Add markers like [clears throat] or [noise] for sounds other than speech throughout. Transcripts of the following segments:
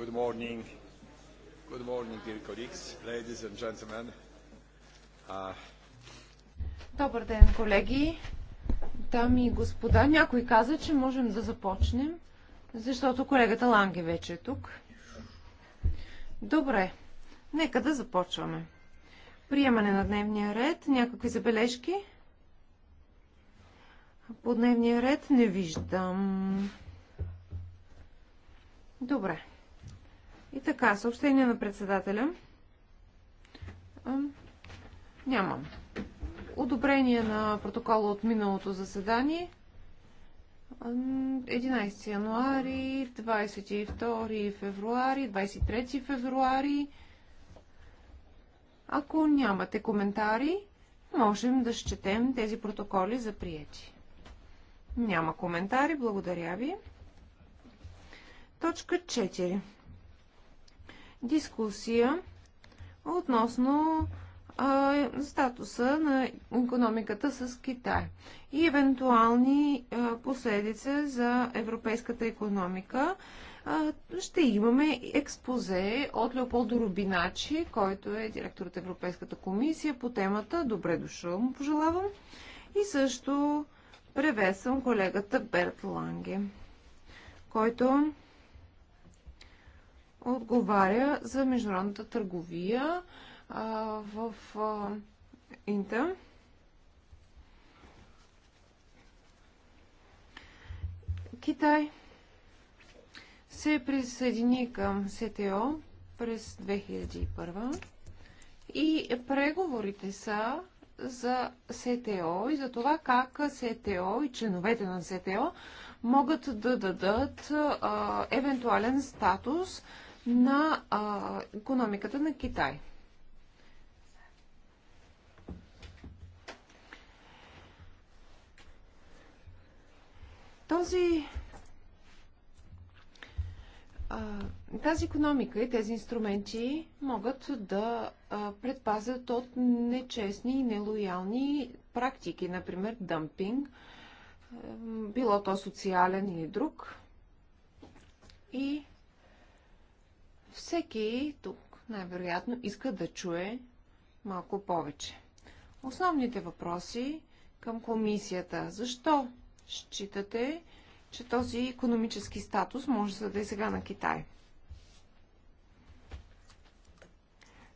Good morning. Good morning, dear colleagues, ladies and gentlemen. Uh... Добър ден, колеги. Дами и господа, някой каза, че можем да започнем, защото колегата Ланге вече е тук. Добре, нека да започваме. Приемане на дневния ред, някакви забележки? По дневния ред не виждам. Добре. И така, съобщение на председателя. Няма. Одобрение на протокола от миналото заседание. 11 януари, 22 февруари, 23 февруари. Ако нямате коментари, можем да счетем тези протоколи за приети. Няма коментари, благодаря ви. Точка 4 дискусия относно статуса на економиката с Китай и евентуални последици за европейската економика. ще имаме експозе от Леополдо Рубиначи, който е директор от Европейската комисия по темата. Добре дошъл, му пожелавам. И също превесвам колегата Берт Ланге, който отговаря за международната търговия а, в а, Инта. Китай се присъедини към СТО през 2001 и преговорите са за СТО и за това как СТО и членовете на СТО могат да дадат а, евентуален статус на а, економиката на Китай. Този, а, тази економика и тези инструменти могат да а, предпазят от нечестни и нелоялни практики, например дъмпинг, било то социален или друг. И всеки тук най-вероятно иска да чуе малко повече. Основните въпроси към комисията. Защо считате, че този економически статус може да е сега на Китай?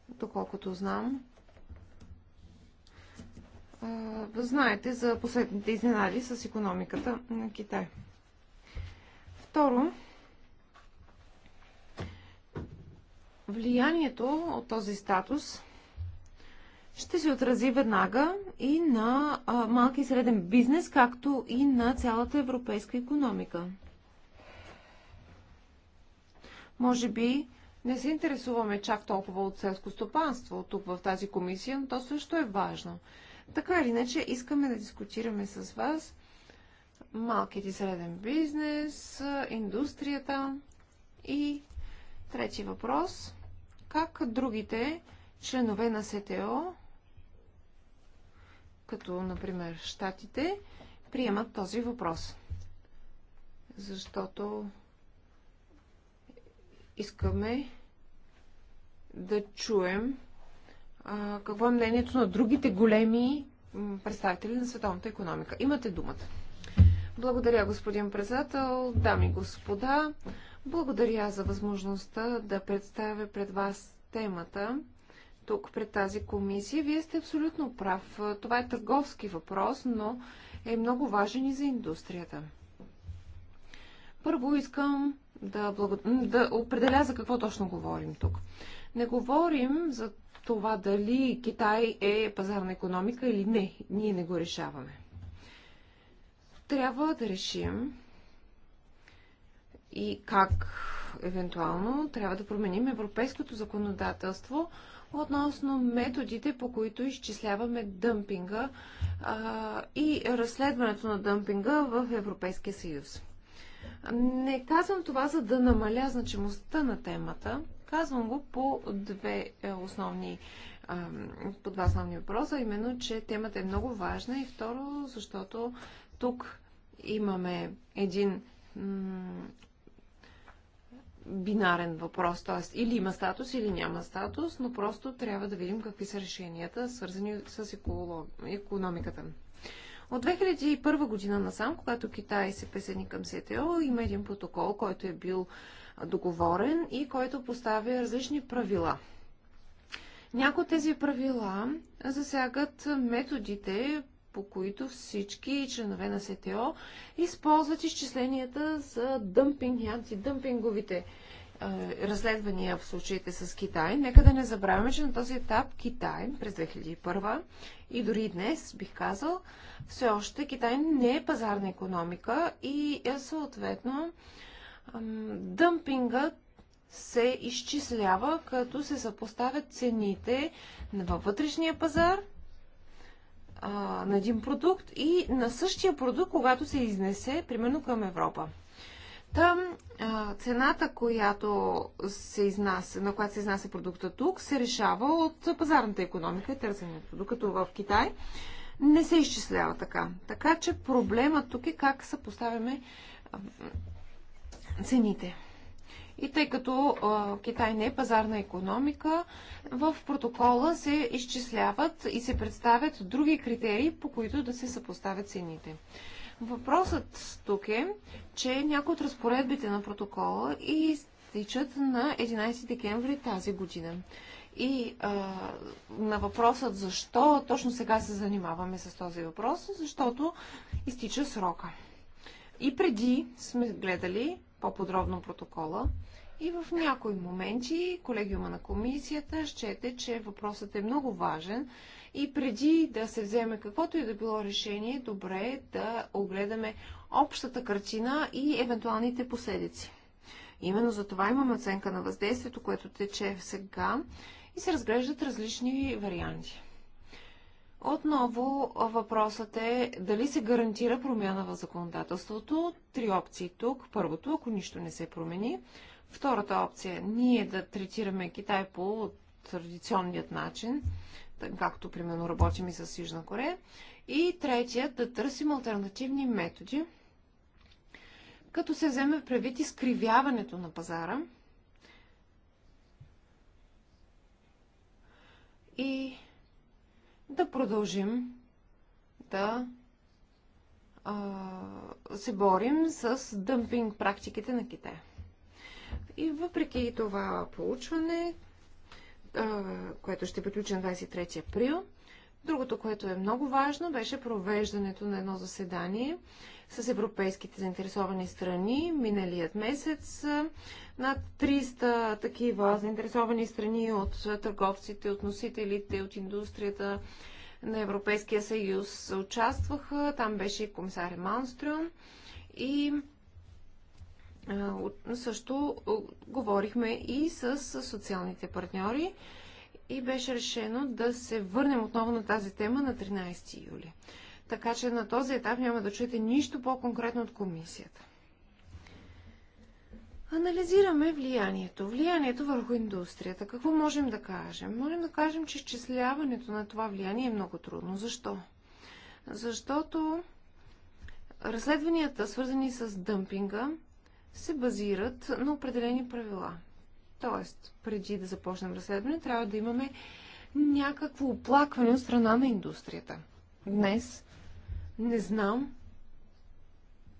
Доколкото знам, знаете за последните изненади с економиката на Китай. Второ, влиянието от този статус ще се отрази веднага и на малки и среден бизнес, както и на цялата европейска економика. Може би не се интересуваме чак толкова от селско стопанство тук в тази комисия, но то също е важно. Така или иначе, искаме да дискутираме с вас малкият и среден бизнес, индустрията и Трети въпрос. Как другите членове на СТО, като например щатите, приемат този въпрос? Защото искаме да чуем а, какво е мнението на другите големи представители на световната економика. Имате думата. Благодаря, господин председател, дами и господа. Благодаря за възможността да представя пред вас темата тук пред тази комисия. Вие сте абсолютно прав. Това е търговски въпрос, но е много важен и за индустрията. Първо искам да, благо... да определя за какво точно говорим тук. Не говорим за това дали Китай е пазарна економика или не. Ние не го решаваме. Трябва да решим и как евентуално трябва да променим европейското законодателство относно методите, по които изчисляваме дъмпинга а, и разследването на дъмпинга в Европейския съюз. Не казвам това, за да намаля значимостта на темата. Казвам го по две е, основни по два основни въпроса, именно, че темата е много важна и второ, защото тук имаме един бинарен въпрос, т.е. или има статус, или няма статус, но просто трябва да видим какви са решенията, свързани с економиката. От 2001 година насам, когато Китай се присъедини към СТО, има един протокол, който е бил договорен и който поставя различни правила. Някои от тези правила засягат методите, по които всички членове на СТО използват изчисленията за дъмпинг и антидъмпинговите е, разследвания в случаите с Китай. Нека да не забравяме, че на този етап Китай през 2001 и дори днес, бих казал, все още Китай не е пазарна економика и е, съответно дъмпингът се изчислява, като се съпоставят цените във вътрешния пазар а, на един продукт и на същия продукт, когато се изнесе, примерно към Европа. Там а, цената, която се изнася, на която се изнася продукта тук, се решава от пазарната економика и търсенето. Докато в Китай не се изчислява така. Така че проблемът тук е как съпоставяме цените. И тъй като а, Китай не е пазарна економика, в протокола се изчисляват и се представят други критерии, по които да се съпоставят цените. Въпросът тук е, че някои от разпоредбите на протокола изтичат на 11 декември тази година. И а, на въпросът защо точно сега се занимаваме с този въпрос, защото изтича срока. И преди сме гледали по-подробно протокола. И в някои моменти колегиума на комисията щете, че въпросът е много важен и преди да се вземе каквото и да било решение, добре е да огледаме общата картина и евентуалните последици. Именно за това имаме оценка на въздействието, което тече сега и се разглеждат различни варианти. Отново въпросът е дали се гарантира промяна в законодателството. Три опции тук. Първото, ако нищо не се промени. Втората опция, е ние да третираме Китай по традиционният начин, както примерно работим и с Южна Корея. И третият, да търсим альтернативни методи, като се вземе предвид изкривяването на пазара и да продължим да се борим с дъмпинг практиките на Китай. И въпреки това получване, което ще приключи на 23 април, другото, което е много важно, беше провеждането на едно заседание с европейските заинтересовани страни. Миналият месец над 300 такива заинтересовани страни от търговците, от носителите, от индустрията на Европейския съюз участваха. Там беше и комисар Манстрюм и също говорихме и с социалните партньори и беше решено да се върнем отново на тази тема на 13 юли. Така че на този етап няма да чуете нищо по-конкретно от комисията. Анализираме влиянието. Влиянието върху индустрията. Какво можем да кажем? Можем да кажем, че изчисляването на това влияние е много трудно. Защо? Защото разследванията, свързани с дъмпинга, се базират на определени правила. Тоест, преди да започнем разследване, трябва да имаме някакво оплакване от страна на индустрията. Днес не знам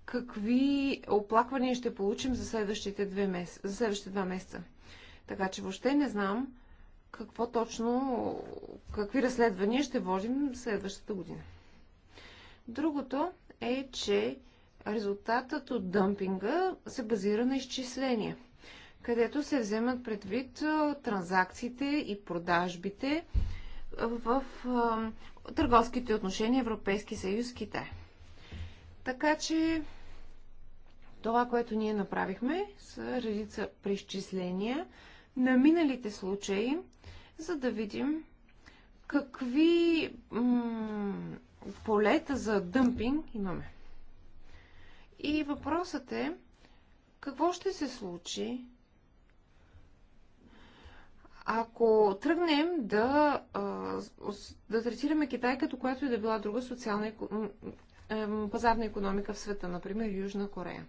какви оплаквания ще получим за следващите, две мес... за следващите два месеца. Така че въобще не знам какво точно, какви разследвания ще водим следващата година. Другото е, че резултатът от дъмпинга се базира на изчисления, където се вземат предвид транзакциите и продажбите в търговските отношения Европейски съюз Китай. Така че това, което ние направихме, са редица преизчисления на миналите случаи, за да видим какви полета за дъмпинг имаме. И въпросът е, какво ще се случи, ако тръгнем да, да третираме Китай като която и да била друга социална пазарна економика в света, например Южна Корея.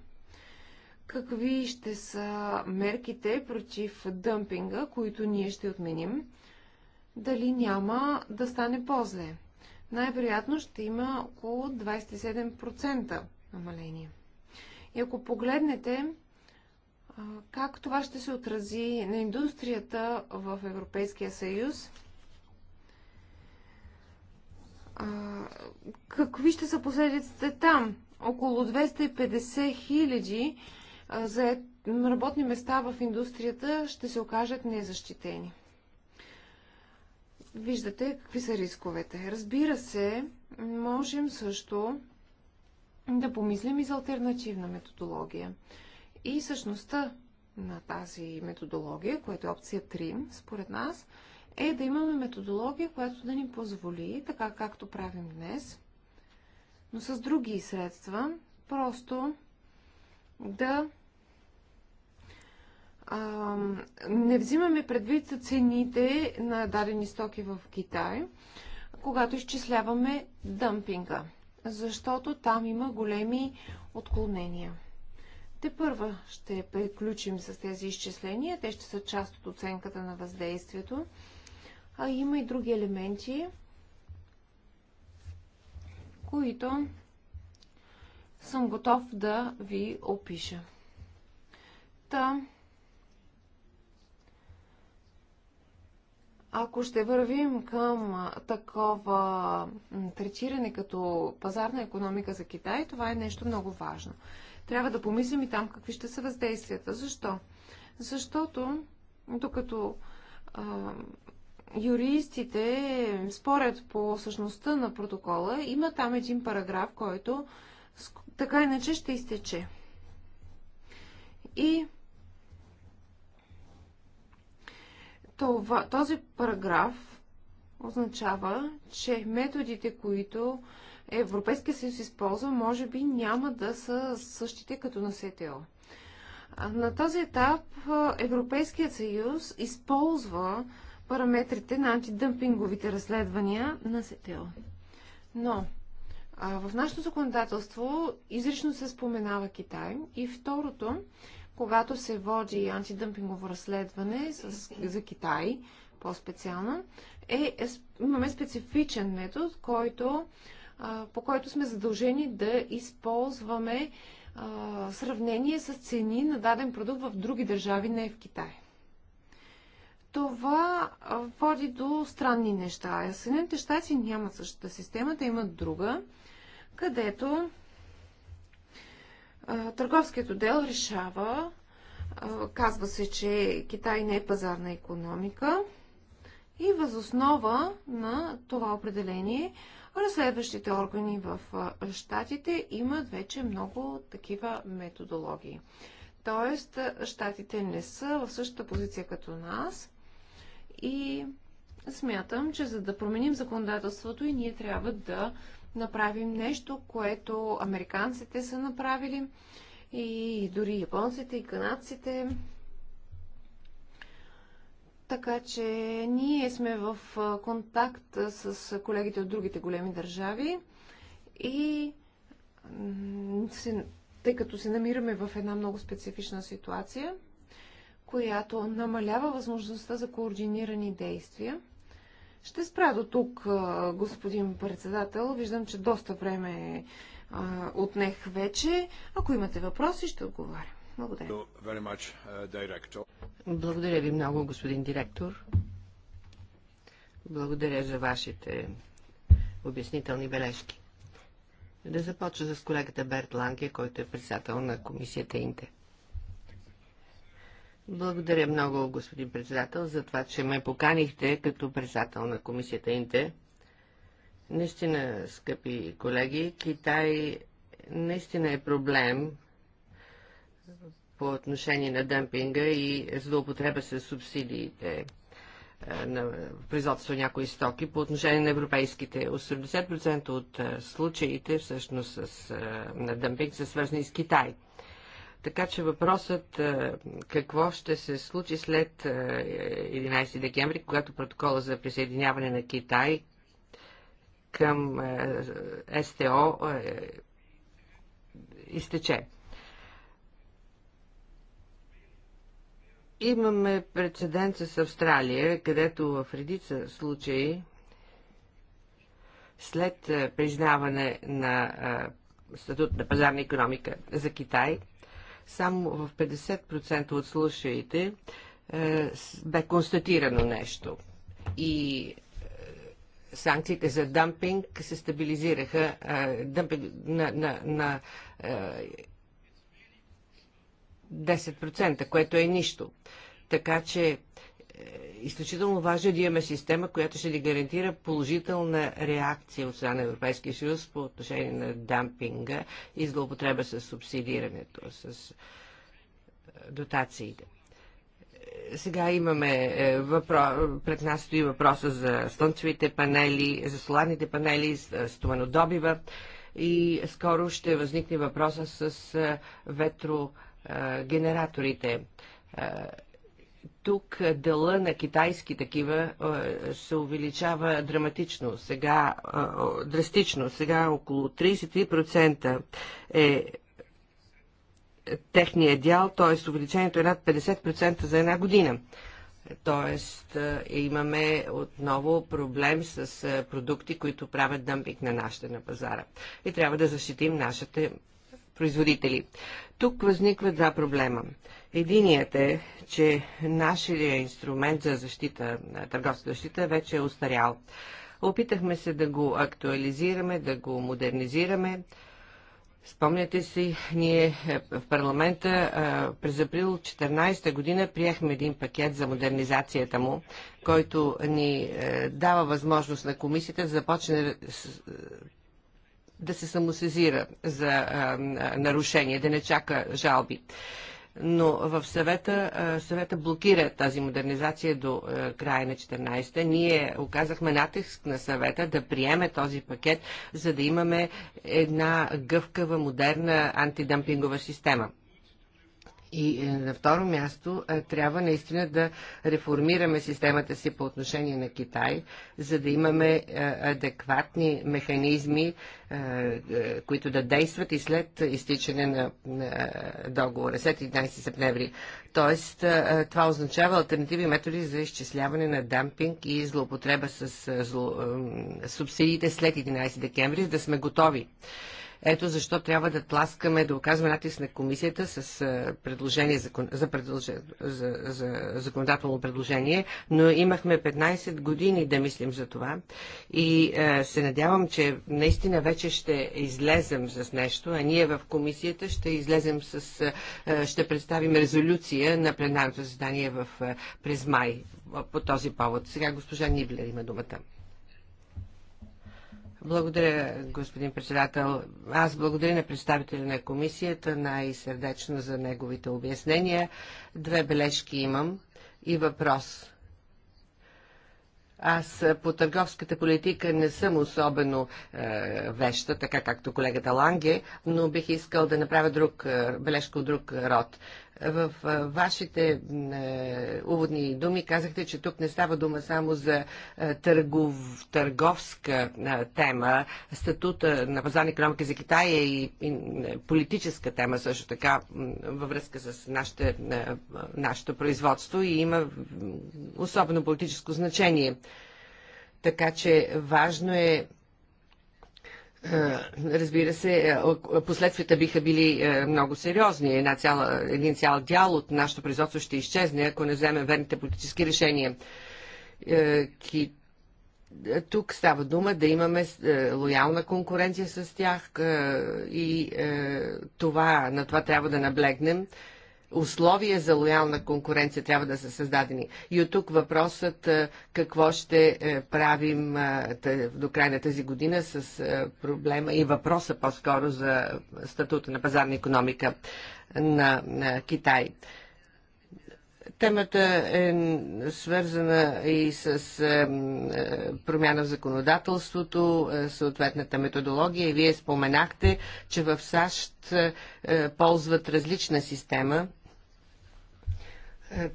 Какви ще са мерките против дъмпинга, които ние ще отменим? Дали няма да стане по-зле? Най-вероятно ще има около 27% намаление. И ако погледнете как това ще се отрази на индустрията в Европейския съюз? Какви ще са последиците там? Около 250 хиляди за работни места в индустрията ще се окажат незащитени. Виждате какви са рисковете. Разбира се, можем също да помислим и за альтернативна методология. И същността на тази методология, което е опция 3, според нас, е да имаме методология, която да ни позволи, така както правим днес, но с други средства, просто да а, не взимаме предвид цените на дадени стоки в Китай, когато изчисляваме дъмпинга, защото там има големи отклонения. Те първа ще приключим с тези изчисления. Те ще са част от оценката на въздействието. А има и други елементи, които съм готов да ви опиша. Та, Ако ще вървим към такова третиране като пазарна економика за Китай, това е нещо много важно. Трябва да помислим и там какви ще са въздействията. Защо? Защото, докато а, юристите спорят по същността на протокола, има там един параграф, който така иначе ще изтече. И това, този параграф означава, че методите, които Европейския съюз използва, може би няма да са същите като на СТО. На този етап Европейският съюз използва параметрите на антидъмпинговите разследвания на СТО. Но в нашето законодателство изрично се споменава Китай. И второто когато се води антидъмпингово разследване с, за Китай, по-специално, е, е, имаме специфичен метод, който, а, по който сме задължени да използваме а, сравнение с цени на даден продукт в други държави, не е в Китай. Това а, води до странни неща. Съединените щати нямат същата система, те имат друга, където Търговският отдел решава, казва се, че Китай не е пазарна економика и възоснова на това определение разследващите органи в Штатите имат вече много такива методологии. Тоест, Штатите не са в същата позиция като нас и смятам, че за да променим законодателството и ние трябва да направим нещо, което американците са направили и дори японците и канадците. Така че ние сме в контакт с колегите от другите големи държави и тъй като се намираме в една много специфична ситуация, която намалява възможността за координирани действия, ще спра до тук, господин председател. Виждам, че доста време е отнех вече. Ако имате въпроси, ще отговаря. Благодаря. Uh, Благодаря ви много, господин директор. Благодаря за вашите обяснителни бележки. Да започна с колегата Берт Ланге, който е председател на комисията Инте. Благодаря много, господин председател, за това, че ме поканихте като председател на комисията Инте. Наистина, скъпи колеги, Китай наистина е проблем по отношение на дъмпинга и злоупотреба с субсидиите е, на производство на някои стоки по отношение на европейските. 80% от е, случаите всъщност с, е, на дъмпинг са свързани с Китай. Така че въпросът е, какво ще се случи след 11 е, декември, когато протокола за присъединяване на Китай към е, СТО изтече. Имаме прецедент с Австралия, където в редица случаи след признаване на статут на пазарна економика за Китай – само в 50% от случаите е, бе констатирано нещо. И е, санкциите за дъмпинг се стабилизираха. Е, дъмпинг на, на, на е, 10%, което е нищо. Така че изключително важно е да имаме система, която ще ни гарантира положителна реакция от страна на Европейския съюз по отношение на дампинга и злоупотреба с субсидирането, с е, дотациите. Сега имаме е, въпро... пред нас стои въпроса за слънцевите панели, за соларните панели, стоманодобива и скоро ще възникне въпроса с ветрогенераторите тук дела на китайски такива е, се увеличава драматично, сега, е, драстично. Сега около 33% е техния дял, т.е. увеличението е над 50% за една година. Тоест е, имаме отново проблем с продукти, които правят дъмпинг на нашите на пазара. И трябва да защитим нашите производители. Тук възникват два проблема. Единият е, че нашия инструмент за защита, търговска защита вече е устарял. Опитахме се да го актуализираме, да го модернизираме. Спомняте си, ние е, в парламента е, през април 14 година приехме един пакет за модернизацията му, който ни е, дава възможност на комисията да започне да се самосезира за нарушение, да не чака жалби но в съвета, съвета блокира тази модернизация до края на 14-та. Ние оказахме натиск на съвета да приеме този пакет, за да имаме една гъвкава, модерна антидъмпингова система. И е, на второ място е, трябва наистина да реформираме системата си по отношение на Китай, за да имаме е, адекватни механизми, които да действат и след изтичане на договора, след 11 септември. Тоест, това означава альтернативи методи за изчисляване на дампинг и злоупотреба с субсидиите след 11 декември, за да сме готови ето защо трябва да тласкаме, да оказваме натиск на комисията с предложение за, за, за, за законодателно предложение, но имахме 15 години да мислим за това и е, се надявам, че наистина вече ще излезем с нещо, а ние в комисията ще излезем с, е, ще представим резолюция на пленарното заседание в, през май по този повод. Сега госпожа Ниблер има думата. Благодаря, господин председател. Аз благодаря на представителя на комисията най-сърдечно за неговите обяснения. Две бележки имам и въпрос. Аз по търговската политика не съм особено е, веща, така както колегата Ланге, но бих искал да направя друг, е, бележка от друг род. В вашите е, уводни думи казахте, че тук не става дума само за е, търгов, търговска е, тема, статута на пазарна економика за Китай е и, и политическа тема също така във връзка с нашите, нашето производство и има особено политическо значение. Така че важно е Разбира се, последствията биха били много сериозни. Една цяла, един цял дял от нашето производство ще изчезне, ако не вземем верните политически решения. Тук става дума да имаме лоялна конкуренция с тях и това, на това трябва да наблегнем условия за лоялна конкуренция трябва да са създадени. И от тук въпросът е, какво ще е, правим е, до края на тази година с проблема и въпроса по-скоро за статута на пазарна економика на Китай. Темата е свързана и с е, промяна в законодателството, е, съответната методология. И вие споменахте, че в САЩ е, ползват различна система.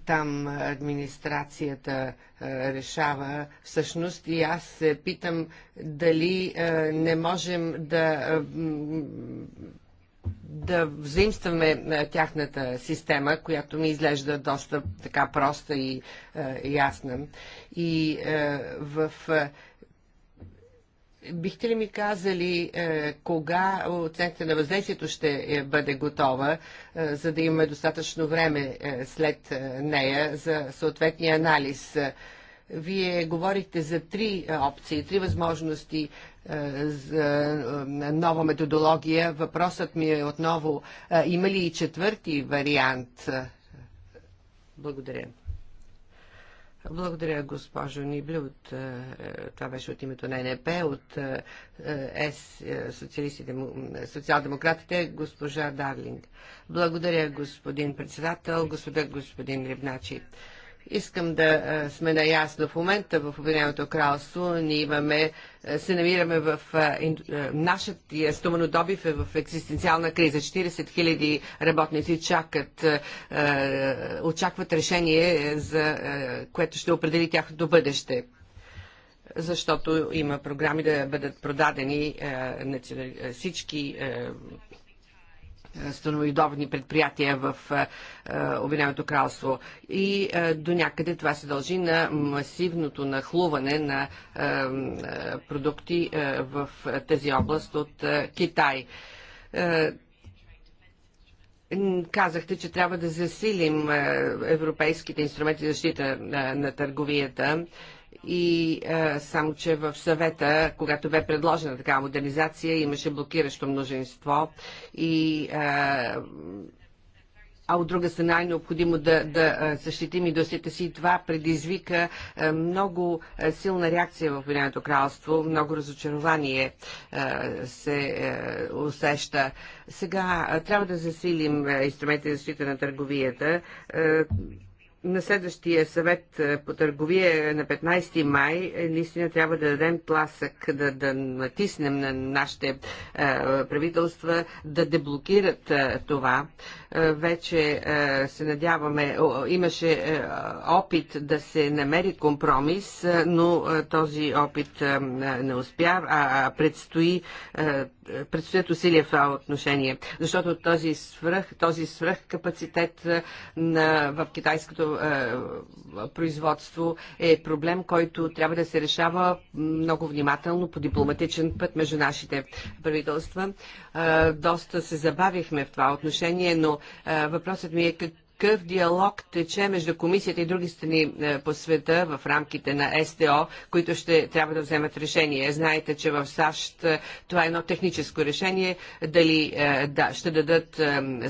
Там администрацията решава всъщност и аз се питам дали не можем да да взаимстваме тяхната система, която ми изглежда доста така проста и е, ясна. И е, в е, Бихте ли ми казали е, кога оценката на въздействието ще е, бъде готова, е, за да имаме достатъчно време е, след е, нея за съответния анализ? вие говорихте за три опции, три възможности е, за е, нова методология. Въпросът ми е отново, е, има ли и четвърти вариант? Благодаря. Благодаря, госпожо Нибли. От, това беше от името на НП, от ЕС, социал-демократите, госпожа Дарлинг. Благодаря, господин председател, господа господин Рибначи. Искам да сме наясно в момента в Обединеното кралство. Ние имаме, се намираме в нашият стоманодобив е в екзистенциална криза. 40 хиляди работници чакат, очакват решение, за което ще определи тяхното бъдеще защото има програми да бъдат продадени всички стеновидобни предприятия в е, е, Обединеното кралство. И е, до някъде това се дължи на масивното нахлуване на продукти в тази област от Китай. Казахте, че трябва да засилим европейските инструменти за защита на търговията и а, е, само, че в съвета, когато бе предложена такава модернизация, имаше блокиращо множество и а, е, а от друга страна е необходимо да, да е, защитим индустрията си. това предизвика много силна реакция в Обединеното кралство, много разочарование се усеща. Сега трябва да засилим инструментите за защита на търговията на следващия съвет е, по търговия е на 15 май е, наистина трябва да дадем тласък, да, да натиснем на нашите правителства да деблокират това, е, вече е, се надяваме, имаше е, опит да се намери компромис, но този опит не успя, а предстои предстоят усилия в това отношение, защото този свръх, този свръх капацитет на, в китайското е, производство е проблем, който трябва да се решава много внимателно по дипломатичен път между нашите правителства. Е, доста се забавихме в това отношение, но въпросът ми е как какъв диалог тече между комисията и други страни по света в рамките на СТО, които ще трябва да вземат решение. Знаете, че в САЩ това е едно техническо решение, дали да, ще дадат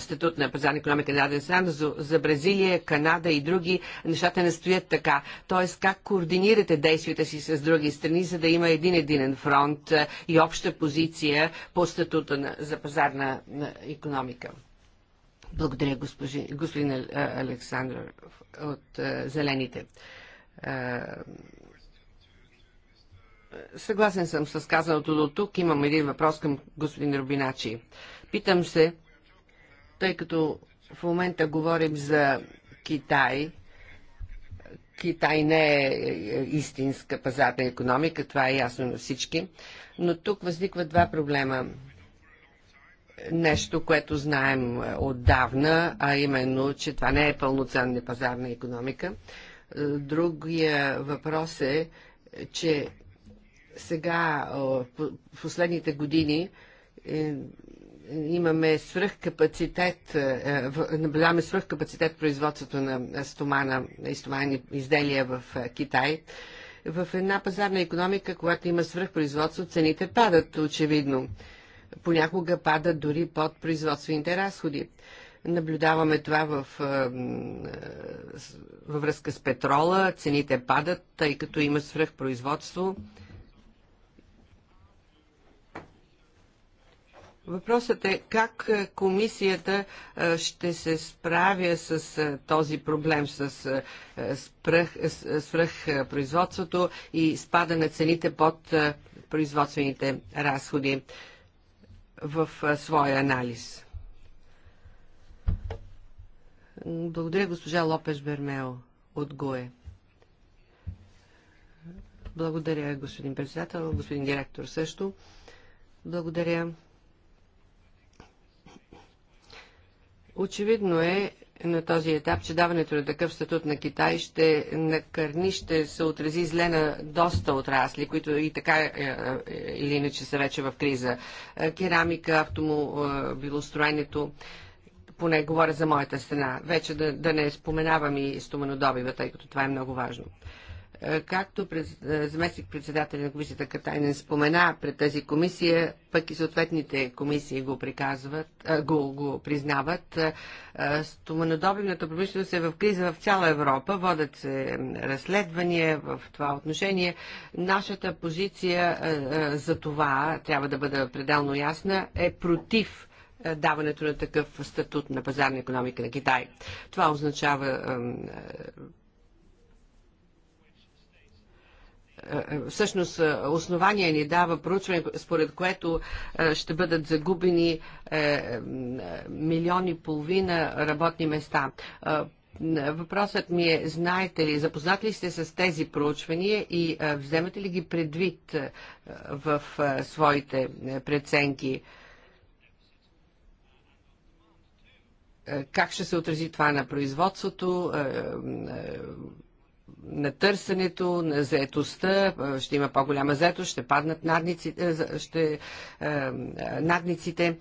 статут на пазарна економика на даден стран за, за Бразилия, Канада и други. Нещата не стоят така. Тоест, как координирате действията си с други страни, за да има един единен фронт и обща позиция по статута на, за пазарна економика? Благодаря, госпожи, господин Александър от Зелените. Съгласен съм с казаното до тук. Имам един въпрос към господин Рубиначи. Питам се, тъй като в момента говорим за Китай, Китай не е, е истинска пазарна економика, това е ясно на всички, но тук възникват два проблема – нещо, което знаем е, отдавна, а именно, че това не е пълноценна пазарна економика. Е, другия въпрос е, че сега, в е, последните години, имаме свръхкапацитет, наблюдаваме свръхкапацитет производството на стомана и стомани изделия в Китай. В една пазарна економика, когато има свръхпроизводство, цените падат, очевидно понякога падат дори под производствените разходи. Наблюдаваме това в, във връзка с петрола. Цените падат, тъй като има свръхпроизводство. Въпросът е как комисията ще се справя с този проблем, с свръхпроизводството и спада на цените под производствените разходи в своя анализ. Благодаря госпожа Лопеш Бермео от ГОЕ. Благодаря господин председател, господин директор също. Благодаря. Очевидно е, на този етап, че даването на такъв статут на Китай ще накърни, ще се отрази зле на доста отрасли, които и така е, е, е, или иначе са вече в криза. Керамика, автомобилостроенето, поне говоря за моята страна. Вече да, да не споменавам и стоманодобива, тъй като това е много важно. Както през, е, заместник председателя на комисията Катайнен спомена пред тази комисия, пък и съответните комисии го, приказват, е, го, го признават, е, стоманодобивната промишленост е в криза в цяла Европа, водят се разследвания в това отношение. Нашата позиция за това, трябва да бъде пределно ясна, е против даването на такъв статут на пазарна економика на Китай. Това означава Е, е, всъщност е, основание ни дава проучване, според което ще бъдат загубени милиони и половина работни места. Въпросът ми е, знаете ли, запознат ли сте с тези проучвания и вземате ли ги предвид в своите преценки? Как ще се отрази това на производството? на търсенето, на заетостта, ще има по-голяма заетост, ще паднат надниците, ще, надниците.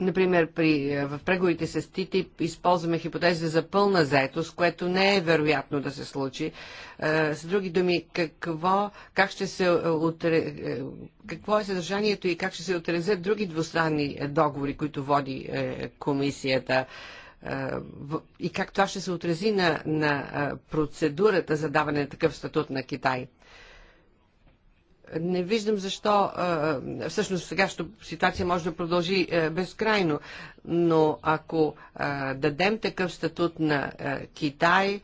Например, при, в преговорите с Тити използваме хипотеза за пълна заетост, което не е вероятно да се случи. С други думи, какво, как ще се отре, какво е съдържанието и как ще се отрезат други двустранни договори, които води комисията? и как това ще се отрази на, на процедурата за даване на такъв статут на Китай. Не виждам защо, всъщност сега ситуация може да продължи безкрайно, но ако дадем такъв статут на Китай,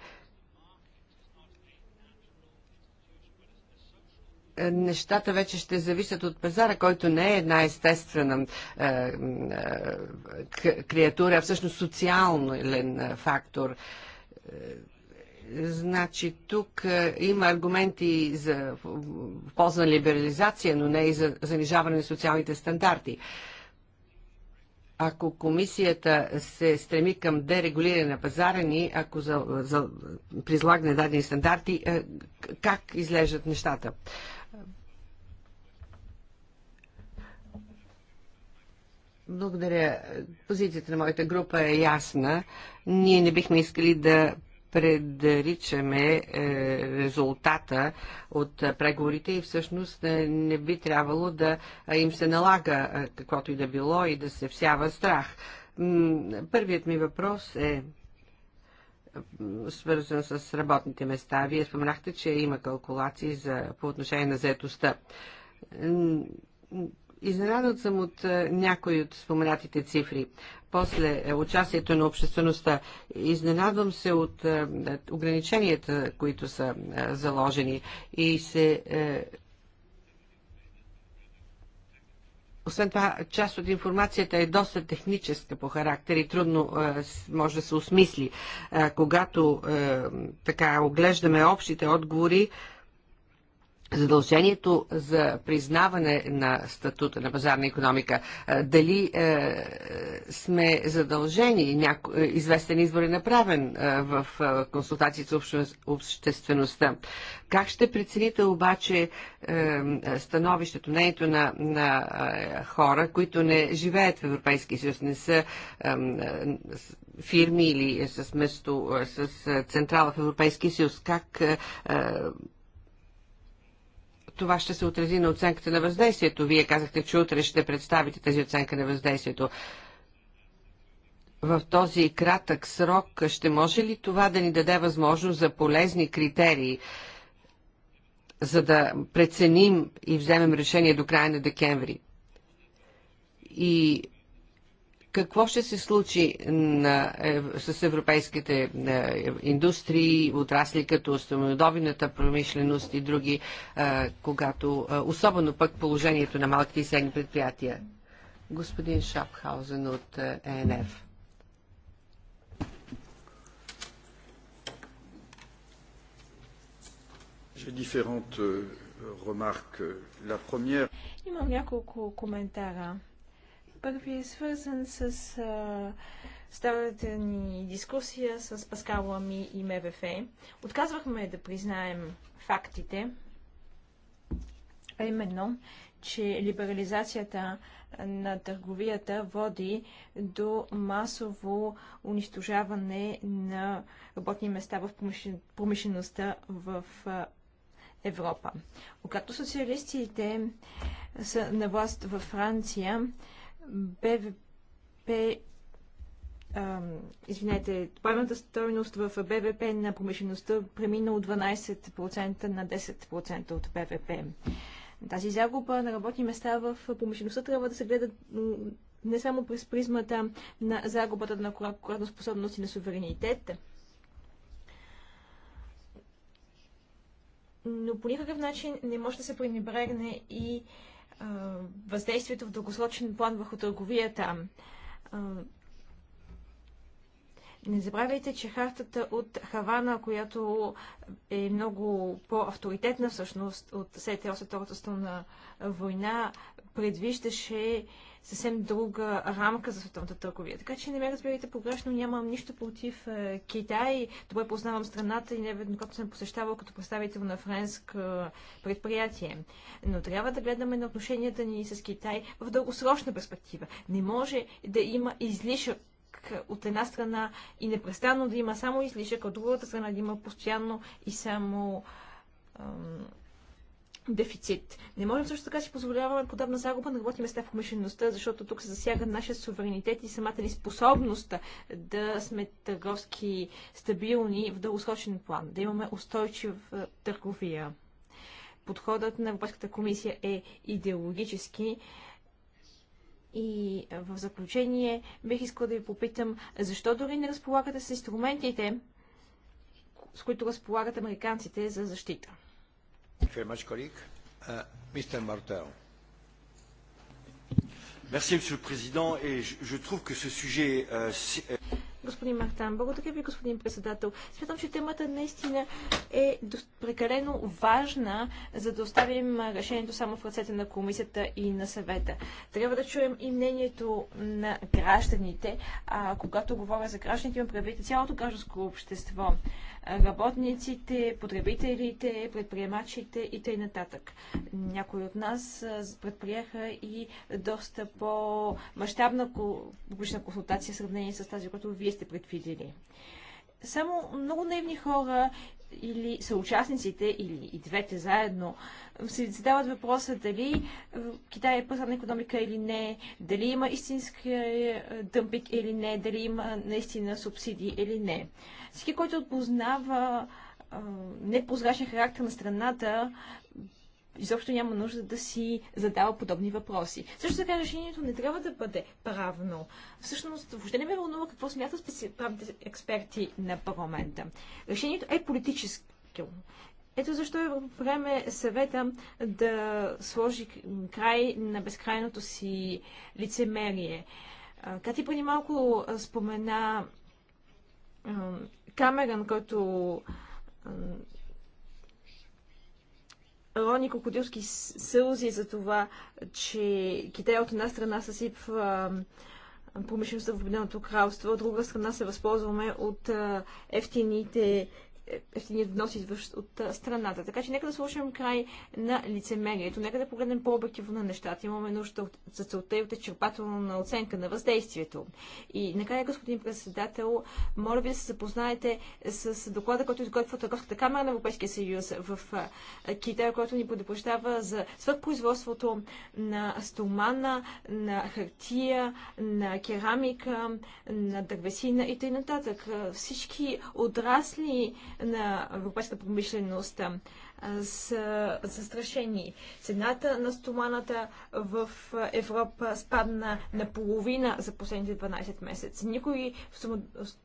Е, нещата вече ще зависят от пазара, който не е една естествена е, е, креатура, а всъщност социален е, фактор. Е, значи тук е, има аргументи за полза на либерализация, но не и за занижаване на социалните стандарти. Ако комисията се стреми към дерегулиране на пазара ни, ако за, за, призлагне дадени стандарти, е, как излежат нещата? Благодаря. Позицията на моята група е ясна. Ние не бихме искали да предричаме е, резултата от преговорите и всъщност е, не би трябвало да е, им се налага каквото и да било и да се всява страх. Първият ми въпрос е свързан с работните места. Вие споменахте, че има калкулации за, по отношение на заетостта. Изненадан съм от някои от споменатите цифри. После е, участието на обществеността. Изненадвам се от ограниченията, които са заложени. И се е, Освен това, част от информацията е доста техническа по характер и трудно е, може да се осмисли. Е, когато е, така оглеждаме общите отговори, задължението за признаване на статута на пазарна економика, дали е, сме задължени, няко... Е, известен избор е направен е, в консултации с обществеността. Как ще прецените обаче становището, мнението на, на хора, които не живеят в Европейския съюз, не са фирми или с, место, с централа в Европейския съюз? Как това ще се отрази на оценката на въздействието. Вие казахте, че утре ще представите тази оценка на въздействието. В този кратък срок ще може ли това да ни даде възможност за полезни критерии, за да преценим и вземем решение до края на декември? И какво ще се случи на, е, с европейските е, индустрии, отрасли като стомодовината, промишленост и други, е, когато, е, особено пък положението на малките и средни предприятия? Господин Шапхаузен от ЕНФ. Euh, Имам няколко коментара. Първи е свързан с а, старата ни дискусия с Паскал Ами и МВФ. Отказвахме да признаем фактите, а именно, че либерализацията на търговията води до масово унищожаване на работни места в промишлеността в Европа. Когато социалистите са на власт във Франция, БВП извинете, добавената стойност в БВП на промишлеността премина от 12% на 10% от БВП. Тази загуба на работни места в промишлеността трябва да се гледа не само през призмата на загубата на конкурентна способност и на суверенитет, но по никакъв начин не може да се пренебрегне и въздействието в дългосрочен план върху търговията. Не забравяйте, че хартата от Хавана, която е много по-авторитетна всъщност от СТО, Втората стълна война, предвиждаше съвсем друга рамка за световната търговия. Така че не ме разбирайте погрешно, нямам нищо против е, Китай. Добре познавам страната и както съм посещавал като представител на френск е, предприятие. Но трябва да гледаме на отношенията ни с Китай в дългосрочна перспектива. Не може да има излишък от една страна и непрестанно да има само излишък, от другата страна да има постоянно и само ам, дефицит. Не можем също така си позволяваме подобна загуба на работни места в промишлеността, защото тук се засяга нашия суверенитет и самата ни способност да сме търговски стабилни в дългосрочен план, да имаме устойчив е, търговия. Подходът на Европейската комисия е идеологически. И е, в заключение бих искала да ви попитам, защо дори не разполагате с инструментите, с които разполагат американците за защита? Merci, Monsieur le Président, et je, je trouve que ce sujet. Euh, господин Мартан. Благодаря ви, господин председател. Смятам, че темата наистина е прекалено важна, за да оставим решението само в ръцете на комисията и на съвета. Трябва да чуем и мнението на гражданите. А когато говоря за гражданите, имам предвид цялото гражданско общество работниците, потребителите, предприемачите и т.н. Някои от нас предприеха и доста по-масштабна публична консултация в сравнение с тази, която вие вие сте предвидели. Само много наивни хора или съучастниците, или и двете заедно, се задават въпроса дали е, Китай е пазарна економика или не, дали има истински е, дъмпик или не, дали има наистина субсидии или не. Всеки, който познава е, непрозрачен характер на страната, изобщо няма нужда да си задава подобни въпроси. Също така решението не трябва да бъде правно. Всъщност, въобще не ме вълнува какво смятат правните експерти на парламента. Решението е политическо. Ето защо е време съвета да сложи край на безкрайното си лицемерие. Кати преди малко спомена Камеран, който рони Кокодилски сълзи за това, че Китай от една страна съсипва промишлеността в Обединеното кралство, от друга страна се възползваме от ефтините ефтиният внос от страната. Така че нека да слушам край на лицемерието, нека да погледнем по-обективно на нещата. Имаме нужда от, за целта и от на оценка на въздействието. И накрая, господин председател, моля ви да се запознаете с доклада, който изготвя Търговската камера на Европейския съюз в Китай, който ни предупреждава за свърхпроизводството на стомана, на хартия, на керамика, на дървесина и т.н. Всички отрасли на европейската промишленост с застрашени. Цената на стоманата в Европа спадна наполовина за последните 12 месеца. Никой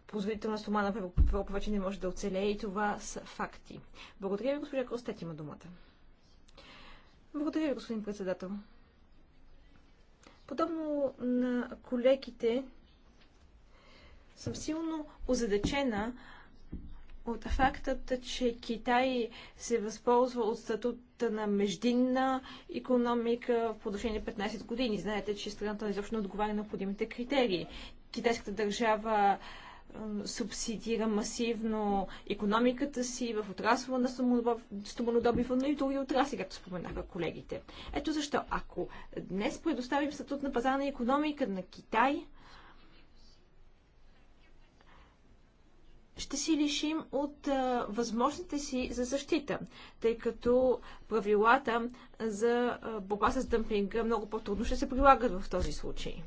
производител на стомана в Европа вече не може да оцелее и това са факти. Благодаря ви, госпожа Кростет, има думата. Благодаря ви, господин председател. Подобно на колегите, съм силно озадачена от фактът, че Китай се възползва от статута на междинна економика в продължение 15 години. Знаете, че страната изобщо не отговаря на необходимите критерии. Китайската държава субсидира масивно економиката си в отрасла на стомонодобива, но и други отрасли, както споменаха колегите. Ето защо, ако днес предоставим статут на пазарна економика на Китай, ще си лишим от а, възможните си за защита, тъй като правилата за а, борба с дъмпинга много по-трудно ще се прилагат в този случай.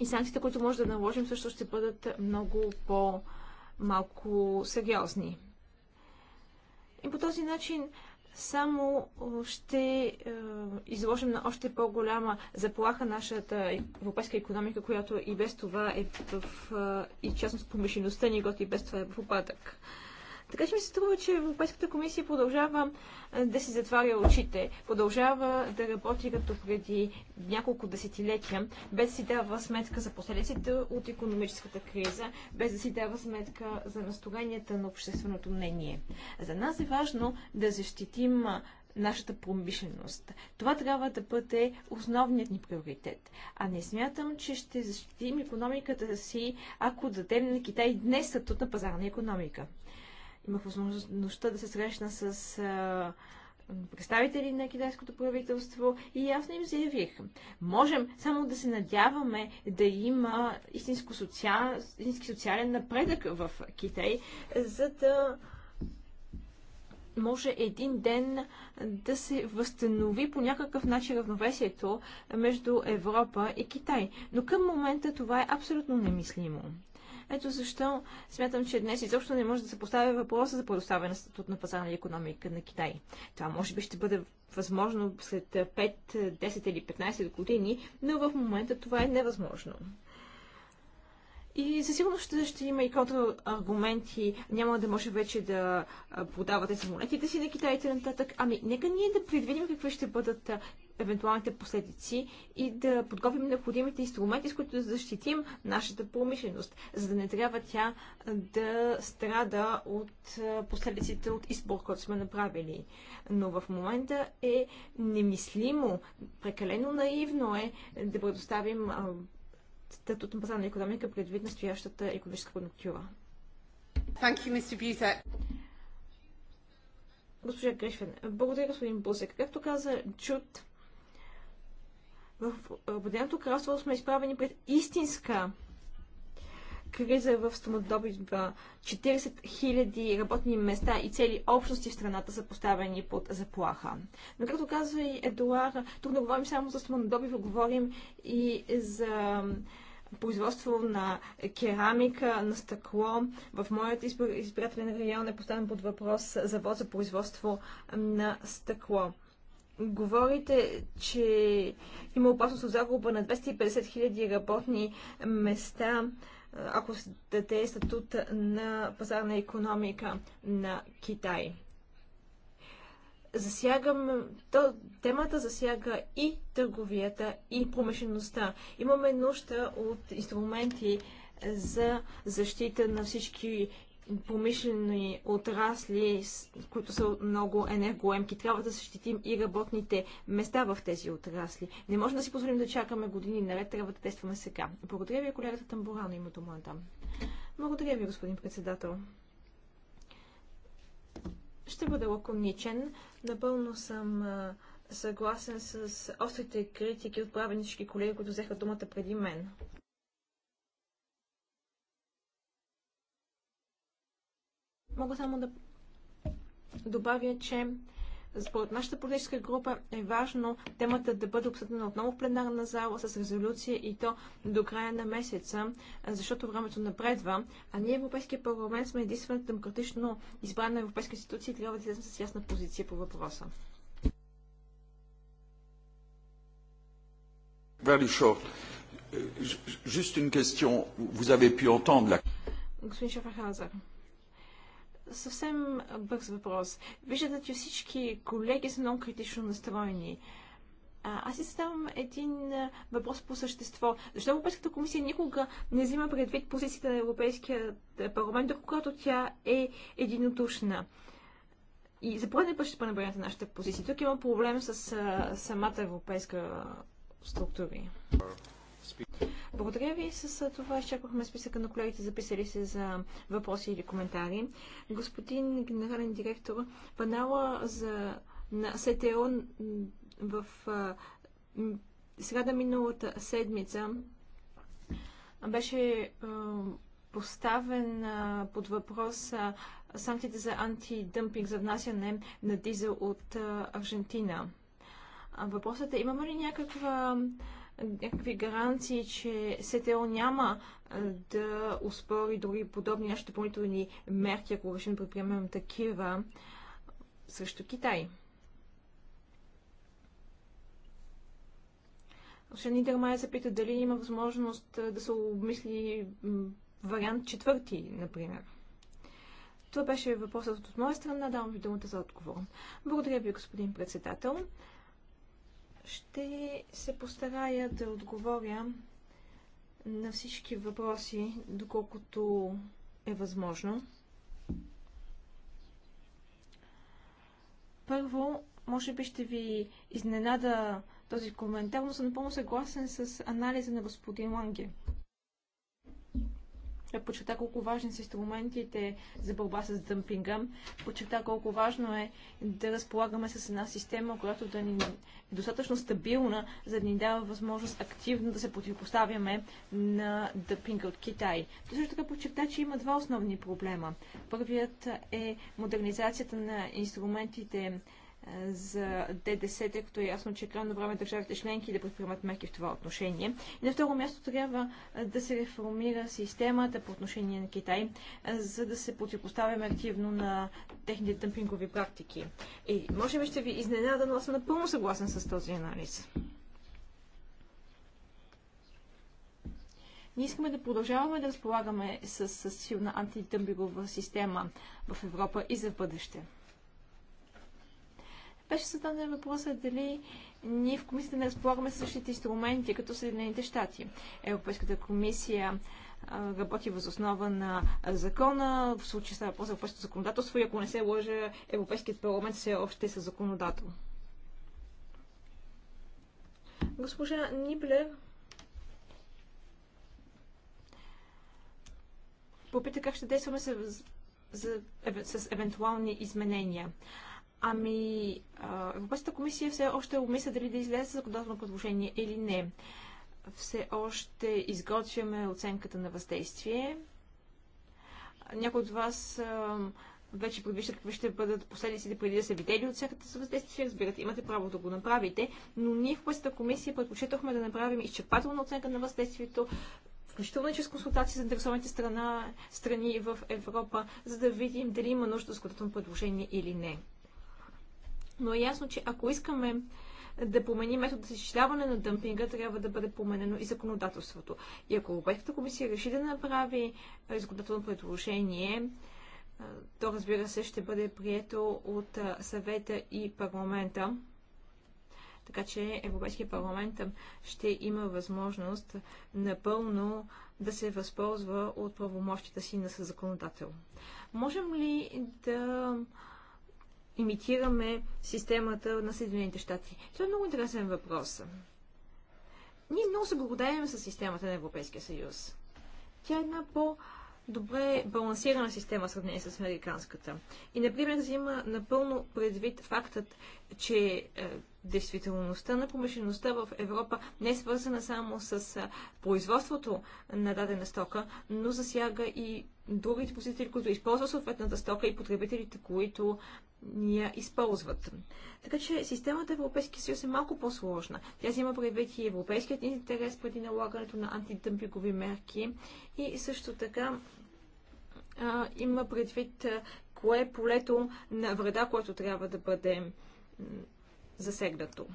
И санкциите, които може да наложим, също ще бъдат много по-малко сериозни. И по този начин само ще е, изложим на още по-голяма заплаха нашата европейска економика, която и без това е в, е, и частност помишлеността ни, която и без това е в упадък. Така че ми се струва, че Европейската комисия продължава да си затваря очите, продължава да работи като преди няколко десетилетия, без да си дава сметка за последиците от економическата криза, без да си дава сметка за настроенията на общественото мнение. За нас е важно да защитим нашата промишленост. Това трябва да бъде основният ни приоритет. А не смятам, че ще защитим економиката си, ако дадем на Китай днес статут на пазарна економика имах възможността да се срещна с а, представители на китайското правителство и ясно им заявих. Можем само да се надяваме да има истинско социал, истински социален напредък в Китай, за да може един ден да се възстанови по някакъв начин равновесието между Европа и Китай. Но към момента това е абсолютно немислимо. Ето защо смятам, че днес изобщо не може да се поставя въпроса за предоставяне на статут на пазарна економика на Китай. Това може би ще бъде възможно след 5, 10 или 15 години, но в момента това е невъзможно. И със сигурност ще, ще има и като аргументи, Няма да може вече да продавате самолетите си на китайците нататък. Ами, нека ние да предвидим какви ще бъдат евентуалните последици и да подготвим необходимите инструменти, с които да защитим нашата промишленост, за да не трябва тя да страда от последиците от избор, който сме направили. Но в момента е немислимо, прекалено наивно е да предоставим статут на пазарна економика предвид настоящата економическа конъюнктура. Госпожа Грифен, благодаря, господин Бузек. Както каза Джуд, в Обединеното кралство сме изправени пред истинска криза в стомодобива. 40 000 работни места и цели общности в страната са поставени под заплаха. Но както казва и Едуар, тук не говорим само за стомодобива, говорим и за производство на керамика, на стъкло. В моят избирателен район е поставен под въпрос завод за производство на стъкло говорите, че има опасност от загуба на 250 000 работни места ако даде статут на пазарна економика на Китай. Засягам, то, темата засяга и търговията, и промишлеността. Имаме нужда от инструменти за защита на всички промишлени отрасли, които са много енергоемки. Трябва да защитим и работните места в тези отрасли. Не може да си позволим да чакаме години наред, трябва да тестваме сега. Благодаря ви, колегата Тамбурано има там. Благодаря ви, господин председател. Ще бъда лаконичен. Напълно съм съгласен с острите критики, отправени всички колеги, които взеха думата преди мен. Мога само да добавя, че според нашата политическа група е важно темата да бъде обсъдена отново в пленарна зала с резолюция и то до края на месеца, защото времето напредва. А ние, Европейския парламент, сме единствената демократично избрана европейска институция и трябва да излезем с ясна позиция по въпроса. Господин Шафахазър, съвсем бърз въпрос. Виждате, че всички колеги са много критично настроени. А, аз си ставам един а, въпрос по същество. Защо Европейската комисия никога не взима предвид позицията на Европейския е, парламент, когато тя е единодушна? И за пореден път ще пренебрегнете нашите позиции. Тук има проблем с а, самата европейска структура. Благодаря ви. С това изчакахме списъка на колегите, записали се за въпроси или коментари. Господин генерален директор, панела за, на СТО в сега среда миналата седмица беше поставен под въпрос санкциите за антидъмпинг за внасяне на дизел от Аржентина. въпросът е, имаме ли някаква някакви гаранции, че СТО няма да успори други подобни наши допълнителни мерки, ако решим да предприемем такива срещу Китай. Господин се запита дали има възможност да се обмисли вариант четвърти, например. Това беше въпросът от моя страна. Давам ви думата за отговор. Благодаря ви, господин председател. Ще се постарая да отговоря на всички въпроси, доколкото е възможно. Първо, може би ще ви изненада този коментар, но съм напълно съгласен с анализа на господин Ланге. Е, подчерта колко важни са инструментите за борба с дъмпинга, подчерта колко важно е да разполагаме с една система, която да ни е достатъчно стабилна, за да ни дава възможност активно да се противопоставяме на дъмпинга от Китай. Той също така подчерта, че има два основни проблема. Първият е модернизацията на инструментите за ДДС, тъй като е ясно, че е крайно време държавите членки да предприемат мерки в това отношение. И на второ място трябва да се реформира системата по отношение на Китай, за да се противопоставяме активно на техните дъмпингови практики. И може би ще ви изненада, но аз съм напълно съгласен с този анализ. Ние искаме да продължаваме да разполагаме с, с силна антидъмбигова система в Европа и за бъдеще. Беше зададен въпросът дали ние в комисията не разполагаме същите инструменти, като Съединените щати. Европейската комисия работи въз основа на закона. В случай става въпрос за европейското законодателство и ако не се лъжа, Европейският парламент все още е със законодател. Госпожа Ниблер попита как ще действаме с, с евентуални изменения. Ами, Европейската комисия все още обмисля дали да излезе с законодателно предложение или не. Все още изготвяме оценката на въздействие. Някои от вас а, вече предвиждат какви ще бъдат последиците преди да са видели оценката за въздействие. Разбирате, имате право да го направите, но ние в Европейската комисия предпочитахме да направим изчерпателна оценка на въздействието, включително чрез консултации с заинтересованите страни в Европа, за да видим дали има нужда от законодателно предложение или не но е ясно, че ако искаме да помени метода за изчисляване на дъмпинга, трябва да бъде променено и законодателството. И ако Европейската комисия реши да направи законодателно предложение, то разбира се ще бъде прието от съвета и парламента. Така че Европейския парламент ще има възможност напълно да се възползва от правомощите си на законодател. Можем ли да имитираме системата на Съединените щати? Това е много интересен въпрос. Ние много се благодарим с системата на Европейския съюз. Тя е една по- добре балансирана система в сравнение с американската. И, например, взима напълно предвид фактът, че е, действителността на промишлеността в Европа не е свързана само с е, производството на дадена стока, но засяга и другите посетители, които използват съответната стока и потребителите, които я използват. Така че системата Европейския съюз е малко по-сложна. Тя взима предвид и европейският интерес преди налагането на антидъмпингови мерки и също така а, има предвид а, кое е полето на вреда, което трябва да бъде засегнато.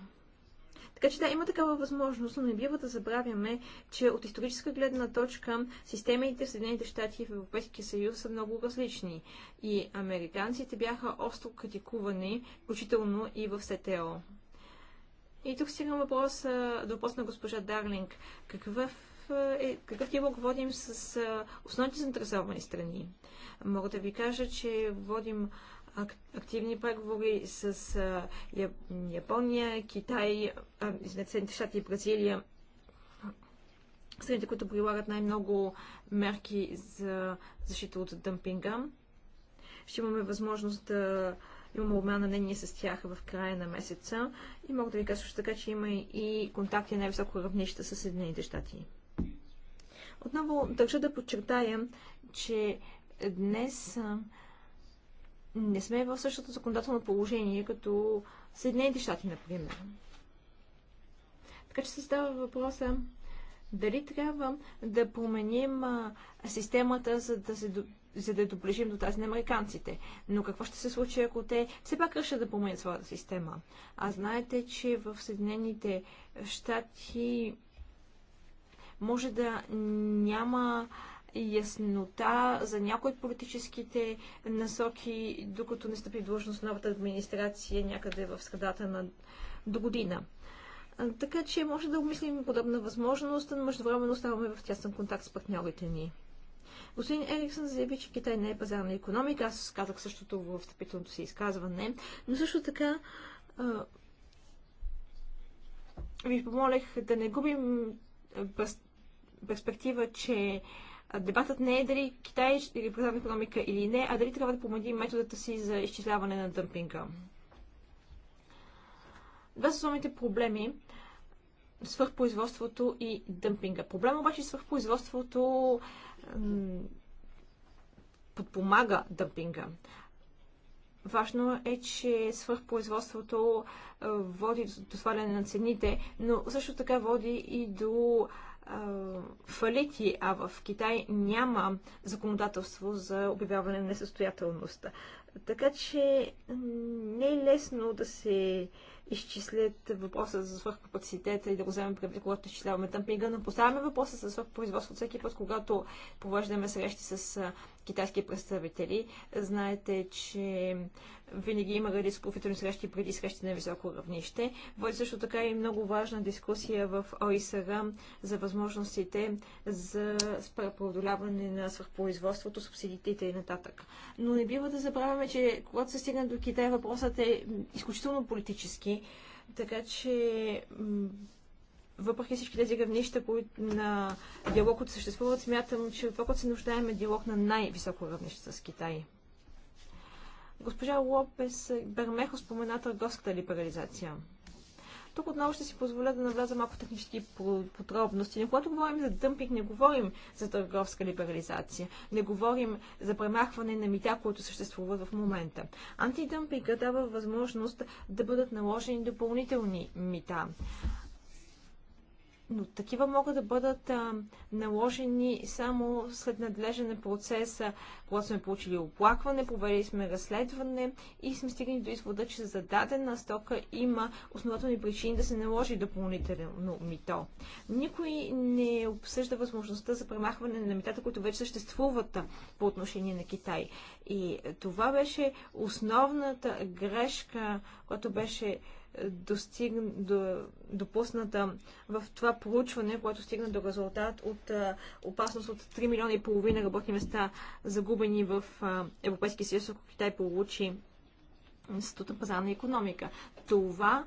Така че да, има такава възможност, но не бива да забравяме, че от историческа гледна точка системите в Съединените щати и в Европейския съюз са много различни. И американците бяха остро критикувани, включително и в СТО. И тук имам въпрос, до въпрос на госпожа Дарлинг. Какъв е, какъв диалог водим с основните заинтересовани страни. Мога да ви кажа, че водим активни преговори с Япония, Китай, Съединените щати и Бразилия страните, които прилагат най-много мерки за защита от дъмпинга. Ще имаме възможност да имаме обмяна на мнение с тях в края на месеца. И мога да ви кажа също така, че има и контакти на най-високо равнище с Съединените щати. Отново държа да подчертая, че днес не сме в същото законодателно положение, като Съединените щати, например. Така че се става въпроса дали трябва да променим системата, за да се за да доближим до тази на американците. Но какво ще се случи, ако те все пак решат да променят своята система? А знаете, че в Съединените щати може да няма яснота за някои от политическите насоки, докато не стъпи в длъжност новата администрация някъде в средата на до година. Така че може да обмислим подобна възможност, но междувременно оставаме в тясен контакт с партньорите ни. Господин Ериксън заяви, че Китай не е пазарна економика. Аз казах същото в встъпителното си изказване. Но също така а, ви помолех да не губим перспектива, че Дебатът не е дали Китай или пазарна економика или не, а дали трябва да променим методата си за изчисляване на дъмпинга. Два са основните проблеми свърхпроизводството и дъмпинга. Проблема обаче е свърхпроизводството подпомага дъмпинга. Важно е, че свърхпроизводството води до сваляне на цените, но също така води и до фалити, а в Китай няма законодателство за обявяване на несъстоятелността. Така че не е лесно да се а, изчислят въпроса за свърхкапацитета и да го вземем предвид, когато изчисляваме тъмпинга, но поставяме въпроса за свърхпроизводство всеки път, когато провеждаме срещи с китайски представители. Знаете, че винаги има ради профитни срещи преди срещи на високо равнище. Води също така и много важна дискусия в ОИСР за възможностите за преодоляване на свърхпроизводството, субсидиите и нататък. Но не бива да забравяме, че когато се стигне до Китай, въпросът е изключително политически така че въпреки всички тези равнища на диалог, които съществуват, смятам, че това, което се нуждаем е диалог на най-високо равнище с Китай. Госпожа Лопес Бермехо спомена търговската либерализация. Тук отново ще си позволя да навляза малко технически подробности. Но когато говорим за дъмпинг, не говорим за търговска либерализация. Не говорим за премахване на мита, които съществуват в момента. Антидъмпинга дава възможност да бъдат наложени допълнителни мита но такива могат да бъдат а, наложени само след надлежен процес, когато сме получили оплакване, провели сме разследване и сме стигнали до извода, че за дадена стока има основателни причини да се наложи допълнително мито. Никой не обсъжда възможността за премахване на митата, които вече съществуват по отношение на Китай. И това беше основната грешка, която беше достиг, до, допусната в това проучване, което стигна до резултат от а, опасност от 3 милиона и половина работни места загубени в Европейския съюз, ако Китай получи статута пазарна економика. Това а,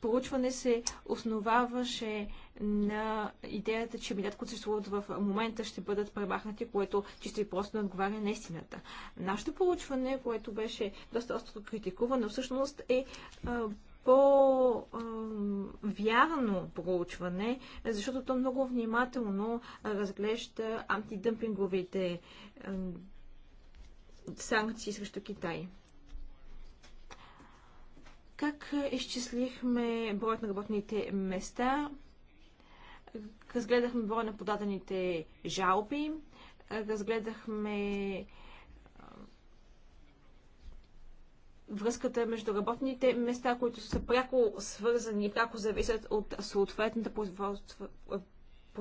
проучване се основаваше на идеята, че милият, които съществуват в момента, ще бъдат премахнати, което чисто и просто не отговаря на истината. Нашето проучване, което беше доста остро критикувано, всъщност е по-вярно проучване, защото то много внимателно разглежда антидъмпинговите санкции срещу Китай. Как изчислихме броят на работните места? Разгледахме броя на подадените жалби, разгледахме връзката между работните места, които са пряко свързани и пряко зависят от съответната производство,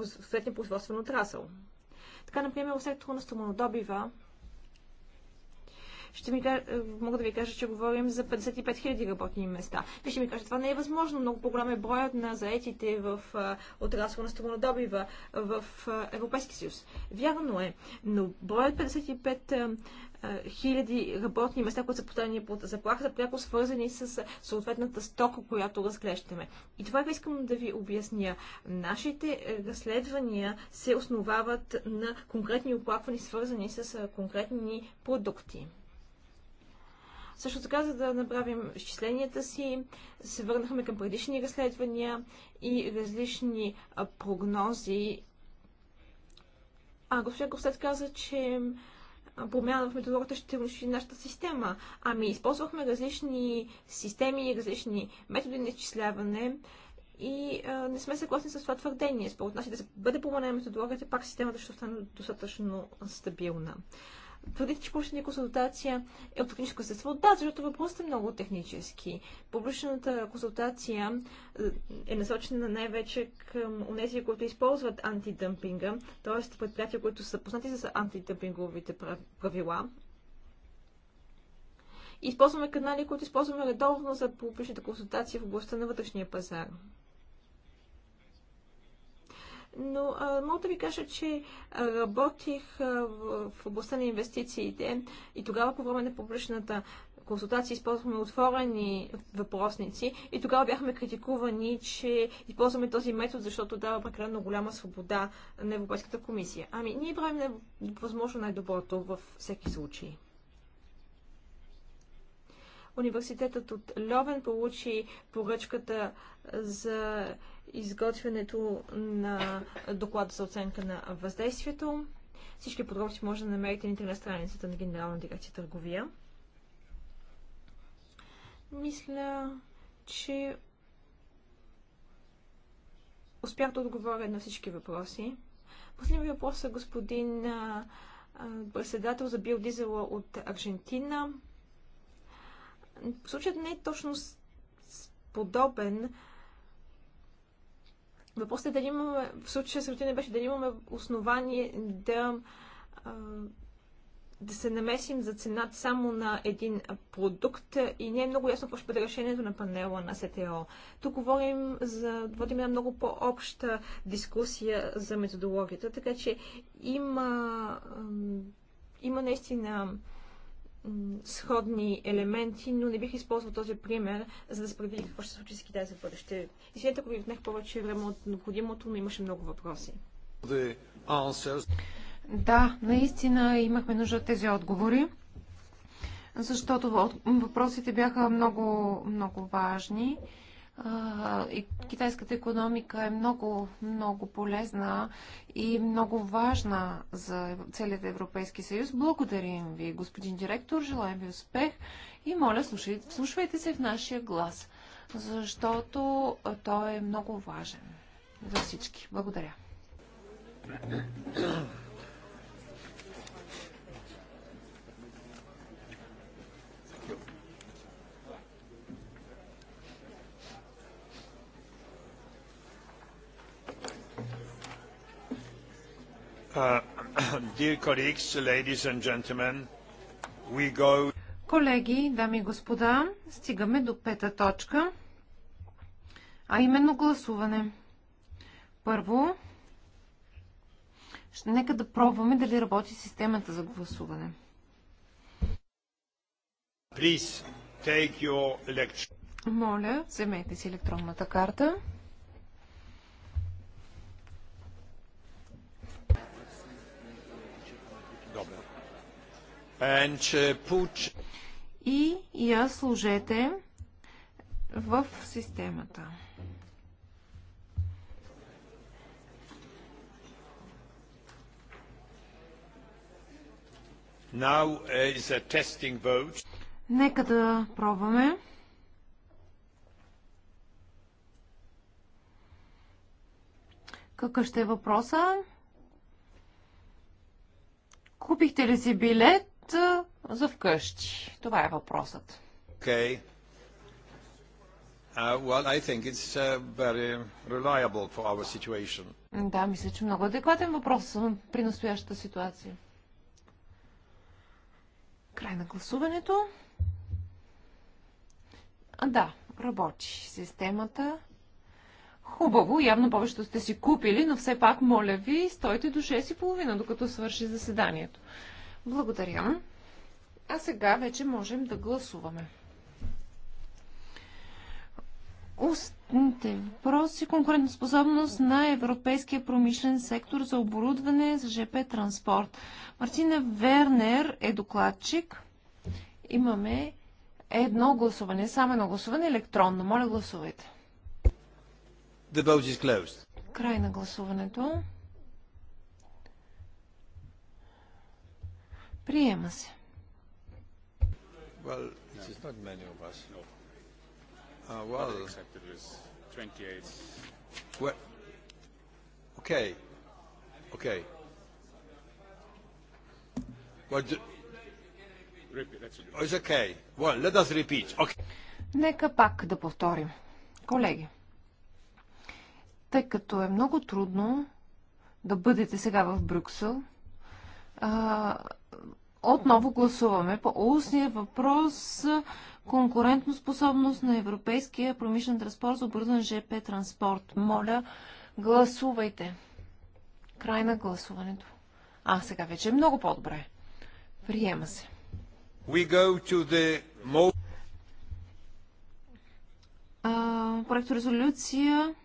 съответния производствен отрасъл. Така, например, в сектора на стоманодобива ще ми кажа, мога да ви кажа, че говорим за 55 000 работни места. Вие ще ми кажете, това не е възможно. Много по-голям е броят на заетите в отрасъл на стомонодобива в Европейски съюз. Вярно е, но броят 55 хиляди работни места, които са поставени под заплаха, са пряко свързани с съответната стока, която разглеждаме. И това искам да ви обясня. Нашите разследвания се основават на конкретни оплаквания, свързани с конкретни продукти. Също така, за да направим изчисленията си, се върнахме към предишни разследвания и различни прогнози. А господин Костет каза, че промяна в методологията ще руши нашата система. Ами, използвахме различни системи и различни методи на изчисляване и а, не сме съгласни с това твърдение. Според нас, да се бъде променена методологията, пак системата ще остане достатъчно стабилна твърдите, че публичната консултация е от техническо естество. Да, защото въпросът е много технически. Публичната консултация е, е насочена най-вече към унези, които използват антидъмпинга, т.е. предприятия, които са познати с антидъмпинговите правила. Използваме канали, които използваме редовно за публичните консултации в областта на вътрешния пазар но а, мога да ви кажа, че работих а, в, в областта на инвестициите и тогава по време на публичната консултация, използвахме отворени въпросници и тогава бяхме критикувани, че използваме този метод, защото дава прекалено голяма свобода на Европейската комисия. Ами, ние правим възможно най-доброто във всеки случай. Университетът от Льовен получи поръчката за изготвянето на доклада за оценка на въздействието. Всички подробности може да намерите на интернет страницата на Генерална дирекция търговия. Мисля, че успях да отговоря на всички въпроси. Последният въпрос е господин председател за биодизела от Аржентина. Случаят не е точно подобен, Въпросът е дали имаме, в случая с рутина беше дали имаме основание да, да се намесим за цената само на един продукт и не е много ясно какво ще бъде решението на панела на СТО. Тук говорим за, водим една много по-обща дискусия за методологията, така че има, има наистина сходни елементи, но не бих използвал този пример, за да се предвиди какво ще се случи с Китай за бъдеще. И след ако ви отнех повече време от необходимото, но имаше много въпроси. Да, наистина имахме нужда от тези отговори, защото въпросите бяха много, много важни и китайската економика е много, много полезна и много важна за целият Европейски съюз. Благодарим ви, господин директор, желаем ви успех и моля, слушайте, слушайте се в нашия глас, защото той е много важен за всички. Благодаря. Uh, [clears throat] Колеги, дами и господа, стигаме до пета точка, а именно гласуване. Първо, ще, нека да пробваме дали работи системата за гласуване. Моля, вземете си електронната карта. Uh, и я сложете в системата. Now uh, is a testing vote. Нека да пробваме. Какъв ще е въпроса? Купихте ли си билет? за вкъщи? Това е въпросът. Okay. Uh, well, I think it's uh, very reliable for our situation. Да, мисля, че много адекватен въпрос при настоящата ситуация. Край на гласуването. А, да, работи системата. Хубаво, явно повечето сте си купили, но все пак, моля ви, стойте до 6.30, докато свърши заседанието. Благодаря. А сега вече можем да гласуваме. Устните въпроси конкурентоспособност на европейския промишлен сектор за оборудване за ЖП транспорт. Мартина Вернер е докладчик. Имаме едно гласуване, само едно гласуване електронно. Моля, гласувайте. Край на гласуването. Приема се. Ah, Нека пак да повторим. Колеги, тъй като е много трудно да бъдете сега в Брюксел, а, отново гласуваме по устния въпрос конкурентоспособност на европейския промишлен транспорт за обързан ЖП транспорт. Моля, гласувайте. Край на гласуването. А, сега вече е много по-добре. Приема се. We go to the most... а, резолюция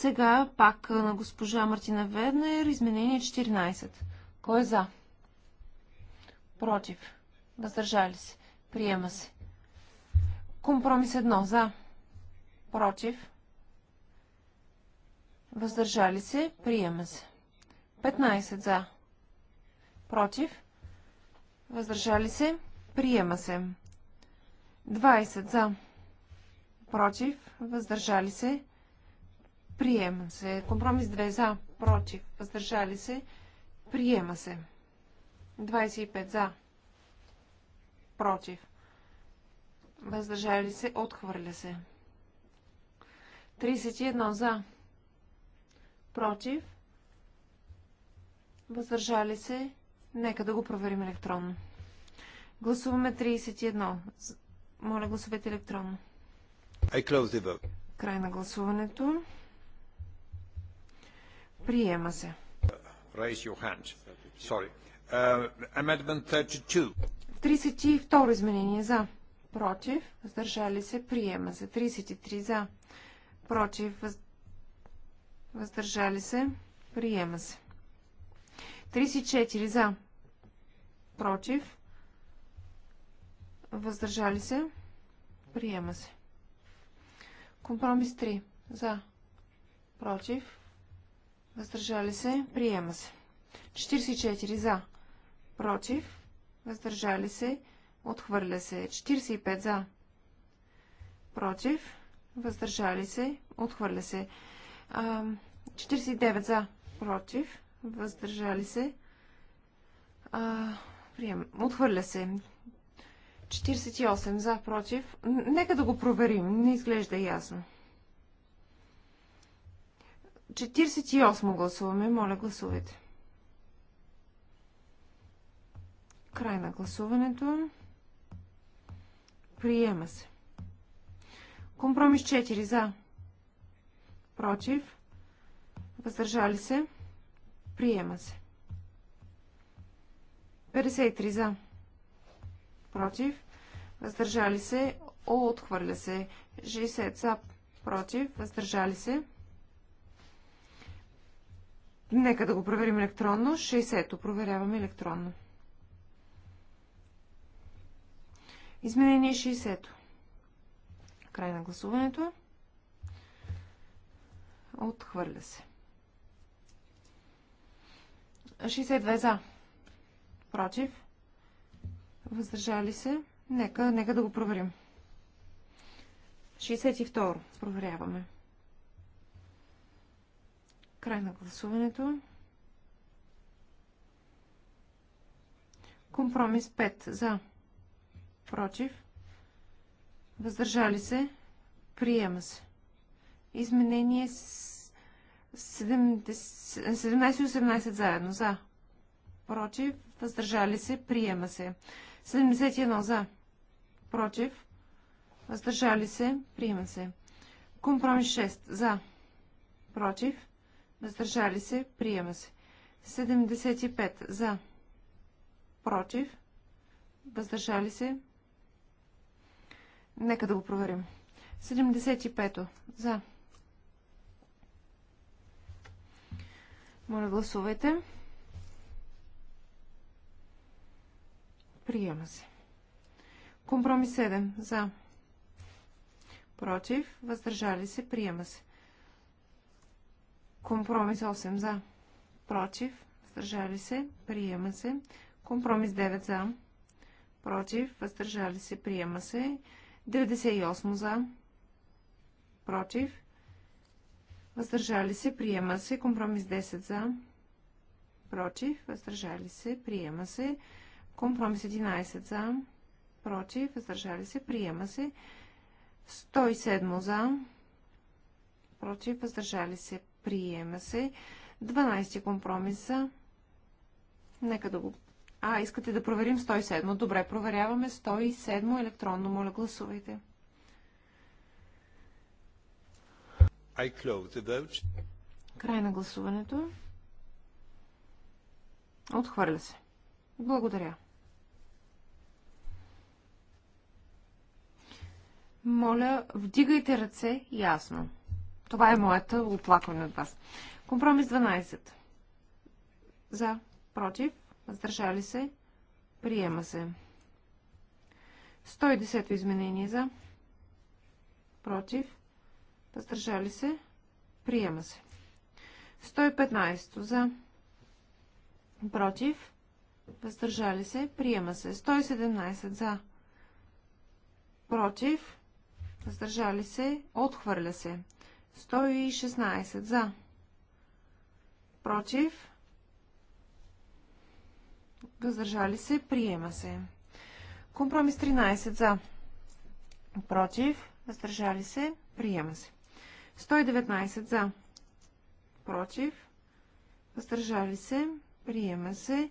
Сега пак на госпожа Мартина Веднер, изменение 14. Кой е за? Против. Въздържали се. Приема се. Компромис 1. За. Против. Въздържали се. Приема се. 15. За. Против. Въздържали се. Приема се. 20. За. Против. Въздържали се. Приема се. Компромис 2 за, против, въздържали се. Приема се. 25 за, против, въздържали се, отхвърля се. 31 за, против, въздържали се. Нека да го проверим електронно. Гласуваме 31. Моля, гласувайте електронно. Край на гласуването. Приема се. Raise your hand. Sorry. Uh, amendment 32. 32 изменение за. Против. Въздържали се. Приема се. 33 за. Против. Въздържали се. Приема се. 34 за. Против. Въздържали се. Приема се. Компромис 3. За. Против. Въздържали се. Приема се. 44 за. Против. Въздържали се. Отхвърля се. 45 за. Против. Въздържали се. Отхвърля се. 49 за. Против. Въздържали се. Приема. Отхвърля се. 48 за. Против. Нека да го проверим. Не изглежда ясно. 48 гласуваме. Моля, гласувайте. Край на гласуването. Приема се. Компромис 4 за. Против. Въздържали се. Приема се. 53 за. Против. Въздържали се. Отхвърля се. 60 за. Против. Въздържали се. Нека да го проверим електронно. 60-то проверяваме електронно. Изменение 60-то. Край на гласуването. Отхвърля се. 62 за. Против. Въздържали се. Нека, нека да го проверим. 62. Проверяваме. 62. Край на гласуването. Компромис 5 за. Против. Въздържали се. Приема се. Изменение 17-18 заедно. За. Против. Въздържали се. Приема се. 71 за. Против. Въздържали се. Приема се. Компромис 6 за. Против въздържали се, приема се. 75 за, против, въздържали се. Нека да го проверим. 75 за. Моля, гласувайте. Приема се. Компромис 7. За. Против. Въздържали се. Приема се. Компромис 8 за. Против. Въздържали се. Приема се. Компромис 9 за. Против. Въздържали се. Приема се. 98 за. Против. Въздържали се. Приема се. Компромис 10 за. Против. Въздържали се. Приема се. Компромис 11 за. Против. Въздържали се. Приема се. 107 за. Против. Въздържали се. Приема се. 12 компромиса. Нека да го... А, искате да проверим 107. Добре, проверяваме 107 електронно. Моля, гласувайте. I close the vote. Край на гласуването. Отхвърля се. Благодаря. Моля, вдигайте ръце ясно. Това е моята оплакване от вас. Компромис 12. За, против, въздържали се, приема се. 110 изменение за, против, въздържали се, приема се. 115 за, против, въздържали се, приема се. 117 за, против, въздържали се, отхвърля се. 116 за. Против. Въздържали се. Приема се. Компромис 13 за. Против. Въздържали се. Приема се. 119 за. Против. Въздържали се. Приема се.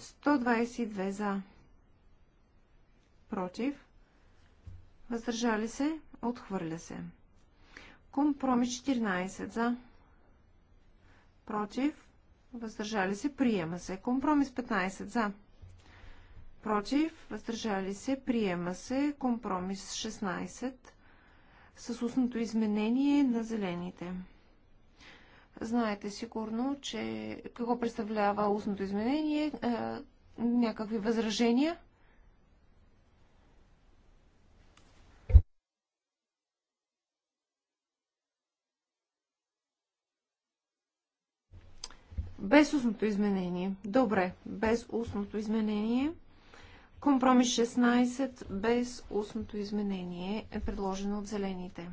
122 за. Против. Въздържали се. Отхвърля се. Компромис 14 за. Против. Въздържали се. Приема се. Компромис 15 за. Против. Въздържали се. Приема се. Компромис 16 с устното изменение на зелените. Знаете сигурно, че какво представлява устното изменение? Някакви възражения? Без устното изменение. Добре, без устното изменение. Компромис 16 без устното изменение е предложено от зелените.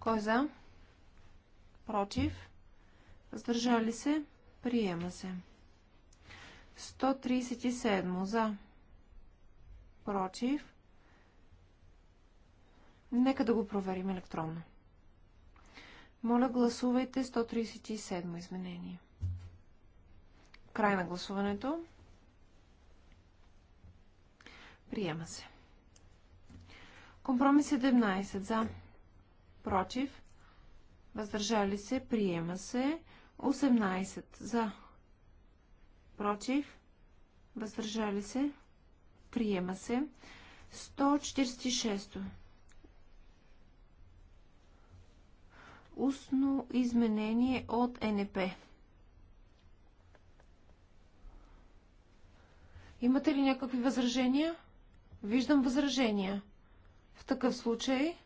Кой е за? Против? Сдържали се? Приема се. 137 за. Против? Нека да го проверим електронно. Моля, гласувайте 137 изменение. Край на гласуването. Приема се. Компромис 17 за. Против. Въздържали се. Приема се. 18 за. Против. Въздържали се. Приема се. 146. Устно изменение от НП. Имате ли някакви възражения? Виждам възражения. В такъв случай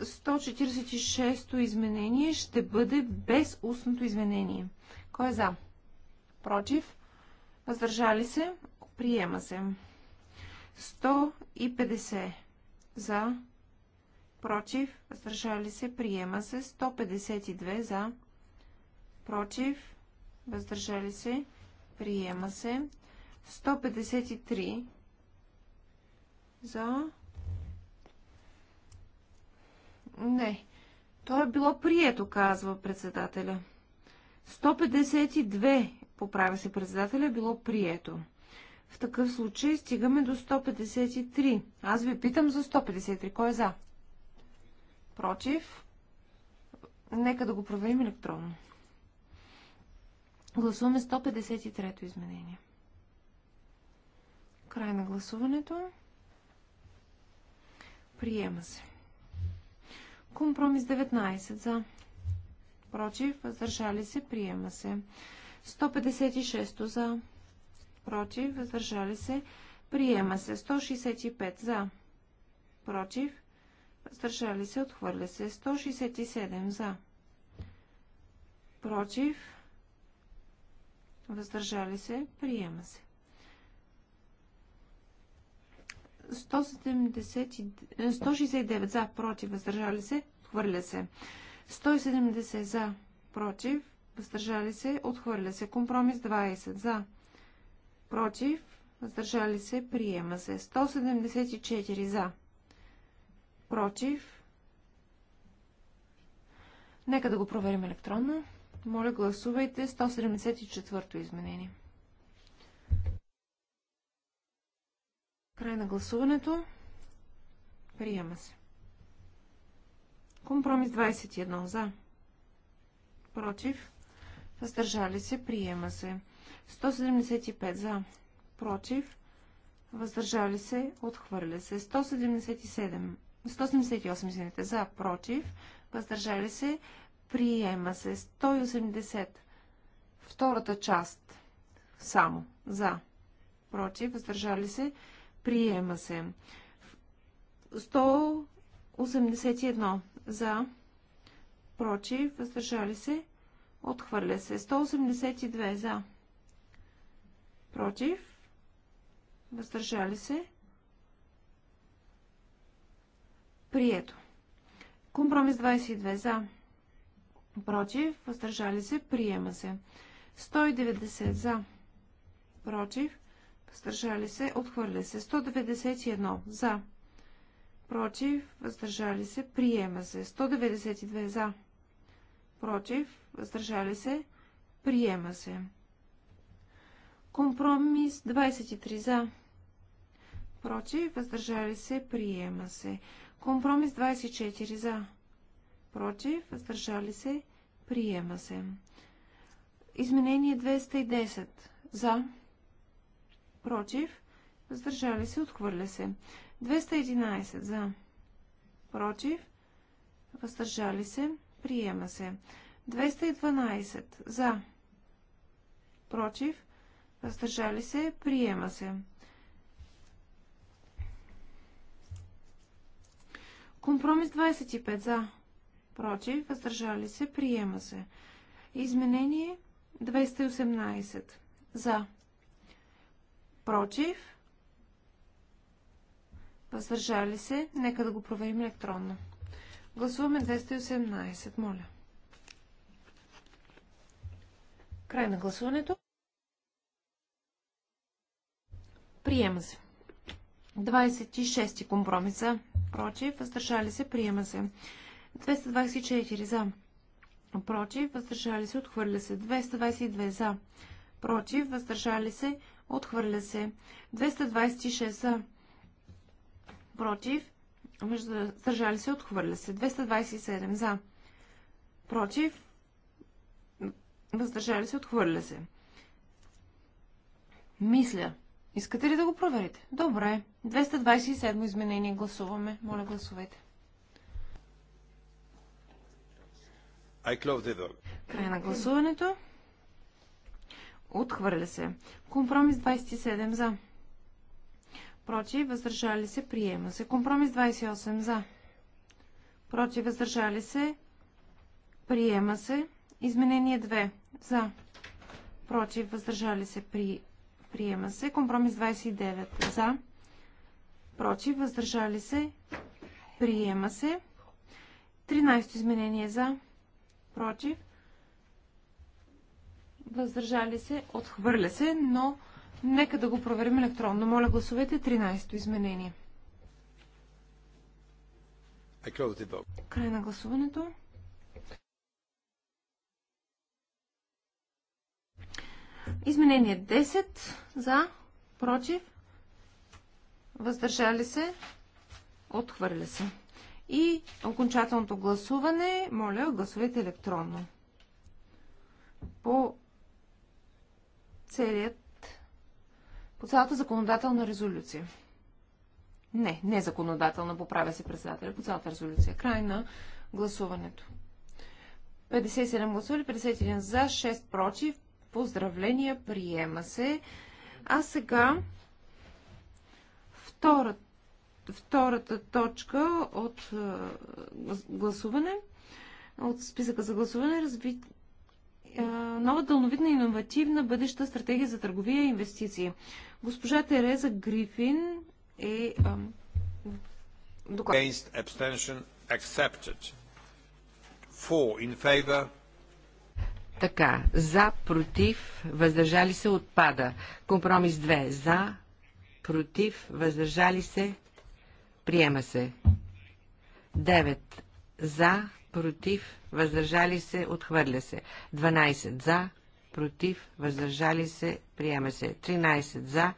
146-то изменение ще бъде без устното изменение. Кой е за? Против? Въздържали се? Приема се. 150 за. Против? Въздържали се? Приема се. 152 за. Против? Въздържали се? Приема се. 153 за... Не. То е било прието, казва председателя. 152, поправя се председателя, било прието. В такъв случай стигаме до 153. Аз ви питам за 153. Кой е за? Против? Нека да го проверим електронно. 153. Гласуваме 153-то изменение. Край на гласуването. Приема се. Компромис 19 за. Против. Въздържали се. Приема се. 156 за. Против. Въздържали се. Приема се. 165 за. Против. Въздържали се. Отхвърля се. 167 за. Против въздържали се, приема се. 170, 169 е, за, против, въздържали се, хвърля се. 170 за, против, въздържали се, отхвърля се. Компромис 20 за, против, въздържали се, приема се. 174 за, против. Нека да го проверим електронно. Моля, гласувайте 174-то изменение. Край на гласуването. Приема се. Компромис 21 за. Против. Въздържали се. Приема се. 175 за. Против. Въздържали се. Отхвърля се. 177. 178 извините За. Против. Въздържали се. Приема се 180. Втората част. Само. За. Против. Въздържали се. Приема се. 181. За. Против. Въздържали се. Отхвърля се. 182. За. Против. Въздържали се. Прието. Компромис 22. За против, въздържали се, приема се. 190 за, против, въздържали се, отхвърля се. 191 за, против, въздържали се, приема се. 192 за, против, въздържали се, приема се. Компромис 23 за, против, въздържали се, приема се. Компромис 24 за, против, въздържали се, приема се. Изменение 210 за, против, въздържали се, отхвърля се. 211 за, против, въздържали се, приема се. 212 за, против, въздържали се, приема се. Компромис 25 за против, въздържали се, приема се. Изменение 218 за, против, въздържали се, нека да го проверим електронно. Гласуваме 218, моля. Край на гласуването. Приема се. 26 компромиса. Против. Въздържали се. Приема се. 224 за. Против. Въздържали се. Отхвърля се. 222 за. Против. Въздържали се. Отхвърля се. 226 за. Против. Въздържали се. Отхвърля се. 227 за. Против. Въздържали се. Отхвърля се. Мисля. Искате ли да го проверите? Добре. 227 изменение гласуваме. Моля, гласувайте. Край на гласуването. Отхвърля се. Компромис 27 за. Против, въздържали се, приема се. Компромис 28 за. Против, въздържали се, приема се. Изменение 2 за. Против, въздържали се, при... приема се. Компромис 29 за. Против, въздържали се, приема се. 13 изменение за против, въздържали се, отхвърля се, но нека да го проверим електронно. Моля гласовете 13-то изменение. Край на гласуването. Изменение 10 за, против, въздържали се, отхвърля се. И окончателното гласуване, моля, гласувайте електронно. По целият по цялата законодателна резолюция. Не, не законодателна, поправя се председателя. По цялата резолюция. Край на гласуването. 57 гласували, 51 за, 6 против. Поздравления, приема се. А сега втората втората точка от гласуване, от списъка за гласуване, разви... нова дълновидна иновативна бъдеща стратегия за търговия и инвестиции. Госпожа Тереза Грифин е доклад. Така, за, против, въздържали се, отпада. Компромис 2. За, против, въздържали се, Приема се. 9. За, против, въздържали се, отхвърля се. 12. За, против, въздържали се, приема се. 13. За,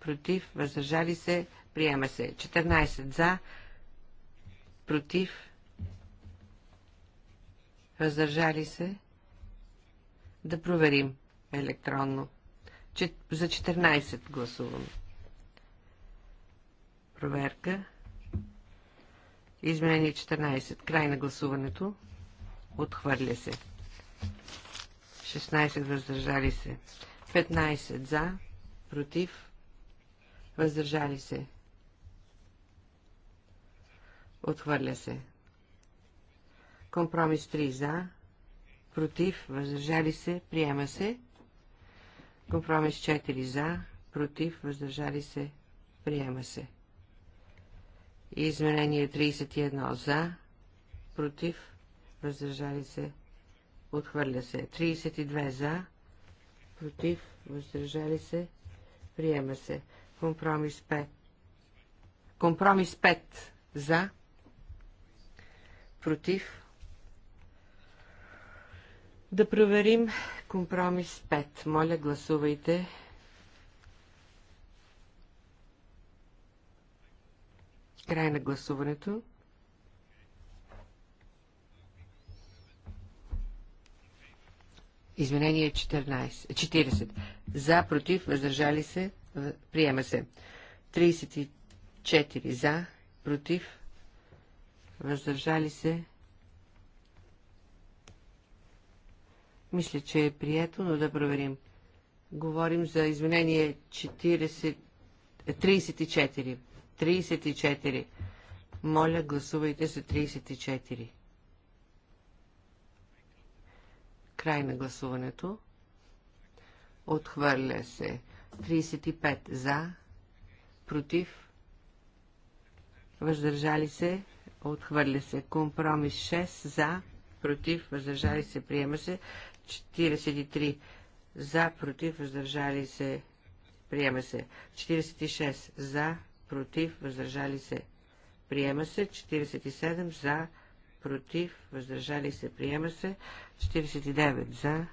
против, въздържали се, приема се. 14. За, против, въздържали се. Да проверим електронно. За 14 гласуваме. Проверка. Изменение 14. Край на гласуването. Отхвърля се. 16 въздържали се. 15 за, против, въздържали се. Отхвърля се. Компромис 3 за, против, въздържали се, приема се. Компромис 4 за, против, въздържали се, приема се. Изменение 31 за, против, въздържали се, отхвърля се. 32 за, против, въздържали се, приема се. Компромис 5. Компромис 5 за, против. Да проверим компромис 5. Моля, гласувайте. Край на гласуването. Изменение 14, 40. За, против, въздържали се, приема се. 34 за, против, въздържали се. Мисля, че е прието, но да проверим. Говорим за изменение 40, 34. 34. Моля, гласувайте за 34. Край на гласуването. Отхвърля се. 35 за, против, въздържали се, отхвърля се. Компромис 6 за, против, въздържали се, приема се. 43 за, против, въздържали се, приема се. 46 за, против, въздържали се, приема се, 47 за, против, въздържали се, приема се, 49 за,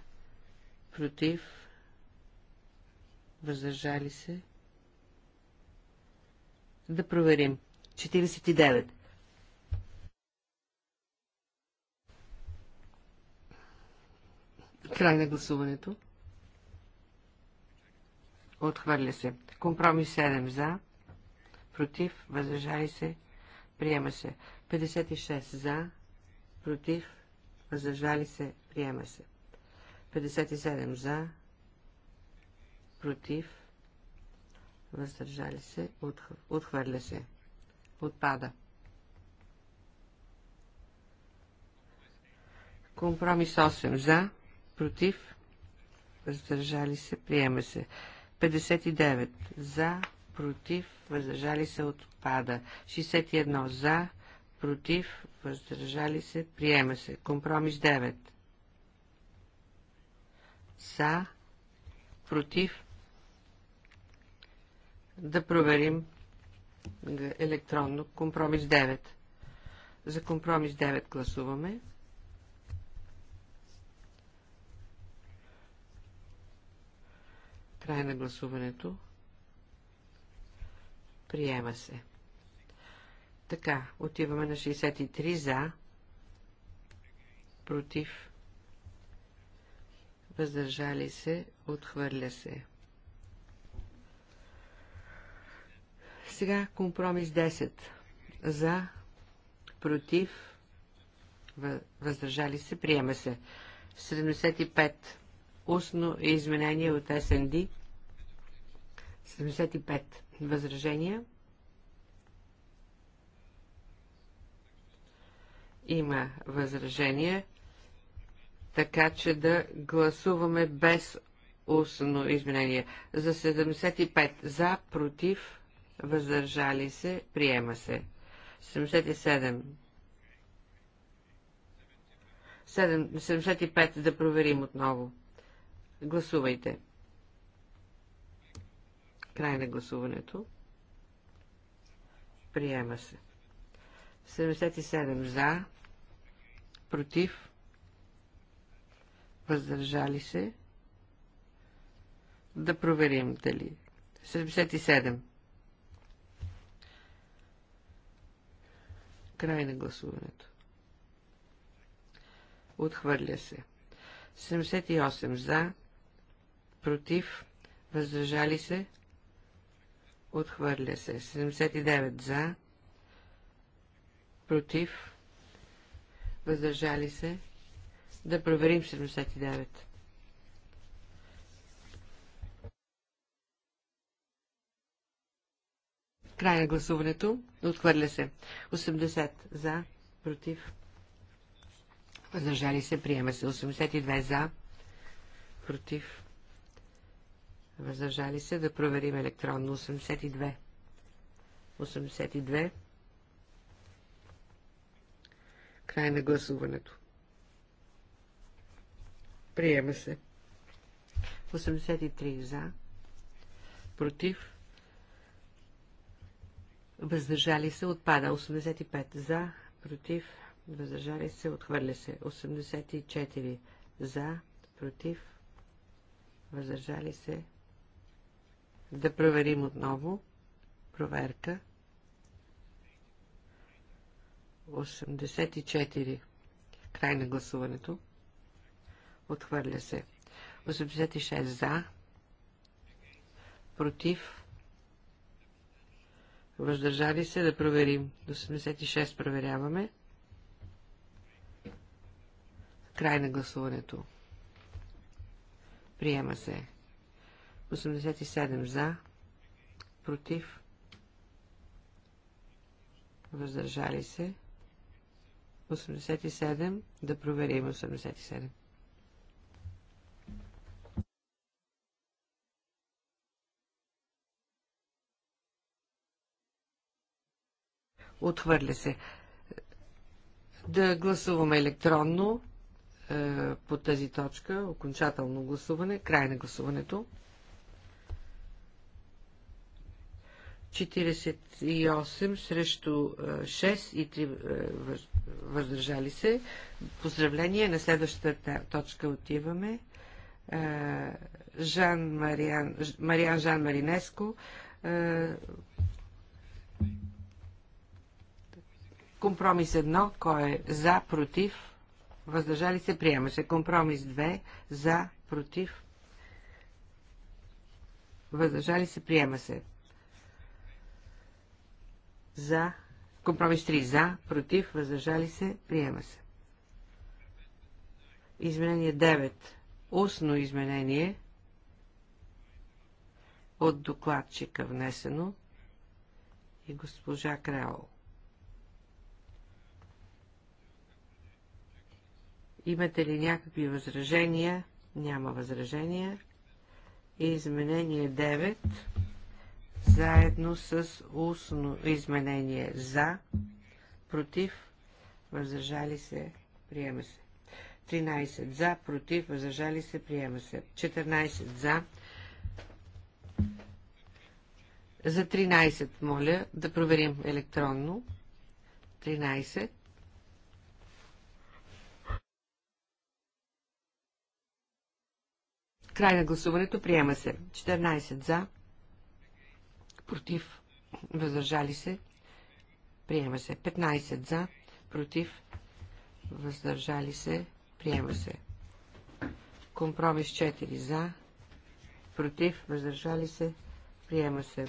против, въздържали се. Да проверим. 49. Край на гласуването. Отхвърля се. Компромис 7 за против, въздържали се, приема се. 56 за, против, въздържали се, приема се. 57 за, против, въздържали се, отхвърля се, отпада. Компромис 8 за, против, въздържали се, приема се. 59 за, против, въздържали се, отпада. 61 за, против, въздържали се, приема се. Компромис 9. За, против. Да проверим електронно. Компромис 9. За компромис 9 гласуваме. Край на гласуването. Приема се. Така, отиваме на 63 за, против, въздържали се, отхвърля се. Сега компромис 10. За, против, въздържали се, приема се. 75. Устно изменение от СНД. 75. Възражения? Има възражения, така че да гласуваме без устно изменение. За 75 за, против, въздържали се, приема се. 77. 75 да проверим отново. Гласувайте. Край на гласуването. Приема се. 77 за, против, въздържали се. Да проверим дали. 77. Край на гласуването. Отхвърля се. 78 за, против, въздържали се. Отхвърля се. 79 за. Против. Въздържали се. Да проверим 79. Край на гласуването. Отхвърля се. 80 за. Против. Въздържали се. Приема се. 82 за. Против въздържали се, да проверим електронно 82. 82. Край на гласуването. Приема се. 83 за. Против. Въздържали се. Отпада. 85 за. Против. Въздържали се. Отхвърля се. 84 за. Против. Въздържали се. Да проверим отново. Проверка. 84. Край на гласуването. Отхвърля се. 86 за. Против. Въздържали се да проверим. 86 проверяваме. Край на гласуването. Приема се. 87 за, против, въздържали се. 87, да проверим 87. Отхвърля се. Да гласуваме електронно е, по тази точка. Окончателно гласуване. Край на гласуването. 48 срещу 6 и 3 въздържали се. Поздравление. На следващата точка отиваме. Жан Мариан, Мариан Жан Маринеско. Компромис 1. Кой е за, против? Въздържали се, приема се. Компромис 2. За, против? Въздържали се, приема се за, компромис 3 за, против, въздържали се, приема се. Изменение 9. Устно изменение от докладчика внесено и госпожа Крео. Имате ли някакви възражения? Няма възражения. Изменение 9 заедно с устно изменение за, против, въздържали се, приема се. 13 за, против, въздържали се, приема се. 14 за. За 13, моля, да проверим електронно. 13. Край на гласуването приема се. 14 за, против, въздържали се, приема се. 15 за, против, въздържали се, приема се. Компромис 4 за, против, въздържали се, приема се.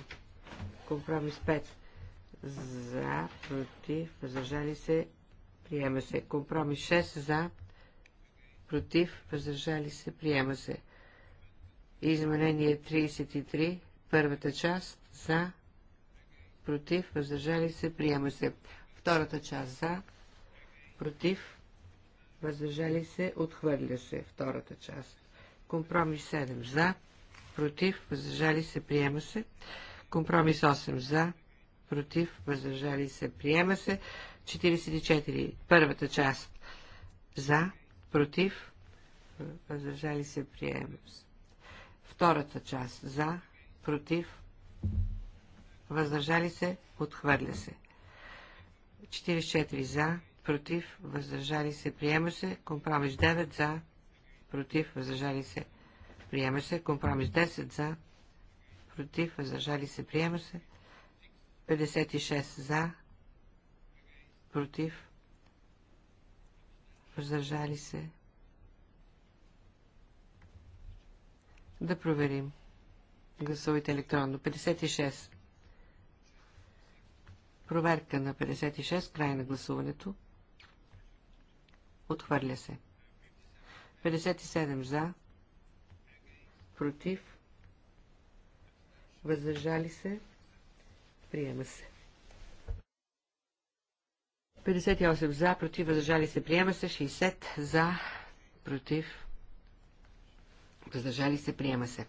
Компромис 5 за, против, въздържали се, приема се. Компромис 6 за, против, въздържали се, приема се. Изменение 33, първата част, за, против, въздържали се, приема се. Втората част за, против, въздържали се, отхвърля се. Втората част. Компромис 7 за, против, въздържали се, приема се. Компромис 8 за, против, въздържали се, приема се. 44. Първата част. За, против, въздържали се, приема се. Втората част. За, против, въздържали се, отхвърля се. 44 за, против, въздържали се, приема се, компромис 9 за, против, въздържали се, приема се, компромис 10 за, против, въздържали се, приема се, 56 за, против, въздържали се. Да проверим. 56. Гласувайте електронно. 56. Проверка на 56. Край на гласуването. Отхвърля се. 57 за. Против. Въздържали се. Приема се. 58 за, против, въздържали се, приема се. 60 за, против, въздържали се, приема се.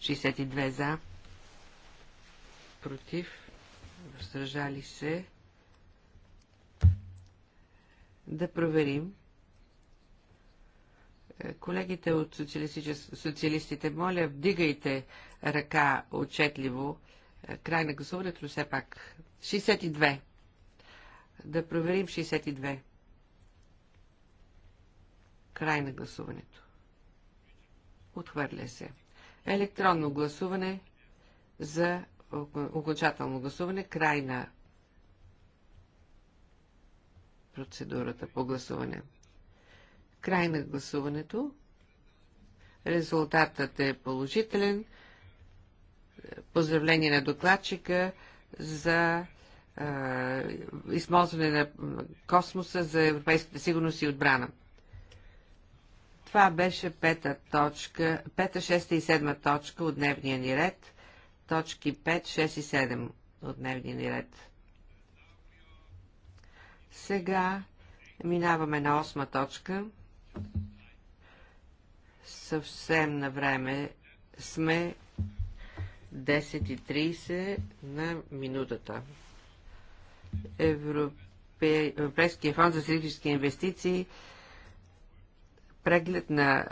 62 за, против, въздържали се. Да проверим. Е, колегите от социалистите, моля, вдигайте ръка отчетливо. Е, край на гласуването, все пак. 62. Да проверим 62. Край на гласуването. Отхвърля се. Електронно гласуване за окончателно гласуване, край на процедурата по гласуване. Край на гласуването. Резултатът е положителен. Поздравление на докладчика за използване на космоса за европейската сигурност и отбрана. Това беше пета точка, пета, шеста и седма точка от дневния ни ред. Точки 5, 6 и 7 от дневния ни ред. Сега минаваме на осма точка. Съвсем на време сме 10.30 на минутата. Европейския фонд за стратегически инвестиции преглед на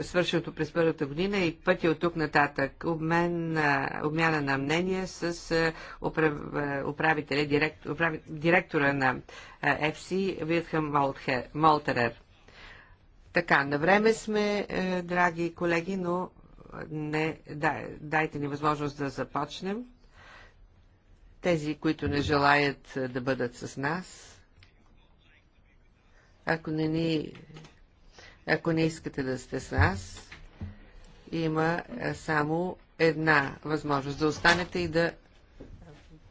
свършеното през първата година и пътя от тук нататък. Обмен, обмяна на мнение с управ, управителя, директ, управ, директора на FC Вилхам Молтерер. Така, на време сме, е, драги колеги, но не, дай, дайте ни възможност да започнем. Тези, които не желаят е, да бъдат с нас, ако не ни ако не искате да сте с нас, има е, само една възможност да останете и да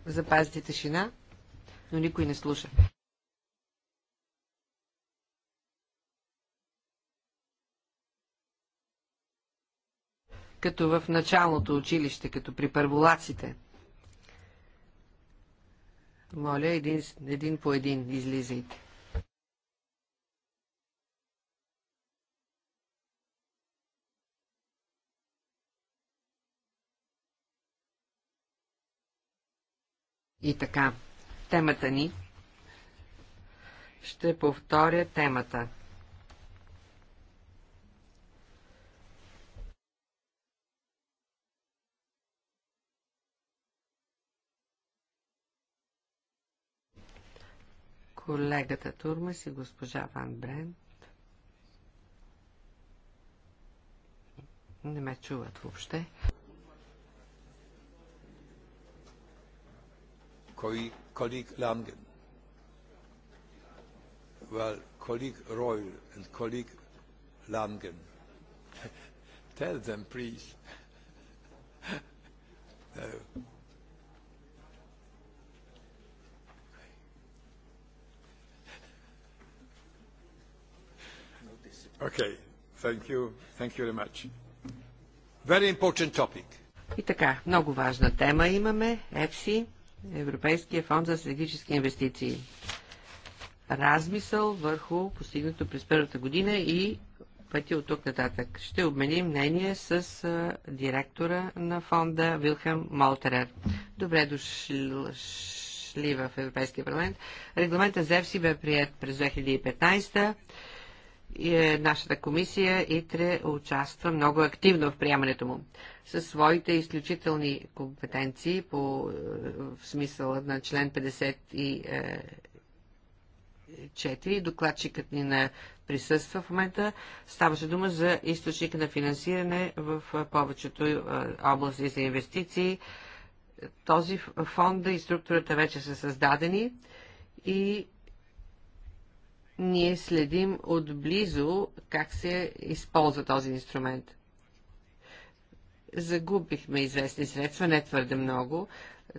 запазите тишина, но никой не слуша. Като в началното училище, като при първолаците. Моля, един, един по един излизайте. И така, темата ни. Ще повторя темата. колегата Турмас и госпожа Ван Брент. Не ме чуват въобще. colleague Langen. Well, colleague Royal and colleague Langen. Tell them, please. no. Okay. Thank you. Thank you very much. Very important topic. И така, много важна тема имаме, ЕФСИ. Европейския фонд за стратегически инвестиции. Размисъл върху постигнато през първата година и пъти от тук нататък. Ще обменим мнение с директора на фонда Вилхам Молтерер. Добре дошли в Европейския парламент. Регламентът ЗЕВСИ бе прият през 2015 е, нашата комисия ИТРЕ участва много активно в приемането му. Със своите изключителни компетенции по, е, в смисъл на член 54, е, докладчикът ни на присъства в момента. Ставаше дума за източник на финансиране в е, повечето области за инвестиции. Този фонд и структурата вече са създадени и ние следим отблизо как се използва този инструмент. Загубихме известни средства, не твърде много,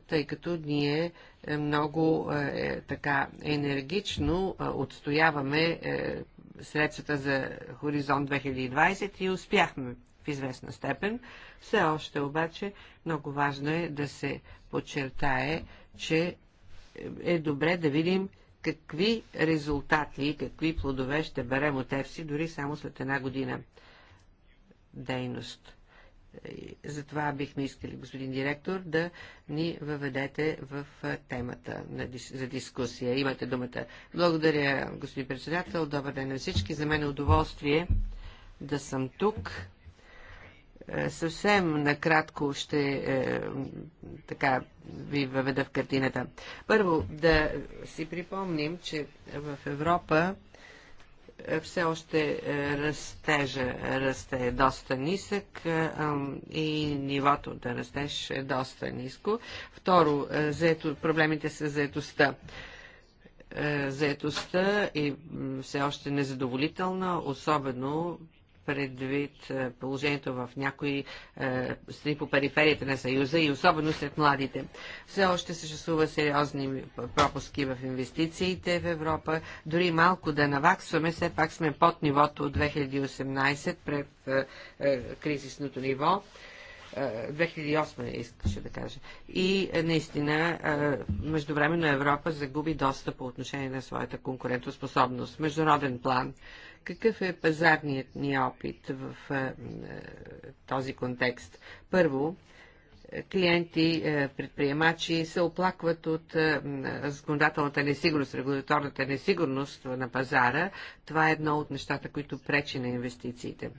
тъй като ние е, много е, е, така енергично е, отстояваме е, средствата за Хоризонт 2020 и успяхме в известна степен. Все още обаче много важно е да се подчертае, че е добре да видим какви резултати и какви плодове ще берем от ЕФСИ дори само след една година дейност. Затова бихме искали, господин директор, да ни въведете в темата за дискусия. Имате думата. Благодаря, господин председател. Добър ден на всички. За мен е удоволствие да съм тук е, съвсем накратко ще е, така ви въведа в картината. Първо, да си припомним, че в Европа е, все още растежа расте доста нисък и нивото да растеж е доста ниско. Второ, заето, проблемите с заетостта заетостта е все още незадоволителна, особено предвид е, положението в някои е, страни по периферията на Съюза и особено сред младите. Все още съществува сериозни пропуски в инвестициите в Европа. Дори малко да наваксваме, все пак сме под нивото от 2018 пред е, кризисното ниво. 2008 искаше да кажа. И наистина, междувременно Европа загуби доста по отношение на своята конкурентоспособност. Международен план какъв е пазарният ни опит в е, е, този контекст? Първо, е, клиенти, предприемачи се оплакват от законодателната несигурност, регуляторната несигурност на пазара. Това е едно от нещата, които пречи на инвестициите.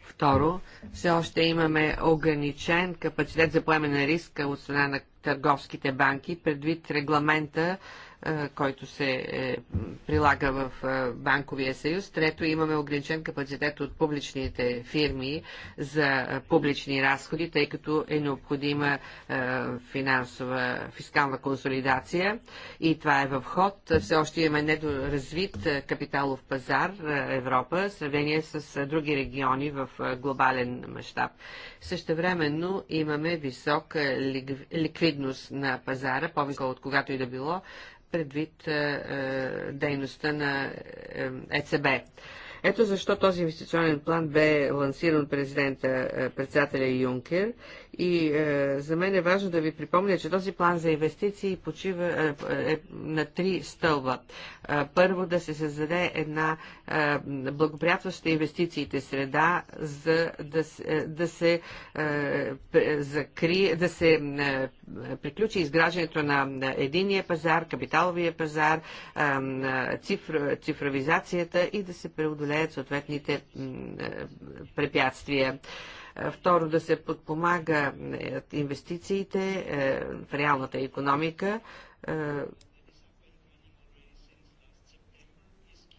Второ, все още имаме ограничен капацитет за поемане на риска от страна на търговските банки, предвид регламента който се е, прилага в банковия съюз. Трето, имаме ограничен капацитет от публичните фирми за публични разходи, тъй като е необходима финансова, фискална консолидация и това е в ход. Все още имаме недоразвит капиталов пазар Европа в сравнение с други региони в глобален мащаб. Същевременно имаме висока ликвидност на пазара, по-висока от когато и да било, предвид е, е, дейността на е, ЕЦБ. Ето защо този инвестиционен план бе лансиран от президента, председателя Юнкер. И е, за мен е важно да ви припомня, че този план за инвестиции почива е, е, на три стълба. Първо да се създаде една благоприятваща инвестициите среда, за да, е, да се закри, да се е, приключи изграждането на единия пазар, капиталовия пазар, цифр, цифровизацията и да се преодолеят съответните е, препятствия. Второ, да се подпомага инвестициите в реалната економика,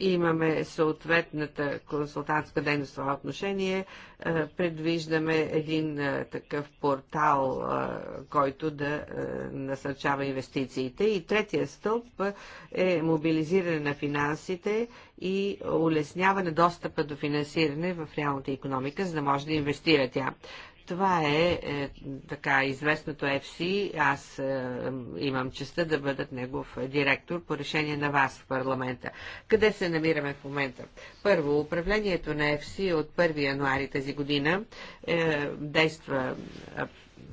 Имаме съответната консултантска дейност в това отношение. Е, предвиждаме един е, такъв портал, е, който да насърчава инвестициите. И третия стълб е мобилизиране на финансите и улесняване достъпа до финансиране в реалната економика, за да може да инвестира тя. Това е, е така известното FC. Аз е, имам честа да бъдат негов директор по решение на вас в парламента. Къде се намираме в момента? Първо, управлението на FC от 1 януари тази година е, действа е,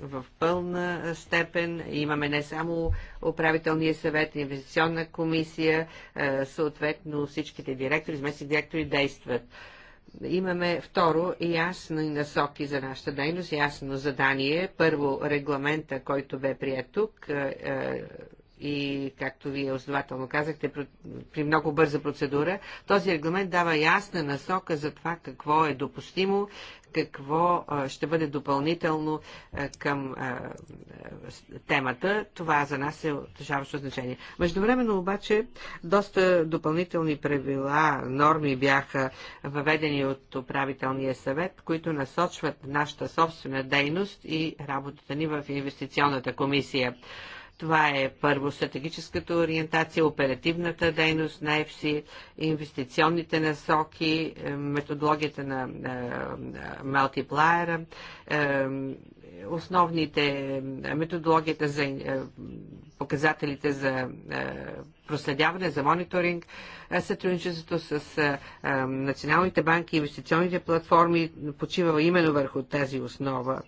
в пълна степен. Имаме не само управителния съвет, инвестиционна комисия, е, съответно всичките директори, заместник директори действат имаме второ ясни насоки за нашата дейност, ясно задание. Първо регламента, който бе прият тук е, е и, както вие основателно казахте, при много бърза процедура, този регламент дава ясна насока за това какво е допустимо, какво ще бъде допълнително към темата. Това за нас е отъжаващо значение. Междувременно обаче доста допълнителни правила, норми бяха въведени от управителния съвет, които насочват нашата собствена дейност и работата ни в инвестиционната комисия. Това е първо стратегическата ориентация, оперативната дейност на ЕФСИ, инвестиционните насоки, е, методологията на мултиплайера, е, основните е, методологията за показателите за проследяване, за мониторинг, сътрудничеството с националните банки, инвестиционните платформи почива именно върху тази основа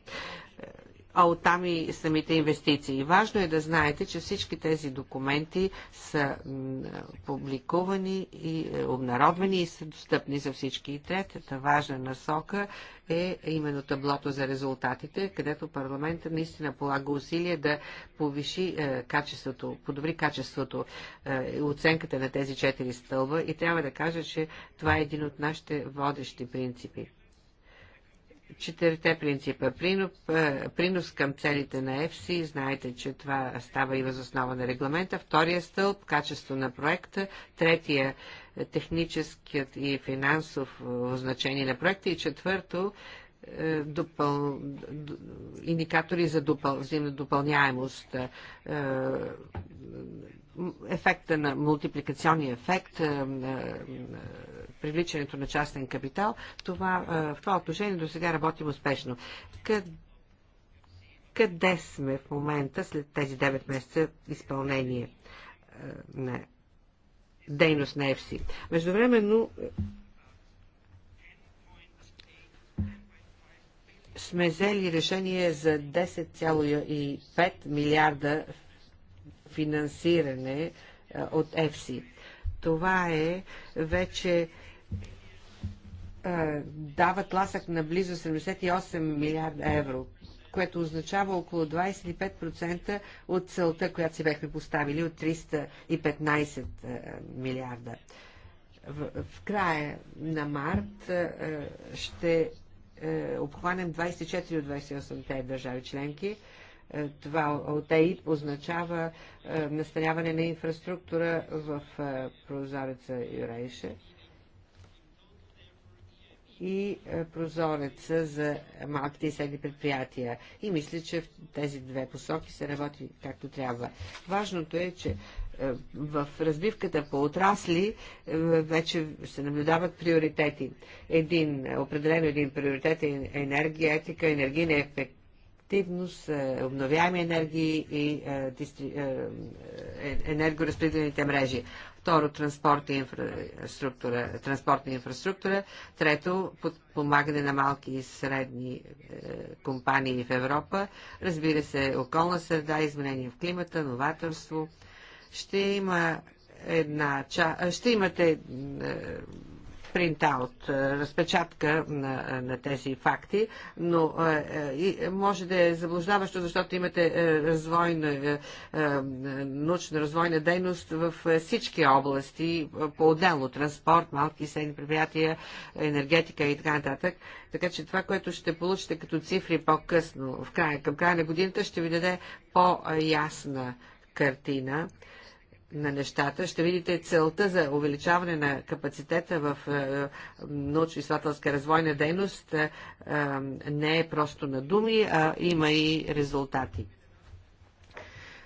а оттам и самите инвестиции. Важно е да знаете, че всички тези документи са публикувани и е, обнародвани и са достъпни за всички. И третата важна насока е именно таблото за резултатите, където парламента наистина полага усилия да повиши е, качеството, подобри качеството е, и оценката на тези четири стълба и трябва да кажа, че това е един от нашите водещи принципи четирите принципа. Принос, към целите на ЕФСИ, знаете, че това става и въз основа на регламента. Втория стълб, качество на проекта. Третия, техническият и финансов значение на проекта. И четвърто, е, допъл... индикатори за допъл... взаимна допълняемост. Е, ефекта на мултипликационния ефект, е, е, привличането на частен капитал, това, е, в това отношение до сега работим успешно. Къде сме в момента след тези 9 месеца изпълнение на дейност на ЕФСИ? Междувременно сме взели решение за 10,5 милиарда финансиране от ЕФСИ. Това е вече дава тласък на близо 78 милиарда евро, което означава около 25% от целта, която си бехме поставили от 315 милиарда. В, в края на март ще обхванем 24 от 28 държави членки това алтаид означава е, настаняване на инфраструктура в е, прозореца Юрейше и е, прозореца за малките и средни предприятия. И мисля, че в тези две посоки се работи както трябва. Важното е, че в разбивката по отрасли вече се наблюдават приоритети. Един, определено един приоритет е енергия, етика, енергийна ефект ефективност, е, обновяеми енергии и е, е, енергоразпределените мрежи. Второ, транспорт и инфраструктура, транспортна инфраструктура. Трето, подпомагане на малки и средни компании в Европа. Разбира се, околна среда, изменения в климата, новаторство. Ще има една, ча, ще имате принтаут, е, разпечатка на, е, на тези факти, но е, може да е заблуждаващо, защото имате развойна, научна развойна дейност в всички области, по-отделно транспорт, малки и средни предприятия, енергетика и така нататък. Така че това, което ще получите като цифри по-късно, в края, към края на годината, ще ви даде по-ясна картина на нещата. Ще видите целта за увеличаване на капацитета в е, научно-изследователска развойна дейност е, е, не е просто на думи, а има и резултати.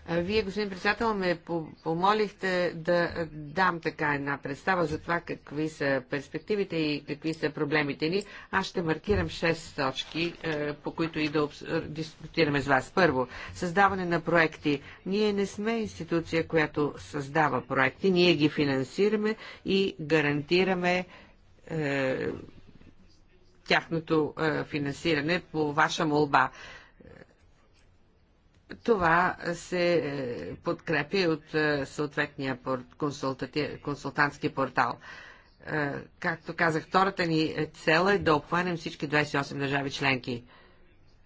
Вие, господин председател, ме помолихте да дам така една представа за това какви са перспективите и какви са проблемите ни. Аз ще маркирам 6 точки, е, по които и да е, дискутираме с вас. Първо, създаване на проекти. Ние не сме институция, която създава проекти. Ние ги финансираме и гарантираме е, тяхното е, финансиране по ваша молба. Това се е, подкрепи от е, съответния консултантски портал. Е, както казах, втората ни цел е да обхванем всички 28 държави членки.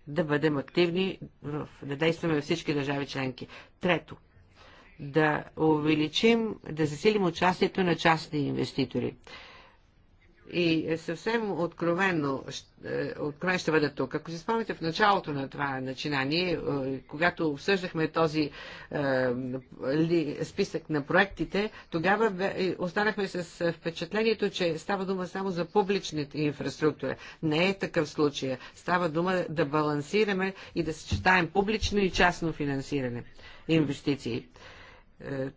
Да бъдем активни, да действаме във всички държави членки. Трето, да увеличим, да засилим участието на частни инвеститори. И е съвсем откровенно, е, откровен ще бъда тук. Ако си спомните в началото на това начинание, е, когато обсъждахме този списък на проектите, тогава останахме с впечатлението, че става дума само за публичните инфраструктура. Не е такъв случай. Става дума да балансираме и да съчетаем публично и частно финансиране, инвестиции.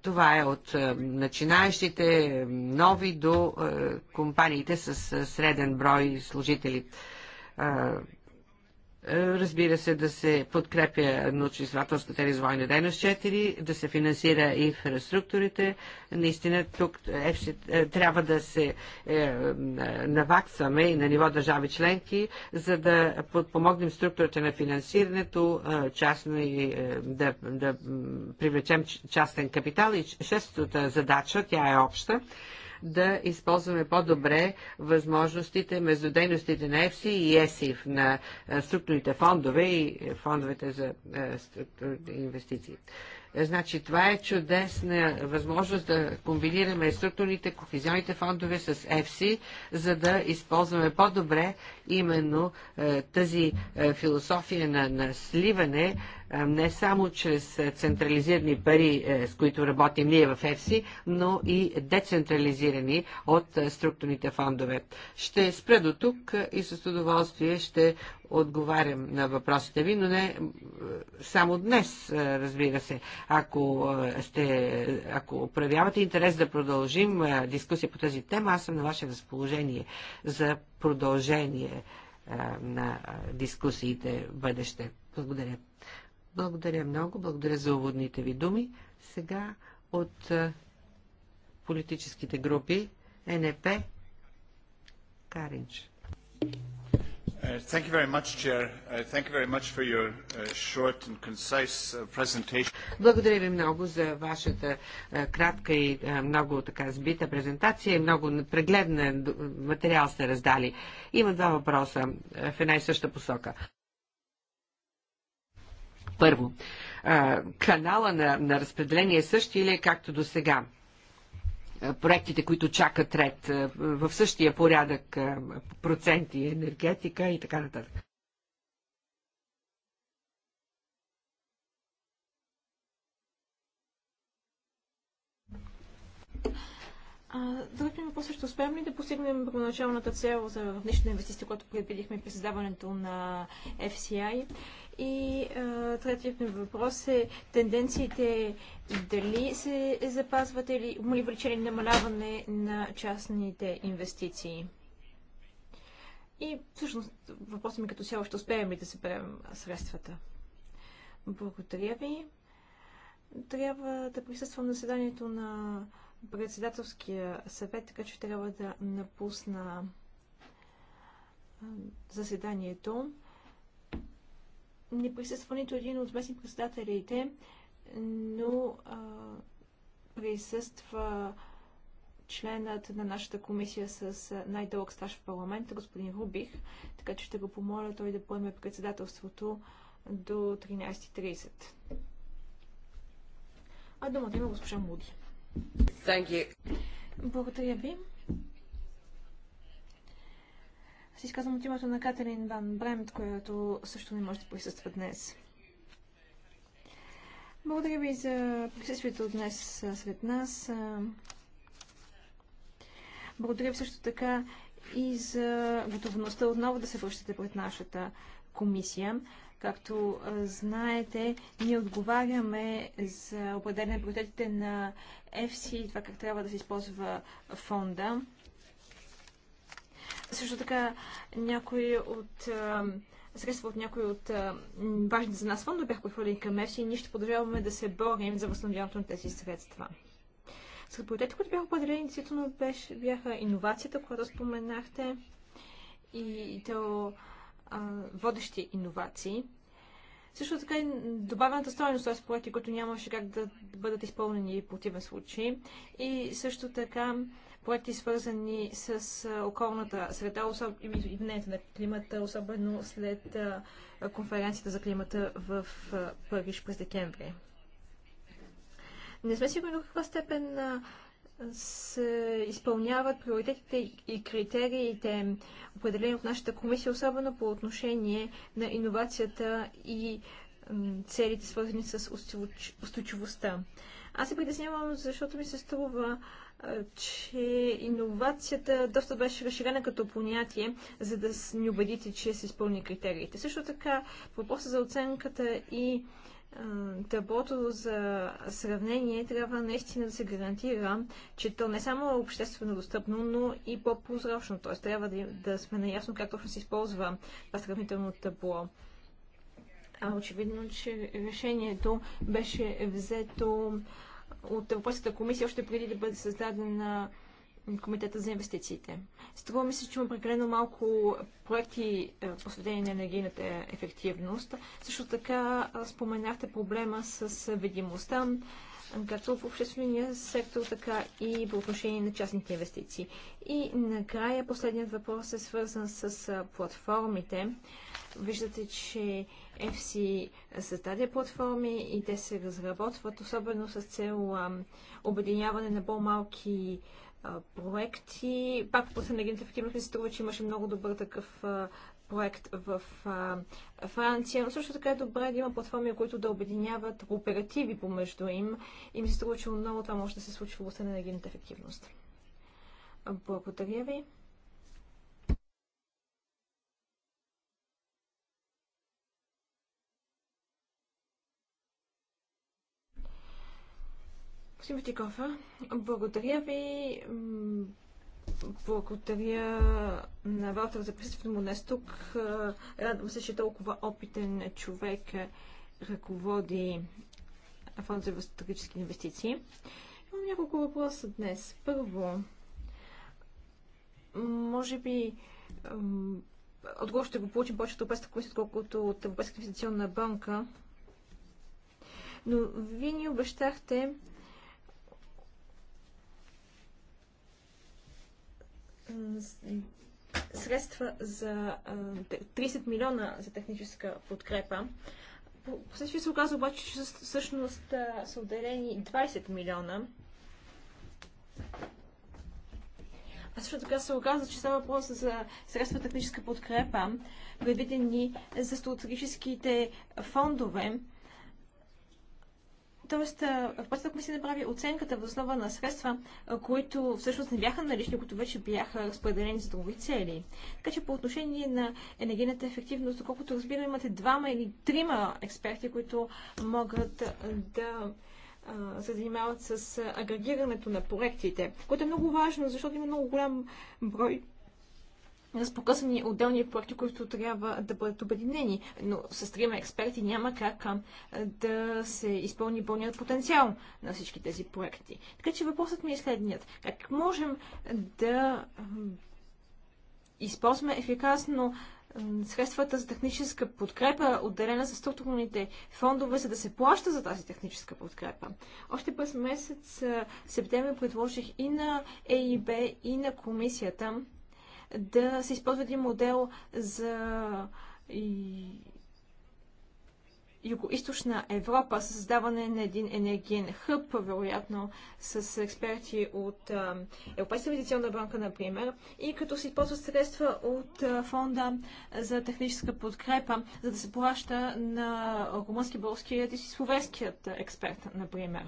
Това е от е, начинаещите, нови до е, компаниите с е, среден брой служители. Е, разбира се, да се подкрепя научно-изследователската развойна дейност 4, да се финансира и инфраструктурите. Наистина тук е, трябва да се е, наваксаме и на ниво държави членки, за да подпомогнем структурата на финансирането, е, частно и е, да, да привлечем частен капитал. И шестата задача, тя е обща, да използваме по-добре възможностите между дейностите на ЕФСИ и ЕСИФ, на структурните фондове и е, фондовете за е, инвестиции. Е, значи това е чудесна възможност да комбинираме структурните кохезионните фондове с ЕФСИ, за да използваме по-добре именно тази философия на, на сливане не само чрез централизирани пари, е, с които работим ние в ЕФСИ, но и децентрализирани от е, структурните фондове. Ще спра до тук е, и с удоволствие ще отговарям на въпросите ви, но не само днес, разбира се. Ако, сте, ако проявявате интерес да продължим дискусия по тази тема, аз съм на ваше разположение за продължение на дискусиите в бъдеще. Благодаря. Благодаря много, благодаря за уводните ви думи. Сега от политическите групи НП Каринч. Uh, uh, uh, благодаря ви много за вашата кратка и много така сбита презентация и много прегледна материал сте раздали. Има два въпроса в една и съща посока. Първо, канала на, на разпределение е същия или е както до сега? проектите, които чакат ред в същия порядък проценти, енергетика и така нататък. Другият ми въпрос е, ще успеем ли да постигнем първоначалната цел за внешните инвестиции, което предвидихме при създаването на FCI? И а, третият ми въпрос е тенденциите дали се запазват или има ли влечение намаляване на частните инвестиции. И всъщност въпросът ми като цяло ще успеем ли да съберем средствата. Благодаря ви. Трябва да присъствам на заседанието на председателския съвет, така че трябва да напусна заседанието не присъства нито един от местни председателите, но а, присъства членът на нашата комисия с най-дълъг стаж в парламента, господин Рубих, така че ще го помоля той да поеме председателството до 13.30. А думата има госпожа Муди. Благодаря ви. се изказвам от името на Катерин Ван Бремт, която също не може да присъства днес. Благодаря ви за присъствието днес сред нас. Благодаря ви също така и за готовността отново да се връщате пред нашата комисия. Както знаете, ние отговаряме за определене приоритетите на FC и това как трябва да се използва фонда. Също така някои от средства от някои от важните за нас фондове бяха прехвърлени към МЕФСИ и ние ще продължаваме да се борим за възстановяването на тези средства. Сред приоритетите, които бяха определени, действително бяха иновацията, която споменахте, и, то водещи иновации. Също така и добавената стоеност, т.е. проекти, които нямаше как да бъдат изпълнени в противен случай. И също така проекти свързани с околната среда особ... и изменението на климата, особено след конференцията за климата в Париж през декември. Не сме сигурни до каква степен се изпълняват приоритетите и критериите, определени от нашата комисия, особено по отношение на иновацията и целите, свързани с устойчивостта. Аз се притеснявам, защото ми се струва, че иновацията доста беше разширена като понятие, за да ни убедите, че се изпълни критериите. Също така, въпроса за оценката и таблото за сравнение трябва наистина да се гарантира, че то не само е обществено достъпно, но и по-прозрачно. Т.е. трябва да, да сме наясно как точно се използва това сравнително табло. А очевидно, че решението беше взето а, от Европейската комисия още преди да бъде създадена Комитета за инвестициите. Струва ми се, че има прекалено малко проекти е, посветени на енергийната ефективност. Също така споменахте проблема с видимостта както в обществения сектор, така и по отношение на частните инвестиции. И накрая последният въпрос е свързан с платформите. Виждате, че FC създаде платформи и те се разработват, особено с цел обединяване на по-малки проекти. Пак по на агентов ми се струва, че имаше много добър такъв проект в а, Франция, но също така е добре да има платформи, които да обединяват кооперативи помежду им и ми се струва, че много това може да се случи в областта на енергийната ефективност. Благодаря ви. Господин благодаря ви. Благодаря на Валтер за присъствието му днес тук. Е, радвам се, че толкова опитен човек ръководи фонд за стратегически инвестиции. Имам няколко въпроса днес. Първо, може би отговор ще го получим повече от Европейската комисия, отколкото от Европейската инвестиционна банка. Но вие ни обещахте средства за 30 милиона за техническа подкрепа. По се оказа обаче, че всъщност са отделени 20 милиона. А също така се оказа, че става въпрос за средства техническа подкрепа, предвидени за стратегическите фондове, Тоест, ми си направи оценката в основа на средства, които всъщност не бяха налични, които вече бяха разпределени за други цели. Така че по отношение на енергийната ефективност, доколкото разбирам, имате двама или трима експерти, които могат да се занимават с агрегирането на проектите, което е много важно, защото има много голям брой с показани отделни проекти, които трябва да бъдат обединени. Но с трима експерти няма как да се изпълни пълният потенциал на всички тези проекти. Така че въпросът ми е следният. Как можем да използваме ефикасно средствата за техническа подкрепа, отделена за структурните фондове, за да се плаща за тази техническа подкрепа. Още през месец септември предложих и на ЕИБ, и на комисията да се използва един модел за Юго-Источна Европа с създаване на един енергиен хъб, вероятно с експерти от Европейската инвестиционна банка, например, и като се използват средства от фонда за техническа подкрепа, за да се плаща на румънски, български и словенският експерт, например.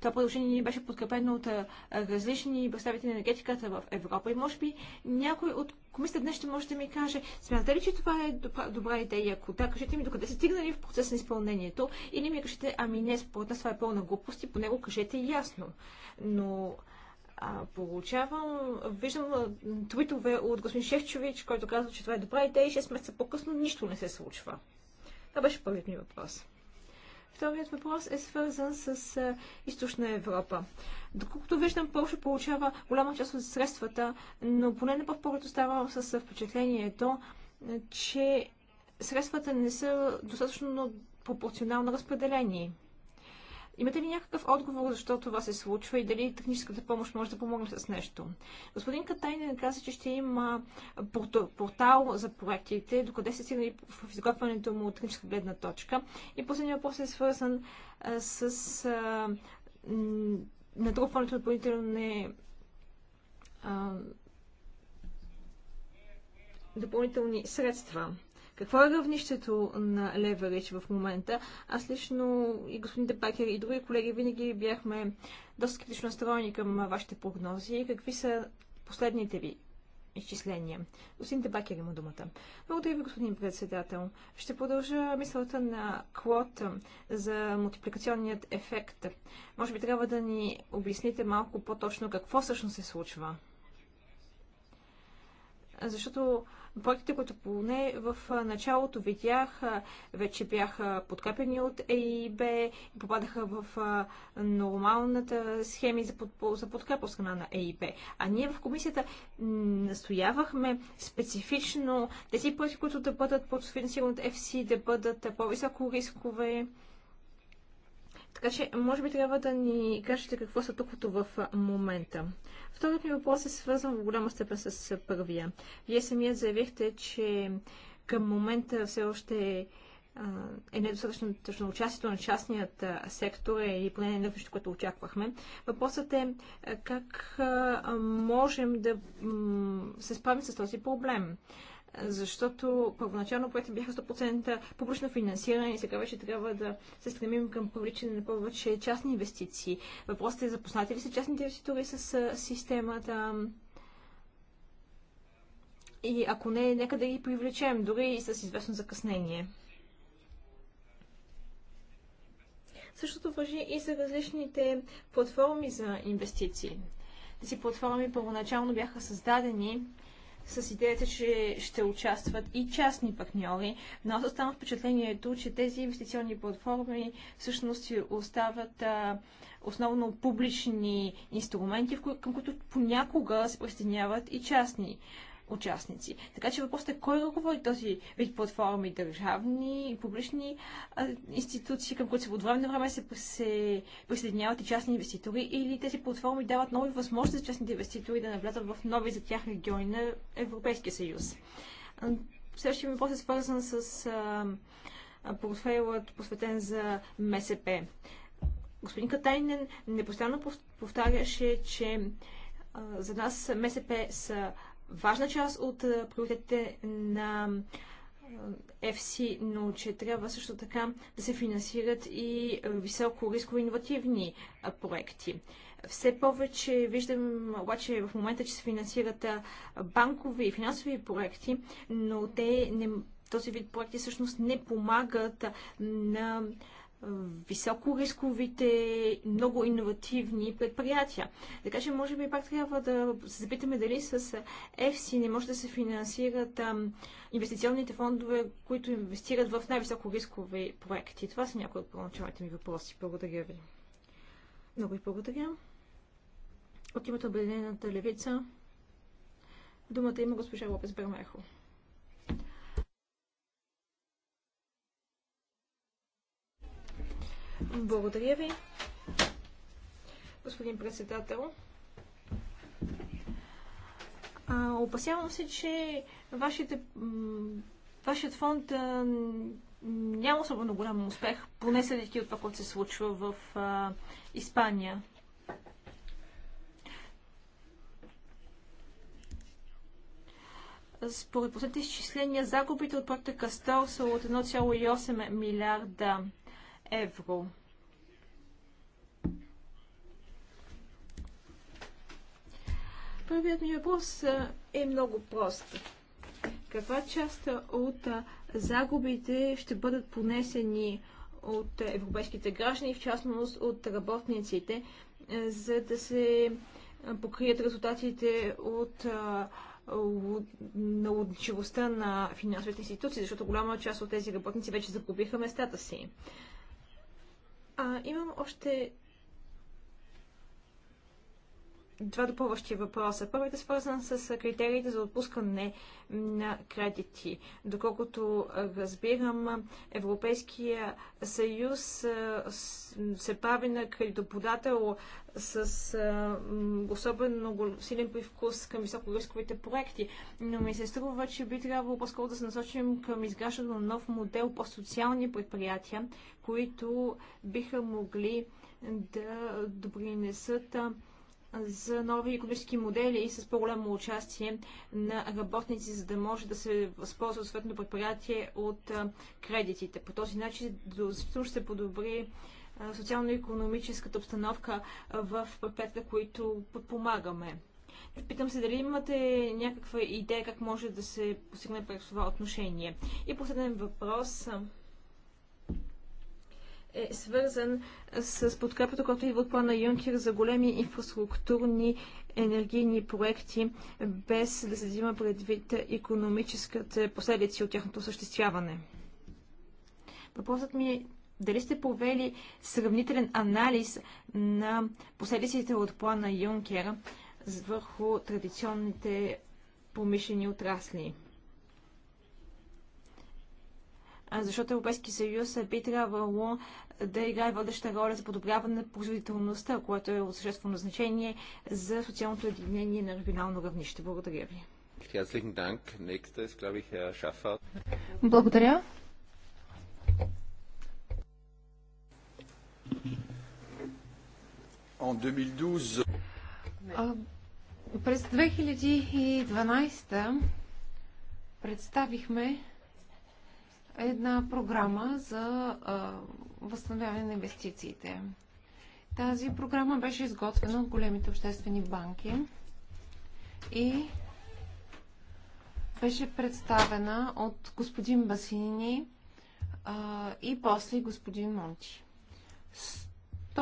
Това предложение беше подкрепено от различни представители на енергетиката в Европа и може би някой от комисията днес ще може да ми каже, смятате ли, че това е добра, добра идея? Ако да, кажете ми докъде сте стигнали в процес на изпълнението или ми кажете, ами не, според нас това е пълна глупост и по него кажете ясно. Но а, получавам, виждам твитове от господин Шевчович, който казва, че това е добра идея и 6 месеца по-късно нищо не се случва. Това беше първият ми въпрос. Вторият въпрос е свързан с източна Европа. Доколкото виждам, Польша получава голяма част от средствата, но поне на първ поглед оставам с впечатлението, че средствата не са достатъчно пропорционално разпределени. Имате ли някакъв отговор защо това се случва и дали техническата помощ може да помогне с нещо? Господин Катайнен каза, че ще има портал за проектите, докъде се стигнали в изготвянето му от техническа гледна точка. И последният въпрос е свързан с а, натрупването на допълнителни допълнителни средства. Какво е равнището на леверидж в момента? Аз лично и господин Депакер и други колеги винаги бяхме доста критично настроени към вашите прогнози. Какви са последните ви изчисления. Господин Дебакер има думата. Благодаря ви, господин председател. Ще продължа мисълта на Клод за мултипликационният ефект. Може би трябва да ни обясните малко по-точно какво всъщност се случва. Защото Проектите, които поне в началото видях, вече бяха подкрепени от ЕИБ и попадаха в нормалната схема за, за подкрепа от страна на ЕИБ. А ние в комисията настоявахме специфично тези проекти, които да бъдат под финансиране от FC, е да бъдат по-високо рискове, така че, може би трябва да ни кажете какво са тук в момента. Вторият ми въпрос е свързан в голяма степен с първия. Вие самият заявихте, че към момента все още е недостатъчно точно участието на частният сектор е и поне не нещо, което очаквахме. Въпросът е как можем да се справим с този проблем защото първоначално проекти бяха 100% публично финансирани и сега вече трябва да се стремим към привличане на повече частни инвестиции. Въпросът е запознати ли са частните инвеститори с системата? И ако не, нека да ги привлечем, дори и с известно закъснение. Същото въжи и за различните платформи за инвестиции. Тези платформи първоначално бяха създадени с идеята, че ще участват и частни партньори, но аз оставам впечатлението, че тези инвестиционни платформи всъщност остават а, основно публични инструменти, към които понякога се присъединяват и частни участници. Така че въпросът е кой ръководи този вид платформи, държавни и публични а, институции, към които се от време на време се, се присъединяват и частни инвеститори, или тези платформи дават нови възможности за частните инвеститори да навлязат в нови за тях региони на Европейския съюз. Следващия ми въпрос е свързан с а, портфейлът, посветен за МСП. Господин Катайнен непостоянно повтаряше, че а, за нас МСП са важна част от приоритетите на FC, но че трябва също така да се финансират и високо рискови иновативни проекти. Все повече виждам обаче в момента, че се финансират банкови и финансови проекти, но те не, този вид проекти всъщност не помагат на високо рисковите, много иновативни предприятия. Така че, може би пак трябва да се запитаме дали с EFSI не може да се финансират ам, инвестиционните фондове, които инвестират в най-високо рискови проекти. Това са някои от първоначалните ми въпроси. Благодаря ви. Много ви благодаря. От името Обединената левица думата има госпожа Лопес Бермехо. Благодаря ви. Господин председател, а, опасявам се, че вашите, вашият фонд а, няма особено голям успех, поне следвайки от това, което се случва в а, Испания. Според последните изчисления, загубите от проекта Кастор са от 1,8 милиарда евро. Първият ми въпрос е много прост. Каква част от загубите ще бъдат понесени от европейските граждани, в частност от работниците, за да се покрият резултатите от налудничивостта на финансовите институции, защото голяма част от тези работници вече загубиха местата си. А, имам още два допълващи въпроса. Първият е свързан с критериите за отпускане на кредити. Доколкото разбирам, Европейския съюз се прави на кредитоподател с а, особено силен привкус към високорисковите проекти. Но ми се струва, че би трябвало по-скоро да се насочим към изграждането на нов модел по-социални предприятия, които биха могли да допринесат за нови економически модели с по-голямо участие на работници, за да може да се възползва съответно предприятие от кредитите. По този начин също ще се подобри социално-економическата обстановка в предприятията, които подпомагаме. Питам се дали имате някаква идея как може да се постигне през това отношение. И последен въпрос е свързан с подкрепата, която идва от плана Юнкер за големи инфраструктурни енергийни проекти, без да се взима предвид економическите последици от тяхното осъществяване. Въпросът ми е дали сте провели сравнителен анализ на последиците от плана Юнкер върху традиционните промишлени отрасли защото Европейски съюз би трябвало да играе водеща роля за подобряване на производителността, което е от съществено значение за социалното единение на регионално равнище. Благодаря ви. Благодаря. през 2012 представихме една програма за а, възстановяване на инвестициите. Тази програма беше изготвена от големите обществени банки и беше представена от господин Басини а, и после господин Монти. 100,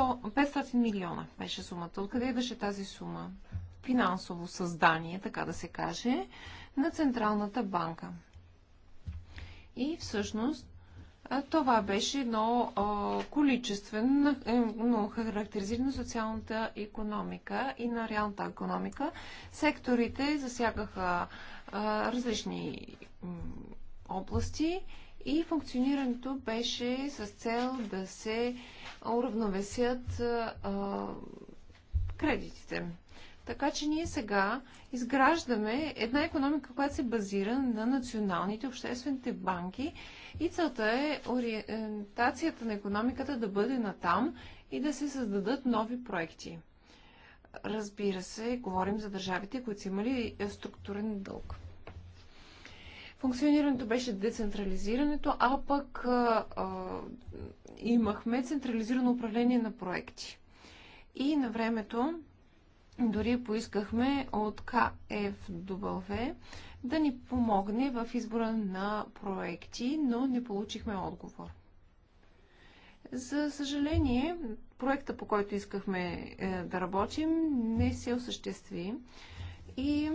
500 милиона беше сумата. Откъде идваше тази сума? Финансово създание, така да се каже, на Централната банка. И всъщност това беше едно количествено е, характеризирано социалната економика и на реалната економика. Секторите засягаха различни области и функционирането беше с цел да се уравновесят кредитите. Така че ние сега изграждаме една економика, която се базира на националните обществените банки и целта е ориентацията на економиката да бъде на там и да се създадат нови проекти. Разбира се, говорим за държавите, които са имали структурен дълг. Функционирането беше децентрализирането, а пък а, а, имахме централизирано управление на проекти. И на времето дори поискахме от КФВ да ни помогне в избора на проекти, но не получихме отговор. За съжаление, проекта, по който искахме е, да работим, не се осъществи. И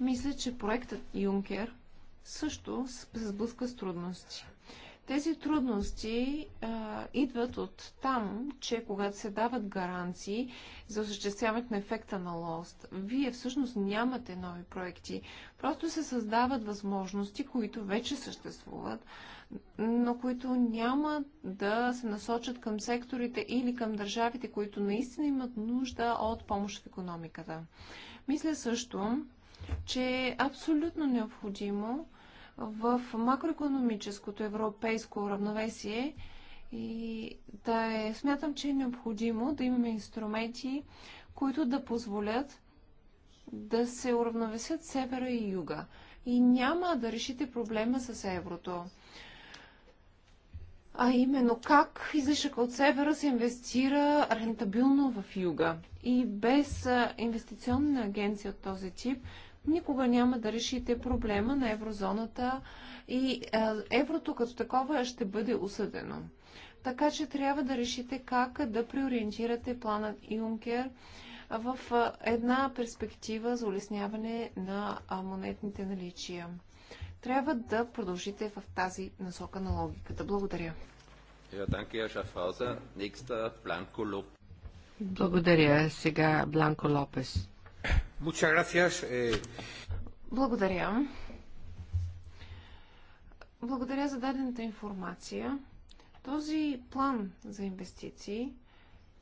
мисля, че проектът Юнкер също се сблъска с трудности. Тези трудности а, идват от там, че когато се дават гаранции за осъществяването на ефекта на лост, вие всъщност нямате нови проекти. Просто се създават възможности, които вече съществуват, но които няма да се насочат към секторите или към държавите, които наистина имат нужда от помощ в економиката. Мисля също, че е абсолютно необходимо в макроекономическото европейско равновесие и да е, смятам, че е необходимо да имаме инструменти, които да позволят да се уравновесят севера и юга. И няма да решите проблема с еврото. А именно как излишък от севера се инвестира рентабилно в юга. И без инвестиционна агенция от този тип никога няма да решите проблема на еврозоната и еврото като такова ще бъде осъдено. Така че трябва да решите как да приориентирате планът Юнкер в една перспектива за улесняване на монетните наличия. Трябва да продължите в тази насока на логиката. Благодаря. Благодаря. Сега Бланко Лопес. Eh. Благодаря. Благодаря за дадената информация. Този план за инвестиции,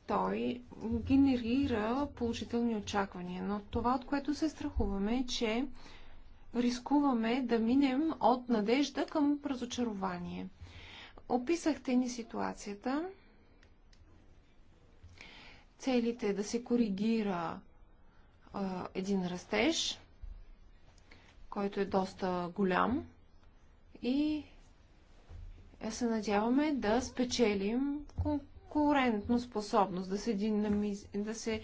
той генерира положителни очаквания, но това, от което се страхуваме е, че рискуваме да минем от надежда към разочарование. Описахте ни ситуацията. Целите е да се коригира един растеж, който е доста голям и е, се надяваме да спечелим конкурентно способност, да се, динамиз... да се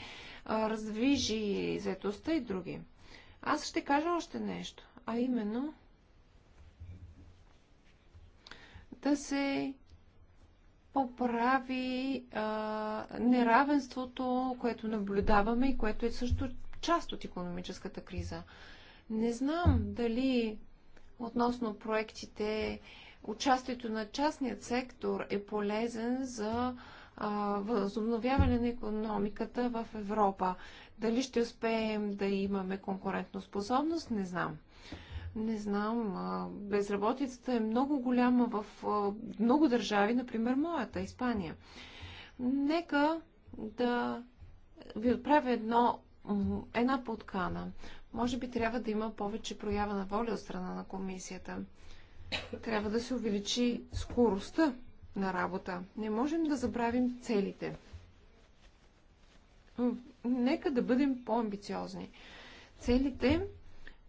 раздвижи заедостта и други. Аз ще кажа още нещо, а именно да се поправи а, неравенството, което наблюдаваме и което е също част от економическата криза. Не знам дали относно проектите участието на частният сектор е полезен за възобновяване на економиката в Европа. Дали ще успеем да имаме способност, не знам. Не знам. Безработицата е много голяма в много държави, например моята, Испания. Нека да ви отправя едно една подкана. Може би трябва да има повече проява на воля от страна на комисията. Трябва да се увеличи скоростта на работа. Не можем да забравим целите. Нека да бъдем по-амбициозни. Целите,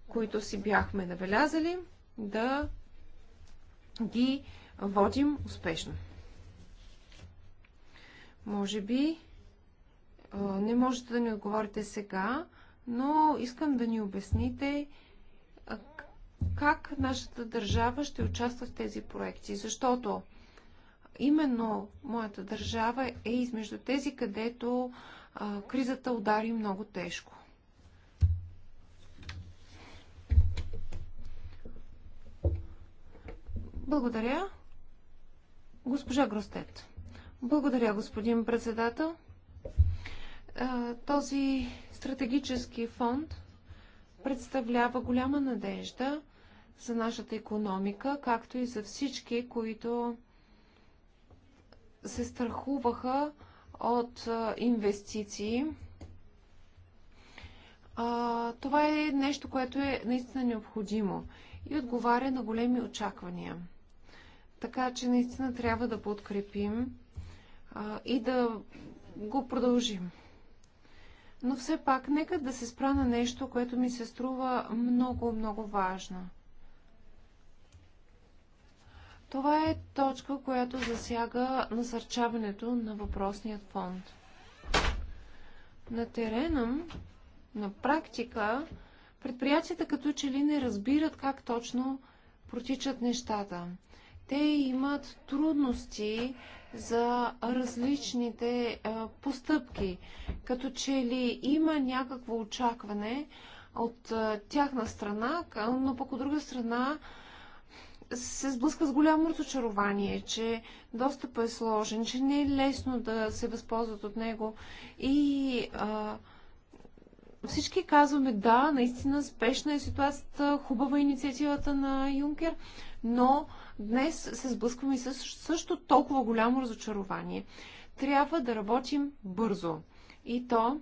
които си бяхме набелязали, да ги водим успешно. Може би не можете да ни отговорите сега, но искам да ни обясните как нашата държава ще участва в тези проекти. Защото именно моята държава е измежду тези, където кризата удари много тежко. Благодаря. Госпожа Гростет. Благодаря, господин председател този стратегически фонд представлява голяма надежда за нашата економика, както и за всички, които се страхуваха от инвестиции. Това е нещо, което е наистина необходимо и отговаря на големи очаквания. Така че наистина трябва да подкрепим и да го продължим но все пак нека да се спра на нещо, което ми се струва много, много важно. Това е точка, която засяга насърчаването на въпросният фонд. На терена, на практика, предприятията като че ли не разбират как точно протичат нещата. Те имат трудности за различните постъпки. Като че ли има някакво очакване от тяхна страна, но пък от друга страна се сблъска с голямо разочарование, че достъпът е сложен, че не е лесно да се възползват от него. И а, всички казваме, да, наистина спешна е ситуацията, хубава е инициативата на Юнкер, но Днес се сблъскваме с също толкова голямо разочарование. Трябва да работим бързо и то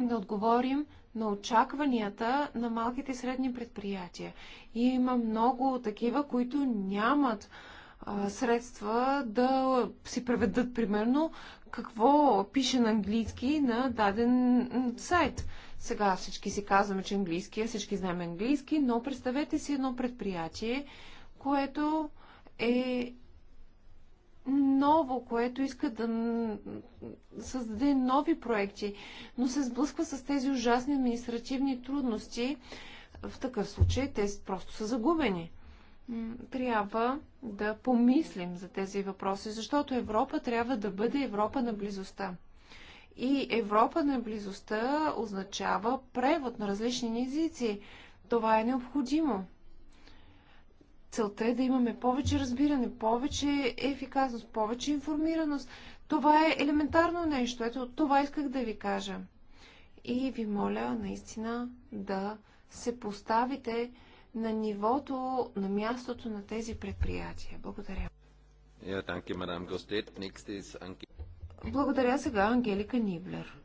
да отговорим на очакванията на малките и средни предприятия. И има много такива, които нямат а, средства да си преведат, примерно, какво пише на английски на даден сайт. Сега всички си казваме, че английски, е, всички знаем английски, но представете си едно предприятие, което е ново, което иска да създаде нови проекти, но се сблъсква с тези ужасни административни трудности, в такъв случай те просто са загубени. Трябва да помислим за тези въпроси, защото Европа трябва да бъде Европа на близостта. И Европа на близостта означава превод на различни езици. Това е необходимо. Целта е да имаме повече разбиране, повече ефикасност, повече информираност. Това е елементарно нещо. Ето, това исках да ви кажа. И ви моля наистина да се поставите на нивото, на мястото на тези предприятия. Благодаря. Благодаря сега Ангелика Ниблер.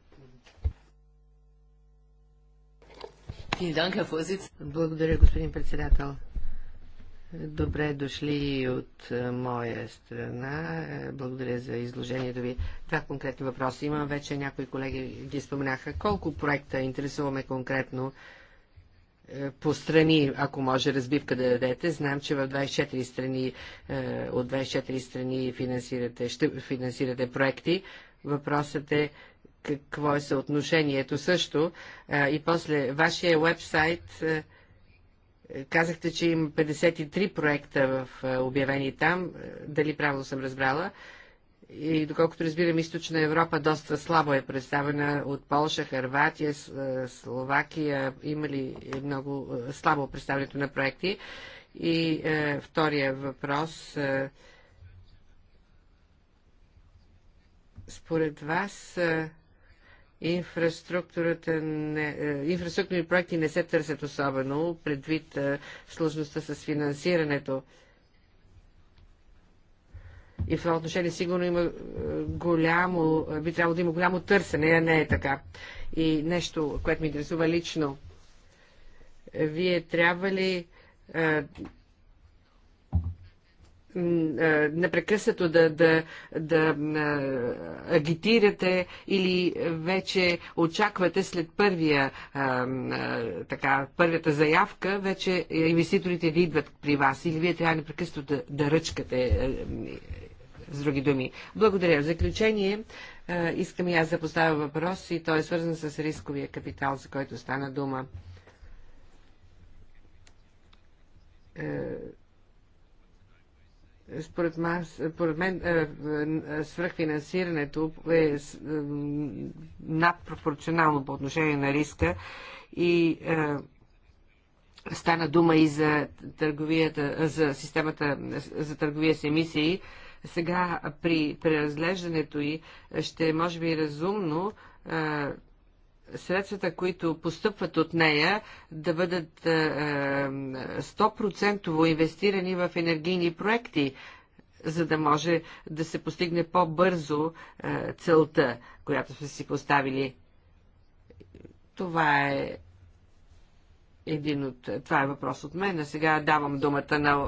Благодаря, господин председател. Добре дошли от е, моя страна. Е, благодаря за изложението ви. Два конкретни въпроса. Имам вече някои колеги ги споменаха. Колко проекта интересуваме конкретно е, по страни, ако може разбивка да дадете? Знам, че в 24 страни, от 24 страни финансирате, ще финансирате проекти. Въпросът е какво е съотношението също. И после вашия вебсайт Казахте, че има 53 проекта в е, обявени там. Е, дали правилно съм разбрала? И доколкото разбирам, източна Европа доста слабо е представена от Полша, Харватия, е, Словакия. Има ли много слабо представянето на проекти? И е, втория въпрос. Е, според вас е, Инфраструктурата не, е, инфраструктурни проекти не се търсят особено, предвид е, сложността с финансирането. И в това отношение сигурно има е, голямо, би трябвало да има голямо търсене, а не е така. И нещо, което ми интересува лично. Вие трябва ли непрекъснато да, да, да агитирате или вече очаквате след първия, така, първата заявка, вече инвеститорите да идват при вас или вие трябва непрекъснато да, да ръчкате с други думи. Благодаря. В заключение искам и аз да поставя въпрос и той е свързан с рисковия капитал, за който стана дума е, според, мас, според мен е, е, свръхфинансирането е, е надпропорционално по отношение на риска и стана дума и за търговията, за системата за търговия с емисии. Сега при преразглеждането й ще може би разумно средствата, които постъпват от нея, да бъдат 100% е, е, инвестирани в енергийни проекти, за да може да се постигне по-бързо е, целта, която сме си поставили. Това е един от... Това е въпрос от мен, а сега давам думата на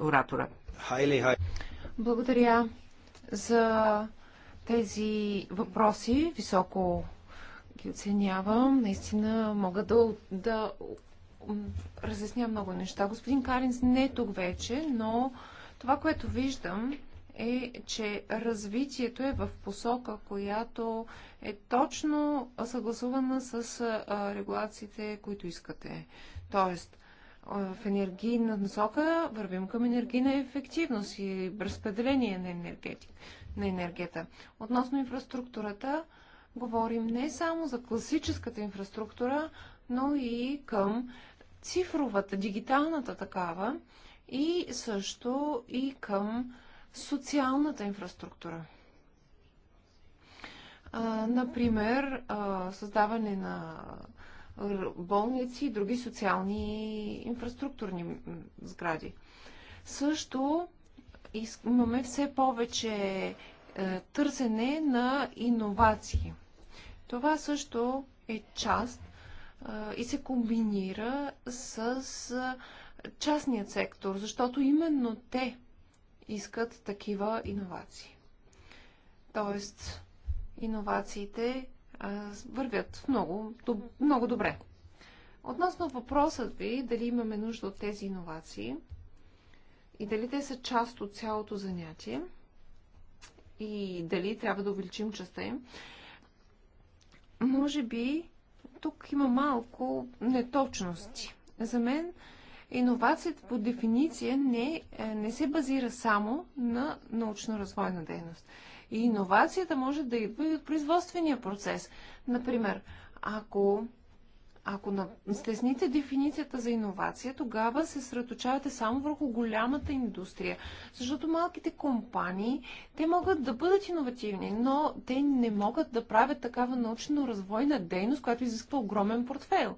оратора. Благодаря за тези въпроси, високо ги оценявам. Наистина мога да, да разясня много неща. Господин Каринс не е тук вече, но това, което виждам е, че развитието е в посока, която е точно съгласувана с регулациите, които искате. Тоест, в енергийна насока вървим към енергийна ефективност и разпределение на, енергията на Относно инфраструктурата, говорим не само за класическата инфраструктура, но и към цифровата, дигиталната такава и също и към социалната инфраструктура. например, създаване на болници и други социални инфраструктурни сгради. Също имаме все повече е, търсене на иновации – това също е част и се комбинира с частният сектор, защото именно те искат такива иновации. Тоест, иновациите вървят много, много добре. Относно въпросът ви дали имаме нужда от тези иновации и дали те са част от цялото занятие и дали трябва да увеличим частта им, може би тук има малко неточности. За мен иновацията по дефиниция не, е, не се базира само на научно-развойна дейност. И иновацията може да идва и от производствения процес. Например, ако ако стесните дефиницията за иновация, тогава се сръточавате само върху голямата индустрия. Защото малките компании, те могат да бъдат иновативни, но те не могат да правят такава научно-развойна дейност, която изисква огромен портфейл.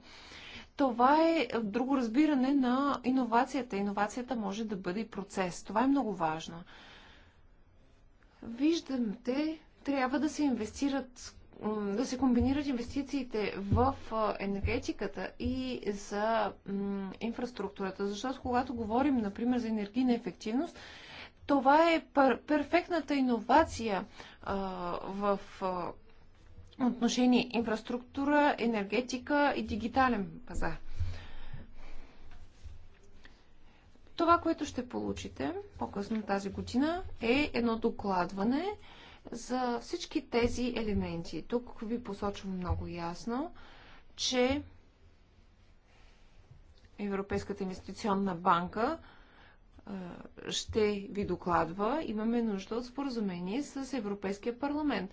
Това е друго разбиране на иновацията. Иновацията може да бъде и процес. Това е много важно. Виждам те, трябва да се инвестират да се комбинират инвестициите в енергетиката и за инфраструктурата. Защото когато говорим, например, за енергийна ефективност, това е пер перфектната иновация в отношение инфраструктура, енергетика и дигитален пазар. Това, което ще получите по-късно тази година е едно докладване, за всички тези елементи. Тук ви посочвам много ясно, че Европейската инвестиционна банка ще ви докладва. Имаме нужда от споразумение с Европейския парламент.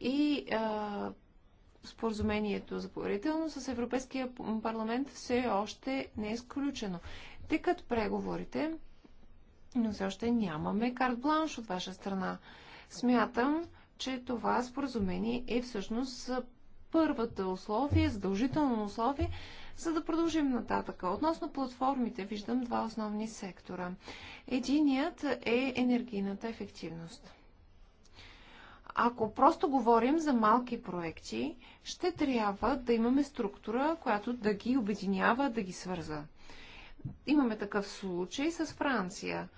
И а, споразумението за поверително с Европейския парламент все още не е изключено. Тъй преговорите, но все още нямаме карт бланш от ваша страна. Смятам, че това споразумение е всъщност първата условие, задължително условие, за да продължим нататък. Относно платформите виждам два основни сектора. Единият е енергийната ефективност. Ако просто говорим за малки проекти, ще трябва да имаме структура, която да ги обединява, да ги свърза. Имаме такъв случай с Франция,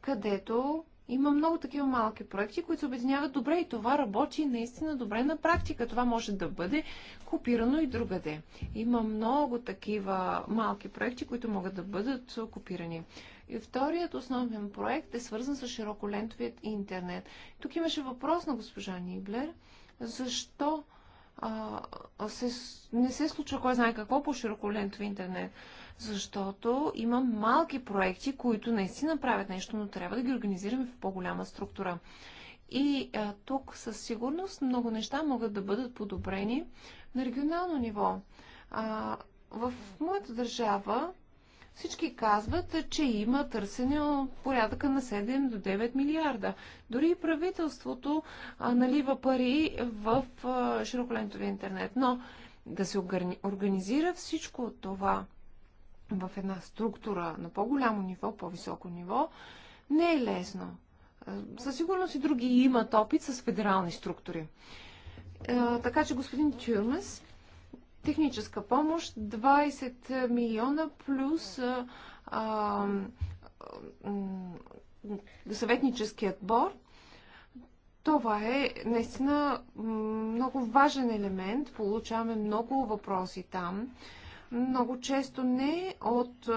където има много такива малки проекти, които се обединяват добре и това работи наистина добре на практика. Това може да бъде копирано и другаде. Има много такива малки проекти, които могат да бъдат копирани. И вторият основен проект е свързан с широколентовият интернет. Тук имаше въпрос на госпожа Ниблер. Защо а, се, не се случва кой знае какво по широколентови интернет? защото има малки проекти, които наистина правят нещо, но трябва да ги организираме в по-голяма структура. И а, тук със сигурност много неща могат да бъдат подобрени на регионално ниво. А, в моята държава всички казват, че има търсене от порядъка на 7 до 9 милиарда. Дори и правителството а, налива пари в широколентовия интернет. Но да се организира всичко това в една структура на по-голямо ниво, по-високо ниво, не е лесно. Със сигурност и други имат опит с федерални структури. Така че, господин Тюрмес, техническа помощ 20 милиона плюс а, а, съветническият бор, Това е наистина много важен елемент. Получаваме много въпроси там много често не от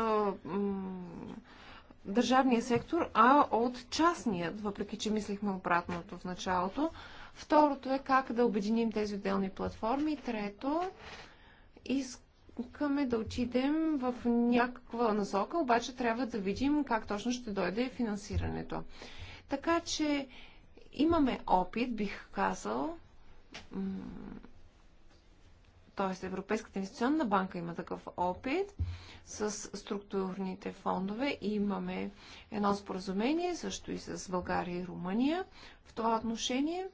държавния сектор, а от частният, въпреки че мислихме обратното в началото. Второто е как да обединим тези отделни платформи. Трето, искаме да отидем в някаква насока, обаче трябва да видим как точно ще дойде финансирането. Така че имаме опит, бих казал, т.е. Европейската инвестиционна банка има такъв опит с структурните фондове. Имаме едно споразумение, също и с България и Румъния в това отношение.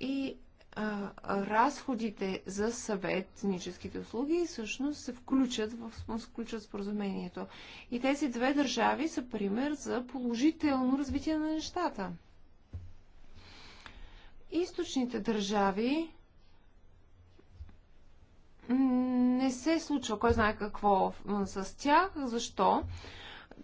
И а, разходите за съветническите услуги всъщност се включат в включат споразумението. И тези две държави са пример за положително развитие на нещата. Източните държави не се случва кой знае какво с тях. Защо?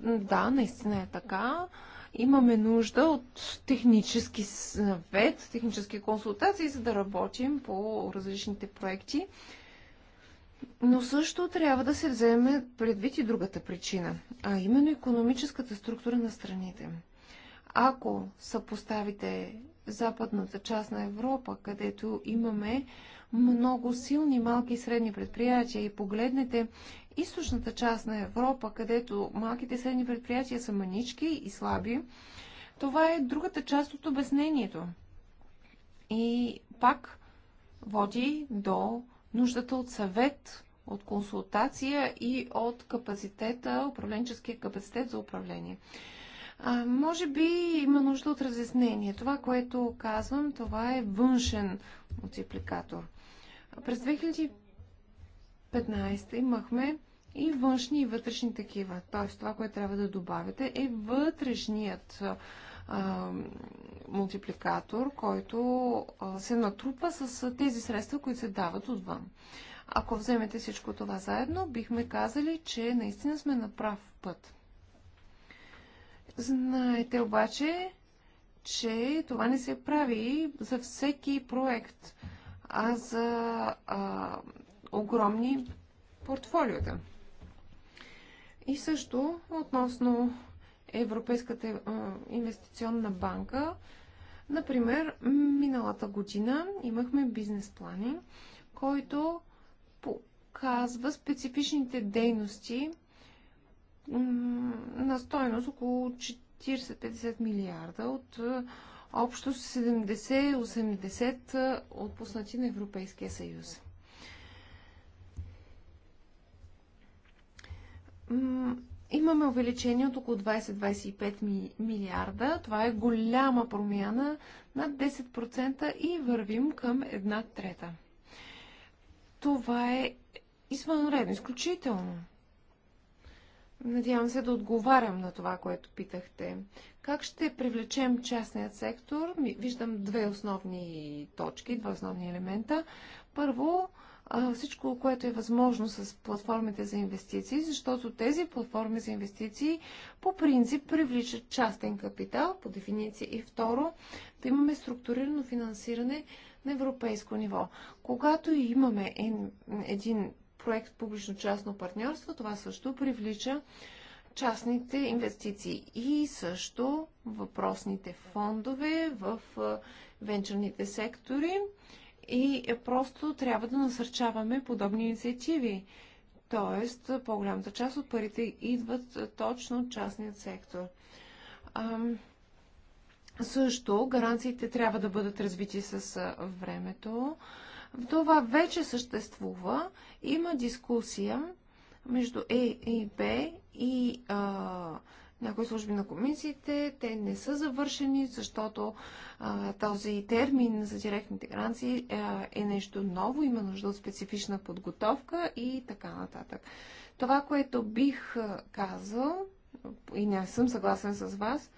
Да, наистина е така. Имаме нужда от технически съвет, технически консултации, за да работим по различните проекти. Но също трябва да се вземе предвид и другата причина, а именно економическата структура на страните. Ако съпоставите западната част на Европа, където имаме много силни малки и средни предприятия и погледнете източната част на Европа, където малките и средни предприятия са манички и слаби, това е другата част от обяснението. И пак води до нуждата от съвет, от консултация и от капацитета, управленческия капацитет за управление. А, може би има нужда от разяснение. Това, което казвам, това е външен мултипликатор. През 2015 имахме и външни и вътрешни такива. Т.е. това, което трябва да добавите е вътрешният а, мултипликатор, който а, се натрупа с тези средства, които се дават отвън. Ако вземете всичко това заедно, бихме казали, че наистина сме на прав път. Знаете обаче, че това не се прави за всеки проект а за а, огромни портфолиота. И също относно Европейската инвестиционна банка, например, миналата година имахме бизнес плани, който показва специфичните дейности на стоеност около 40-50 милиарда от общо 70-80 отпуснати на Европейския съюз. Имаме увеличение от около 20-25 милиарда. Това е голяма промяна над 10% и вървим към една трета. Това е извънредно, изключително. Надявам се да отговарям на това, което питахте. Как ще привлечем частният сектор? Виждам две основни точки, два основни елемента. Първо, всичко, което е възможно с платформите за инвестиции, защото тези платформи за инвестиции по принцип привличат частен капитал, по дефиниция. И второ, да имаме структурирано финансиране на европейско ниво. Когато имаме един проект публично-частно партньорство. Това също привлича частните инвестиции и също въпросните фондове в венчурните сектори. И е, просто трябва да насърчаваме подобни инициативи. Тоест, по-голямата част от парите идват точно от частният сектор. Ам, също гаранциите трябва да бъдат развити с времето. Това вече съществува. Има дискусия между Е и Б и а, някои служби на комисиите. Те не са завършени, защото а, този термин за директните гаранции а, е нещо ново, има нужда от специфична подготовка и така нататък. Това, което бих казал, и не съм съгласен с вас,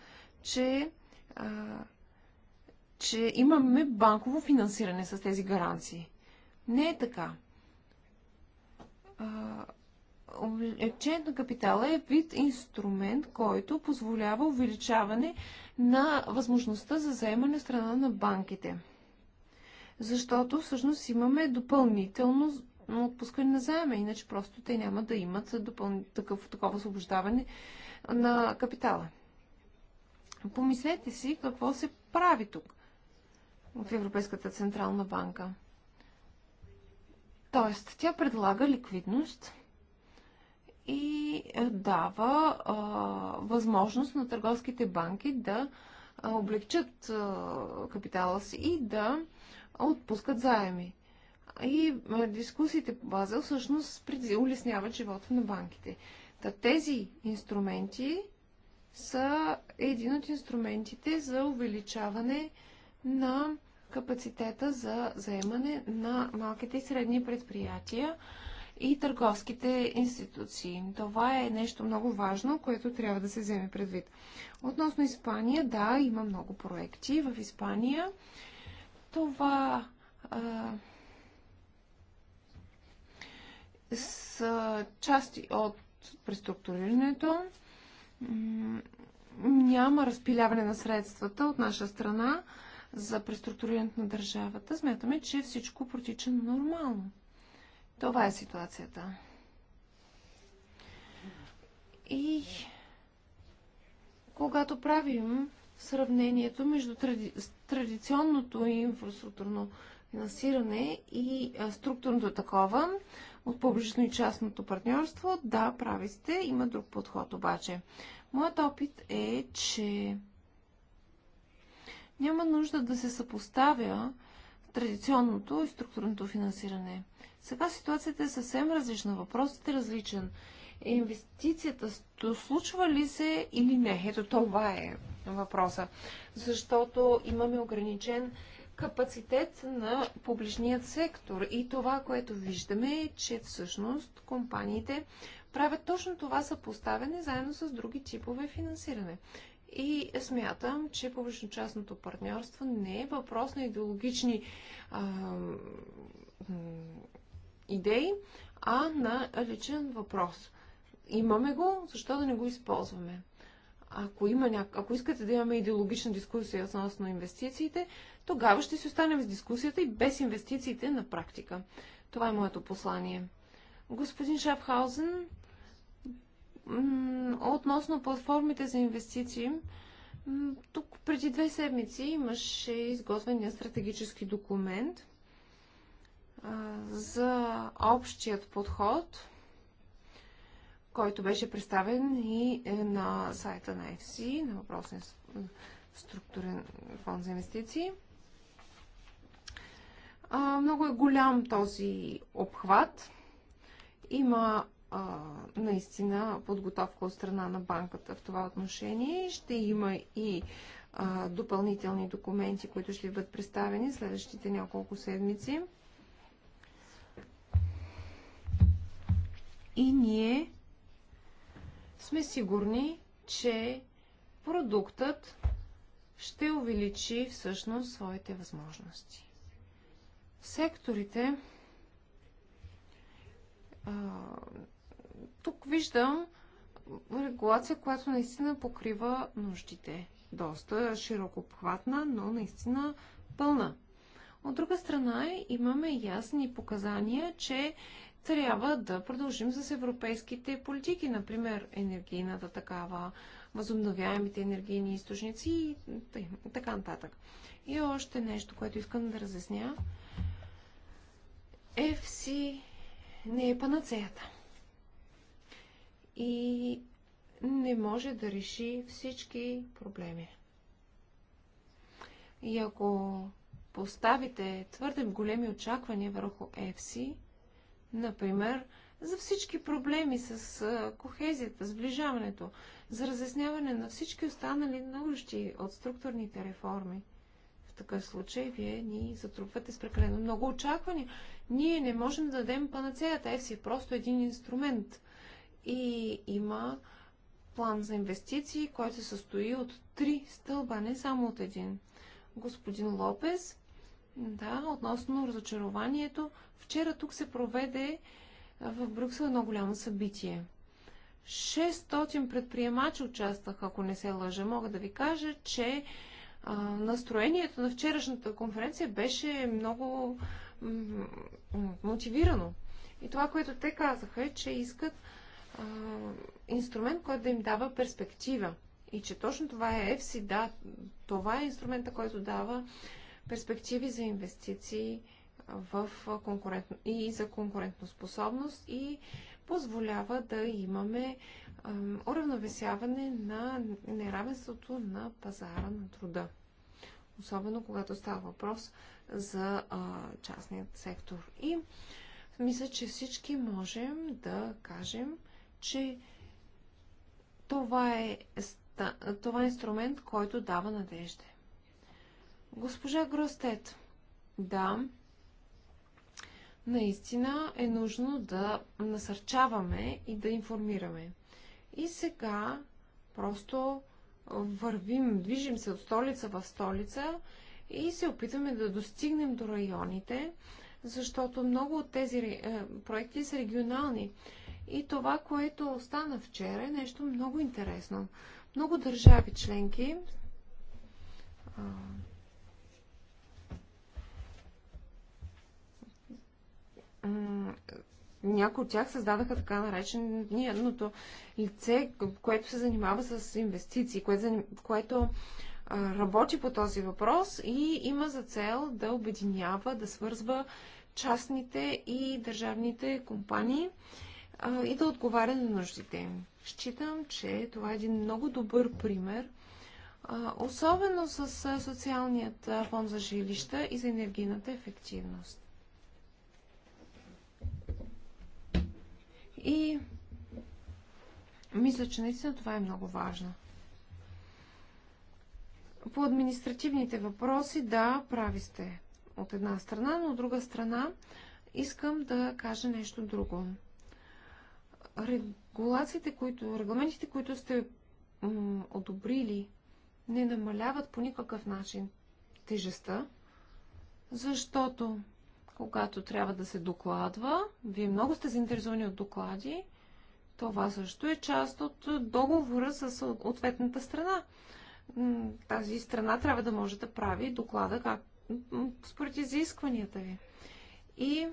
че а, че имаме банково финансиране с тези гаранции. Не е така. Облечението на капитала е вид инструмент, който позволява увеличаване на възможността за заемане страна на банките. Защото всъщност имаме допълнително отпускане на заема, иначе просто те няма да имат такъв, такова освобождаване на капитала. Помислете си какво се прави тук от Европейската централна банка. Тоест, тя предлага ликвидност и е, дава а, възможност на търговските банки да облегчат а, капитала си и да отпускат заеми. И а, дискусиите по Базел всъщност улесняват живота на банките. Та тези инструменти са един от инструментите за увеличаване а, на капацитета за заемане на малките и средни предприятия и търговските институции. Това е нещо много важно, което трябва да се вземе предвид. Относно Испания, да, има много проекти в Испания. Това а, са части от преструктурирането. Няма разпиляване на средствата от наша страна за преструктурирането на държавата, смятаме, че всичко протича нормално. Това е ситуацията. И когато правим сравнението между тради... традиционното инфраструктурно финансиране и структурното такова от публично и частното партньорство, да, прави сте, има друг подход обаче. Моят опит е, че няма нужда да се съпоставя традиционното и структурното финансиране. Сега ситуацията е съвсем различна, въпросът е различен. Инвестицията случва ли се или не? Ето това е въпроса. Защото имаме ограничен капацитет на публичният сектор. И това, което виждаме е, че всъщност компаниите правят точно това съпоставяне заедно с други типове финансиране. И смятам, че публично-частното партньорство не е въпрос на идеологични а, идеи, а на личен въпрос. Имаме го, защо да не го използваме? Ако, има ня... Ако искате да имаме идеологична дискусия относно инвестициите, тогава ще си останем с дискусията и без инвестициите на практика. Това е моето послание. Господин Шафхаузен, Относно платформите за инвестиции, тук преди две седмици имаше изготвения стратегически документ за общият подход, който беше представен и е, на сайта на FC, на въпросния структурен фонд за инвестиции. Много е голям този обхват. Има а, наистина подготовка от страна на банката в това отношение. Ще има и а, допълнителни документи, които ще бъдат представени следващите няколко седмици. И ние сме сигурни, че продуктът ще увеличи всъщност своите възможности. Секторите тук виждам регулация, която наистина покрива нуждите. Доста широко обхватна, но наистина пълна. От друга страна имаме ясни показания, че трябва да продължим с европейските политики, например енергийната такава, възобновяемите енергийни източници и така нататък. И още нещо, което искам да разясня. FC не е панацеята и не може да реши всички проблеми. И ако поставите твърде големи очаквания върху FC, например, за всички проблеми с кохезията, сближаването, за разясняване на всички останали нужди от структурните реформи. В такъв случай вие ни затрупвате с прекалено много очаквания. Ние не можем да дадем панацеята. ЕФСИ е просто един инструмент и има план за инвестиции, който се състои от три стълба, не само от един. Господин Лопес, да, относно разочарованието, вчера тук се проведе в Брюксел едно голямо събитие. 600 предприемачи участваха, ако не се лъжа. Мога да ви кажа, че а, настроението на вчерашната конференция беше много мотивирано. И това, което те казаха е, че искат инструмент, който да им дава перспектива. И че точно това е EFSI, да, това е инструмента, който дава перспективи за инвестиции в конкурентно, и за конкурентоспособност и позволява да имаме уравновесяване на неравенството на пазара на труда. Особено когато става въпрос за а, частният сектор. И мисля, че всички можем да кажем, че това е, това е инструмент, който дава надежда. Госпожа Гростет, да, наистина е нужно да насърчаваме и да информираме. И сега просто вървим, движим се от столица в столица и се опитваме да достигнем до районите, защото много от тези е, проекти са регионални. И това, което остана вчера, е нещо много интересно. Много държави членки някои от тях създадаха така нареченото лице, което се занимава с инвестиции, което, което а, работи по този въпрос и има за цел да обединява, да свързва частните и държавните компании а, и да отговаря на нуждите им. Считам, че това е един много добър пример, а, особено с а, социалният фонд за жилища и за енергийната ефективност. И мисля, че наистина това е много важно. По административните въпроси, да, прави сте от една страна, но от друга страна искам да кажа нещо друго регулациите, които, регламентите, които сте одобрили, не намаляват по никакъв начин тежестта, защото когато трябва да се докладва, вие много сте заинтересовани от доклади, това също е част от договора с ответната страна. Тази страна трябва да може да прави доклада как, според изискванията ви. И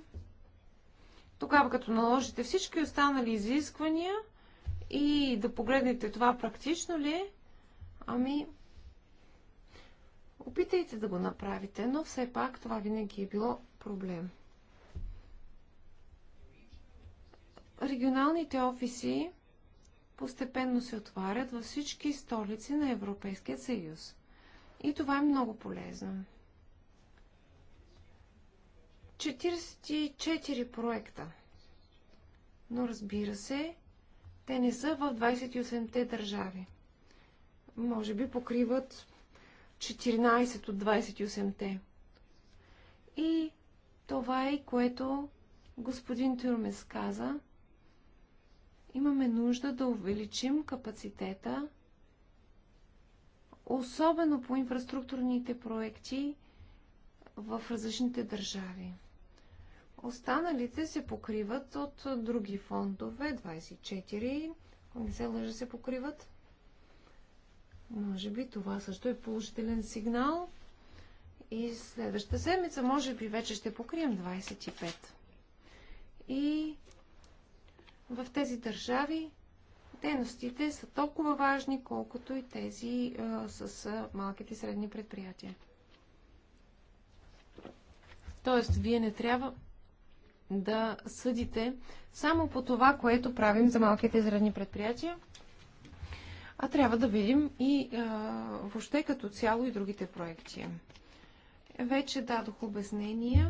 тогава като наложите всички останали изисквания и да погледнете това практично ли е, ами опитайте да го направите, но все пак това винаги е било проблем. Регионалните офиси постепенно се отварят във всички столици на Европейския съюз. И това е много полезно. 44 проекта. Но разбира се, те не са в 28-те държави. Може би покриват 14 от 28-те. И това е, което господин Тюрмес каза. Имаме нужда да увеличим капацитета, особено по инфраструктурните проекти в различните държави. Останалите се покриват от други фондове, 24, ако не се лъжа, се покриват. Може би това също е положителен сигнал. И следващата седмица, може би, вече ще покрием 25. И в тези държави дейностите са толкова важни, колкото и тези а, с а, малките и средни предприятия. Тоест, вие не трябва да съдите само по това, което правим за малките и средни предприятия, а трябва да видим и а, въобще като цяло и другите проекти. Вече дадох обяснения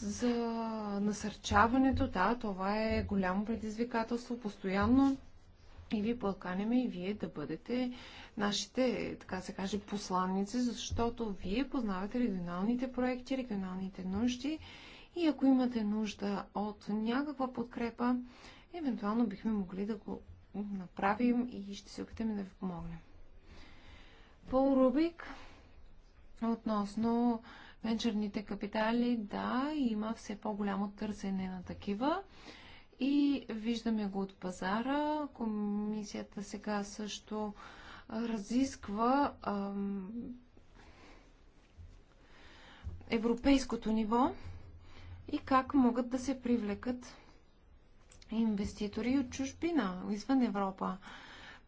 за насърчаването. Да, това е голямо предизвикателство постоянно. И ви пълканеме и вие да бъдете нашите, така се каже, посланници, защото вие познавате регионалните проекти, регионалните нужди и ако имате нужда от някаква подкрепа, евентуално бихме могли да го направим и ще се опитаме да ви помогнем. Пол Рубик относно венчерните капитали, да, има все по-голямо търсене на такива и виждаме го от пазара. Комисията сега също разисква ам, европейското ниво и как могат да се привлекат инвеститори от чужбина, извън Европа.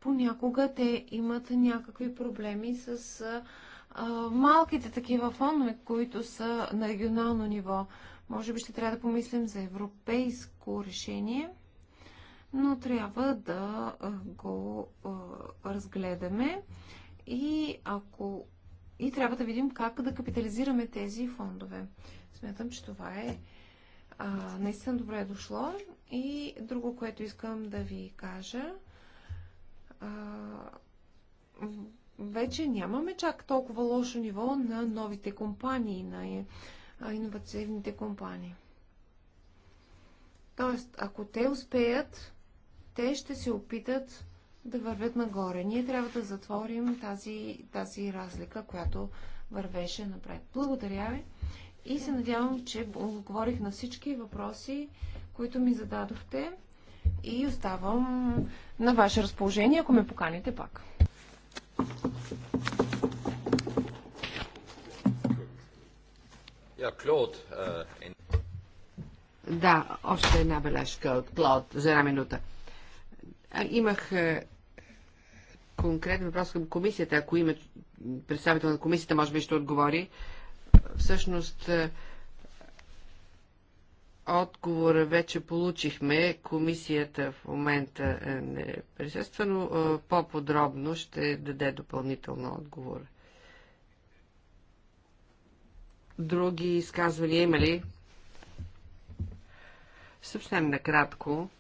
Понякога те имат някакви проблеми с а, малките такива фонове, които са на регионално ниво. Може би ще трябва да помислим за европейско решение, но трябва да го а, разгледаме и ако и трябва да видим как да капитализираме тези фондове. Смятам, че това е а, наистина добре е дошло. И друго, което искам да ви кажа, а, вече нямаме чак толкова лошо ниво на новите компании, на иновативните компании. Тоест, ако те успеят, те ще се опитат да вървят нагоре. Ние трябва да затворим тази, тази разлика, която вървеше напред. Благодаря ви. И се надявам, че отговорих на всички въпроси, които ми зададохте и оставам на ваше разположение, ако ме поканите пак. Eh, да, още една бележка от Клод за една минута. имах е, конкретен въпрос към комисията. Ако има представител на комисията, може би ще отговори. Всъщност, е, отговора вече получихме. Комисията в момента е, не присъства, но е, по-подробно ще даде допълнително отговор. Други изказвания има ли? Съвсем накратко.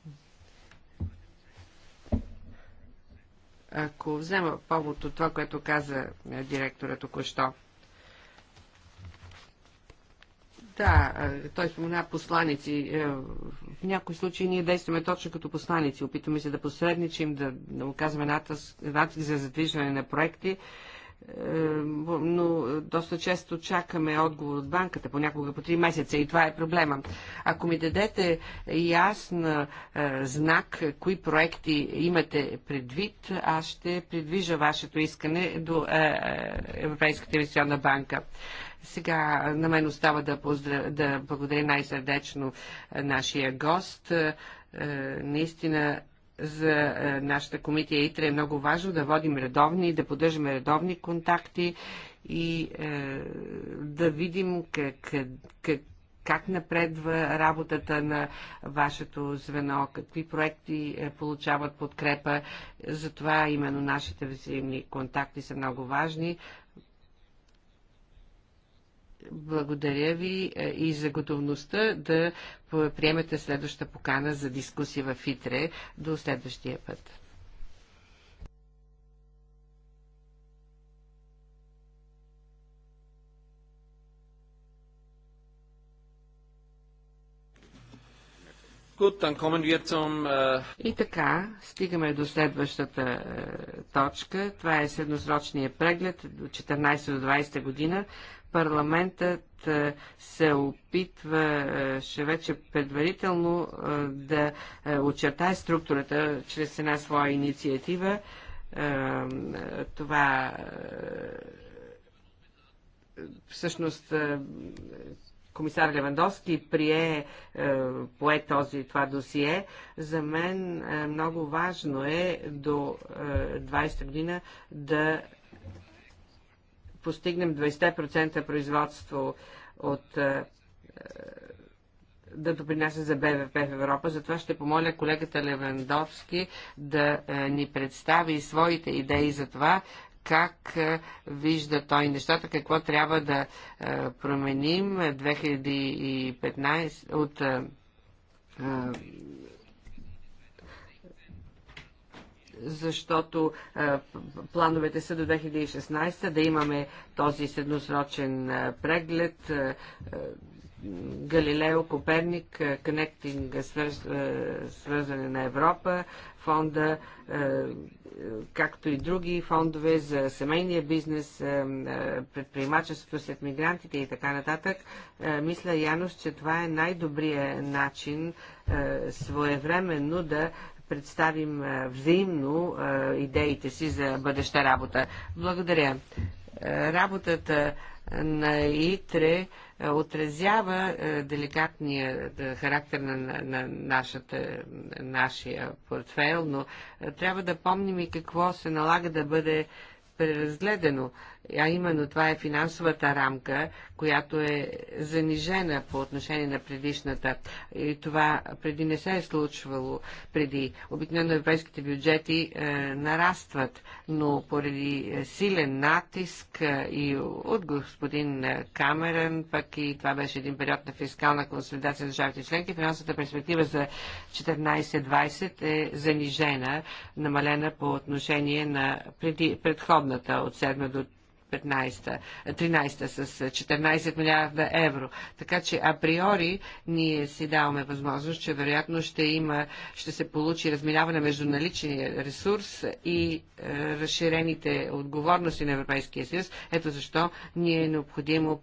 Ако взема повод от това, което каза директора току-що. Да, той спомена посланици. Е, в някои случаи ние действаме точно като посланици. Опитваме се да посредничим, да, да оказваме натиск за задвижване на проекти е, но е, доста често чакаме отговор от банката, понякога по 3 месеца и това е проблема. Ако ми дадете ясна знак, кои проекти имате предвид, аз ще придвижа вашето искане до Европейската инвестиционна банка. Сега на мен остава да, поздра... да благодаря най-сърдечно е, нашия гост. Е, е, наистина за нашата комития ИТРА е много важно да водим редовни, да поддържаме редовни контакти и да видим как, как, как напредва работата на вашето звено, какви проекти получават подкрепа. Затова именно нашите взаимни контакти са много важни. Благодаря ви е, и за готовността да приемете следващата покана за дискусия в ИТРЕ до следващия път. Äh, И така, стигаме до следващата е, точка. Това е средносрочния преглед до 14 до 20 година. Парламентът е, се опитва е, ще вече предварително да очертае структурата чрез една своя инициатива. Това всъщност комисар Левандовски прие, е, пое този, това досие, за мен е, много важно е до 20 е, година да постигнем 20% производство от да допринася за БВП в Европа. Затова ще помоля колегата Левандовски да ни представи своите идеи за това, как вижда той нещата, какво трябва да променим 2015 от защото плановете са до 2016 да имаме този средносрочен преглед. Галилео, Коперник, е, Connecting, е, Свързане е, на Европа, фонда, както и други фондове за семейния бизнес, предприемачеството след мигрантите и така нататък. Мисля, Янус, че това е най-добрият начин своевременно да представим взаимно идеите си за бъдеща работа. Благодаря. Работата на ИТРЕ е, отразява е, деликатния е, характер на, на нашата, нашия портфейл, но трябва да помним и какво се налага да бъде преразгледано а именно това е финансовата рамка, която е занижена по отношение на предишната. И това преди не се е случвало преди. Обикновено европейските бюджети е, нарастват, но поради силен натиск е, и от господин Камерън, пък и това беше един период на фискална консолидация на държавите членки, финансовата перспектива за 14-20 е занижена, намалена по отношение на преди, предходната от 7 до 2013 с 14 милиарда евро. Така че априори ние си даваме възможност, че вероятно ще има, ще се получи разминаване между наличния ресурс и е, разширените отговорности на Европейския съюз. Ето защо ние е необходимо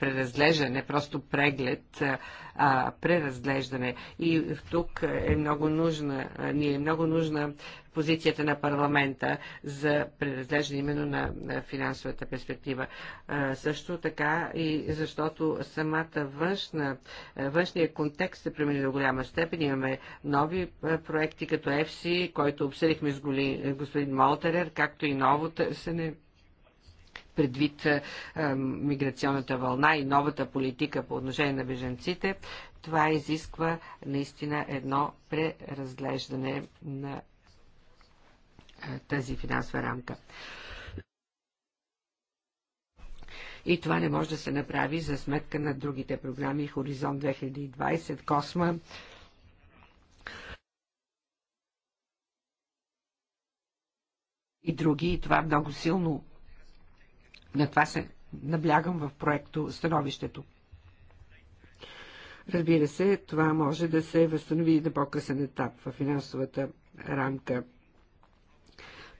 преразглеждане, просто преглед е, а, преразглеждане. И тук е много нужна, ни е много нужна позицията на парламента за преразглеждане именно на, на финансовата перспектива. А, също така и защото самата външна, външния контекст се промени до голяма степен. Имаме нови проекти като EFSI, който обсъдихме с господин Молтерер, както и ново търсене предвид е, е, миграционната вълна и новата политика по отношение на беженците, това изисква наистина едно преразглеждане на е, тази финансова рамка. И това не може да се направи за сметка на другите програми Хоризонт 2020, Косма, и други. И това много силно на това се наблягам в проекто становището. Разбира се, това може да се възстанови и на по-късен етап в финансовата рамка.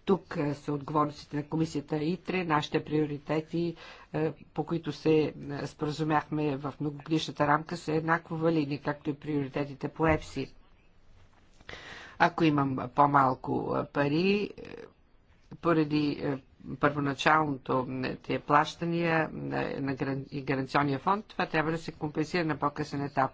Тук е, са отговорностите на комисията ИТРЕ, нашите приоритети, е, по които се е, споразумяхме в многогодишната рамка, са еднакво валидни, както и приоритетите по ЕПСИ. Ако имам по-малко пари, поради първоначалното тия плащания на, на и гаранционния фонд, това трябва да се компенсира на по-късен етап.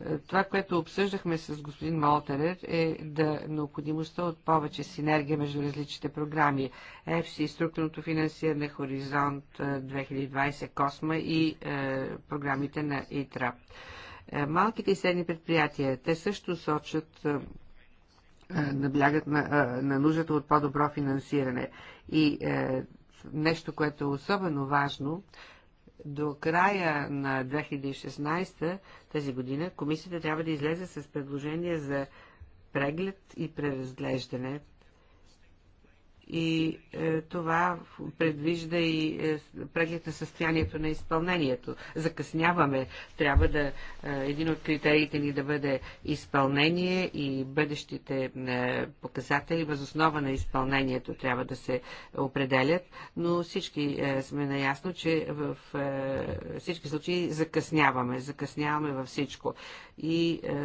Е, това, което обсъждахме с господин Молтерер е да необходимостта от повече синергия между различните програми. ЕФСИ, структурното финансиране, Хоризонт 2020, е, Косма и е, програмите на ИТРА. Е, малките и средни предприятия, те също сочат наблягат на, на нуждата от по-добро финансиране. И е, нещо, което е особено важно, до края на 2016 тази година комисията трябва да излезе с предложение за преглед и преразглеждане и е, това предвижда и е, преглед на състоянието на изпълнението. Закъсняваме. Трябва да е, един от критериите ни да бъде изпълнение и бъдещите е, показатели възоснова на изпълнението трябва да се определят, но всички е, сме наясно, че в е, всички случаи закъсняваме. Закъсняваме във всичко и е,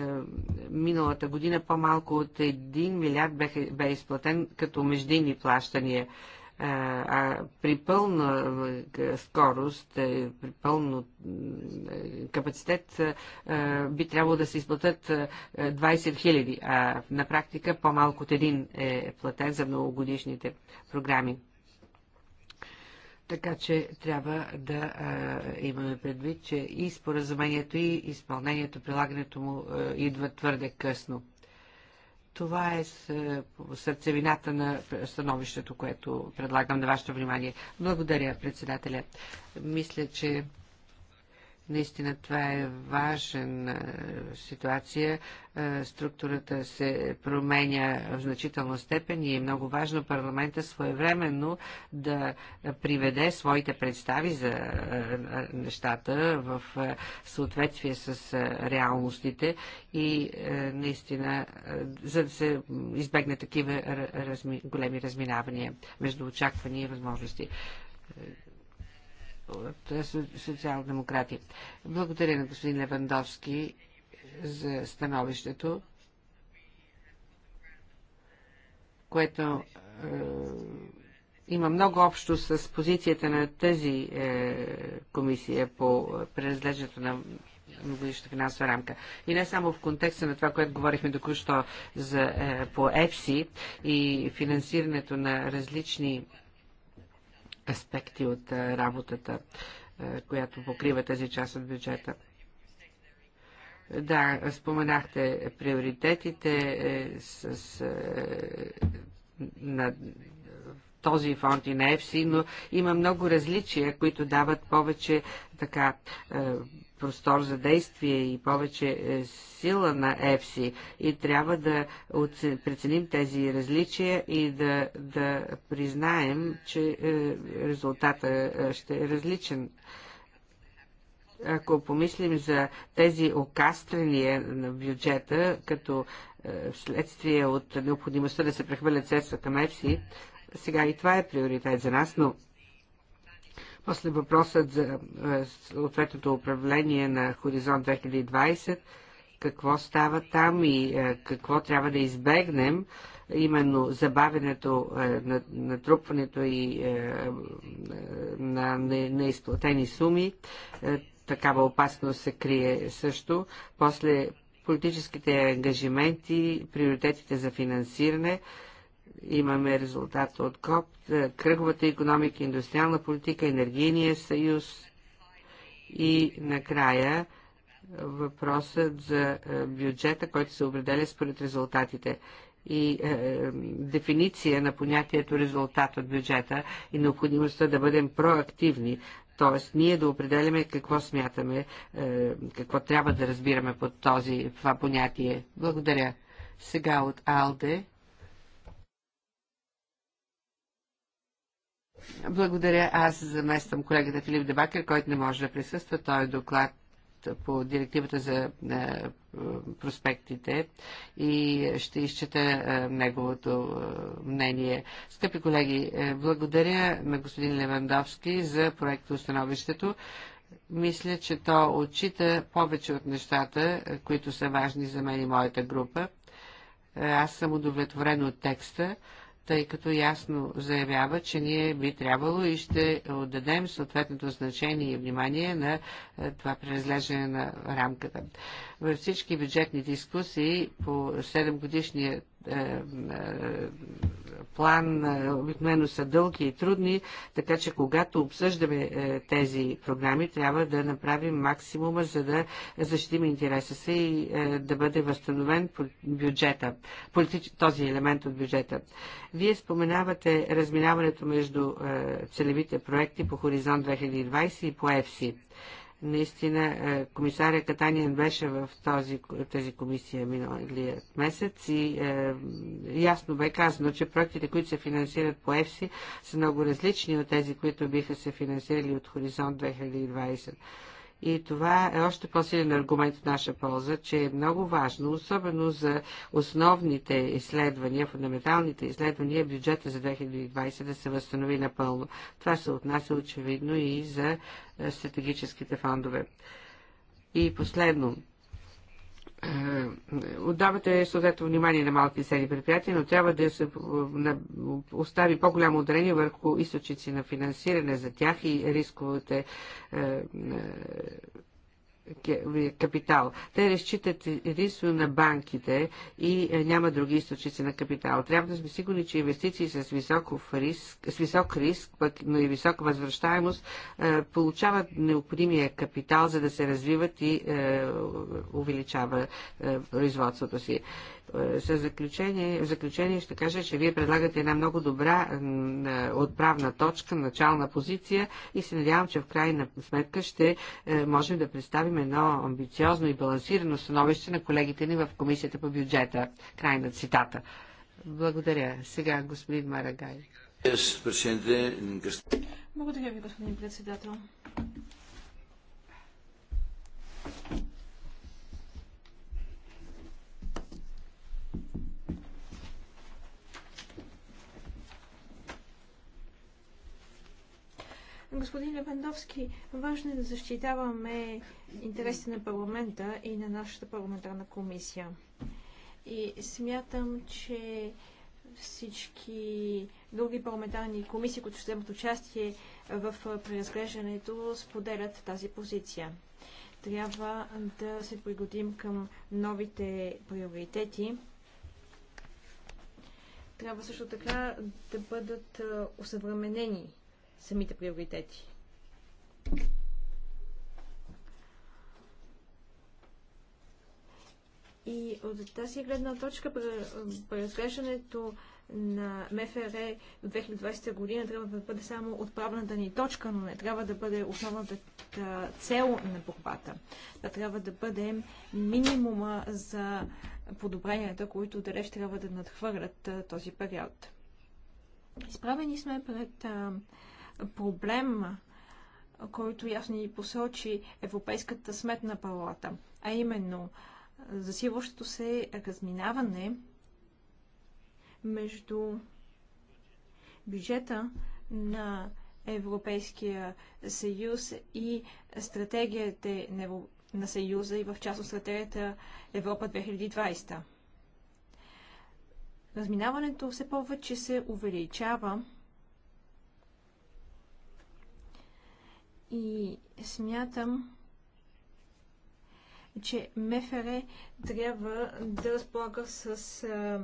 миналата година по-малко от 1 милиард бе, бе изплатен като междинни плащания. Е, а при пълна е, скорост, е, при пълно капацитет би трябвало да се изплатят 20 хиляди, а на практика по-малко от един е платен за многогодишните програми. Така че трябва да а, имаме предвид, че и споразумението, и изпълнението, прилагането му а, идва твърде късно. Това е с сърцевината на становището, което предлагам на вашето внимание. Благодаря, председателя. Мисля, че Наистина това е важен ситуация. Структурата се променя в значителна степен и е много важно парламента своевременно да приведе своите представи за нещата в съответствие с реалностите и наистина за да се избегне такива разми... големи разминавания между очаквания и възможности. Е, от социал-демократи. Благодаря на господин Левандовски за становището, което е, има много общо с позицията на тази е, комисия по преразглеждането на многогодишната финансова рамка. И не само в контекста на това, което говорихме току-що за, е, по ЕФСИ и финансирането на различни аспекти от работата, която покрива тази част от бюджета. Да, споменахте приоритетите е, с, с е, на този фонд и на ЕФСИ, но има много различия, които дават повече така е, простор за действие и повече е, сила на ЕФСИ и трябва да преценим тези различия и да, да признаем, че е, резултата е, ще е различен ако помислим за тези окастрения на бюджета, като следствие от необходимостта да се прехвърлят средства към ЕФСИ, сега и това е приоритет за нас, но после въпросът за е, съответното управление на Хоризонт 2020, какво става там и е, какво трябва да избегнем, именно забавенето, е, натрупването и на неизплатени суми. Такава опасност се крие също. После политическите ангажименти, приоритетите за финансиране, имаме резултат от КОП, кръговата економика, индустриална политика, енергийния съюз и накрая въпросът за е, бюджета, който се определя според резултатите и е, е, дефиниция на понятието резултат от бюджета и необходимостта да бъдем проактивни, т.е. ние да определяме какво смятаме, е, какво трябва да разбираме под този, това понятие. Благодаря. Сега от Алде. Благодаря. Аз замествам колегата Филип Дебакер, който не може да присъства. Той е доклад по директивата за е, проспектите и ще изчета е, неговото е, мнение. Скъпи колеги, благодаря на господин Левандовски за проекта установището. Мисля, че то отчита повече от нещата, които са важни за мен и моята група. Аз съм удовлетворен от текста тъй като ясно заявява, че ние би трябвало и ще отдадем съответното значение и внимание на е, това преразглеждане на рамката. Във всички бюджетни дискусии по 7 годишния е, е, план е, обикновено са дълги и трудни, така че когато обсъждаме тези програми, трябва да направим максимума, за да защитим интереса си и да бъде възстановен бюджета, този елемент от бюджета. Вие споменавате разминаването между целевите проекти по Хоризонт 2020 и по ЕФСИ. Наистина, е, комисаря Катаниен беше в този, тази комисия миналият месец и е, ясно бе казано, че проектите, които се финансират по ЕФСИ, са много различни от тези, които биха се финансирали от Хоризонт 2020. И това е още по-силен аргумент в наша полза, че е много важно, особено за основните изследвания, фундаменталните изследвания, бюджета за 2020 да се възстанови напълно. Това се отнася очевидно и за е, стратегическите фондове. И последно, е, отдавате съответно внимание на малки и средни предприятия, но трябва да се остави по-голямо ударение върху източници на финансиране за тях и рисковете е, е, капитал. Те разчитат единствено на банките и е, няма други източници на капитал. Трябва да сме сигурни, че инвестиции с, риск, с висок риск, пък, но и висока възвръщаемост, е, получават необходимия капитал, за да се развиват и е, увеличава производството си за е, заключение, в заключение ще кажа, че вие предлагате една много добра е, отправна точка, начална позиция и се надявам, че в крайна сметка ще е, можем да представим едно амбициозно и балансирано становище на колегите ни в Комисията по бюджета. Край на цитата. Благодаря. Сега господин Марагай. Благодаря ви, господин председател. господин Левандовски, важно е да защитаваме интересите на парламента и на нашата парламентарна комисия. И смятам, че всички други парламентарни комисии, които ще вземат участие в преразглеждането, споделят тази позиция. Трябва да се пригодим към новите приоритети. Трябва също така да бъдат усъвременени самите приоритети. И от тази гледна точка, преразглеждането на МФР в 2020 година трябва да бъде само отправната ни точка, но не трябва да бъде основната цел на борбата. Това трябва да бъде минимума за подобренията, които далеч трябва да надхвърлят този период. Изправени сме пред проблем, който ясно ни посочи Европейската сметна палата, а именно засилващото се разминаване между бюджета на Европейския съюз и стратегията на съюза и в част от стратегията Европа 2020. Разминаването все повече се увеличава И смятам, че МФР е трябва да разполага с а,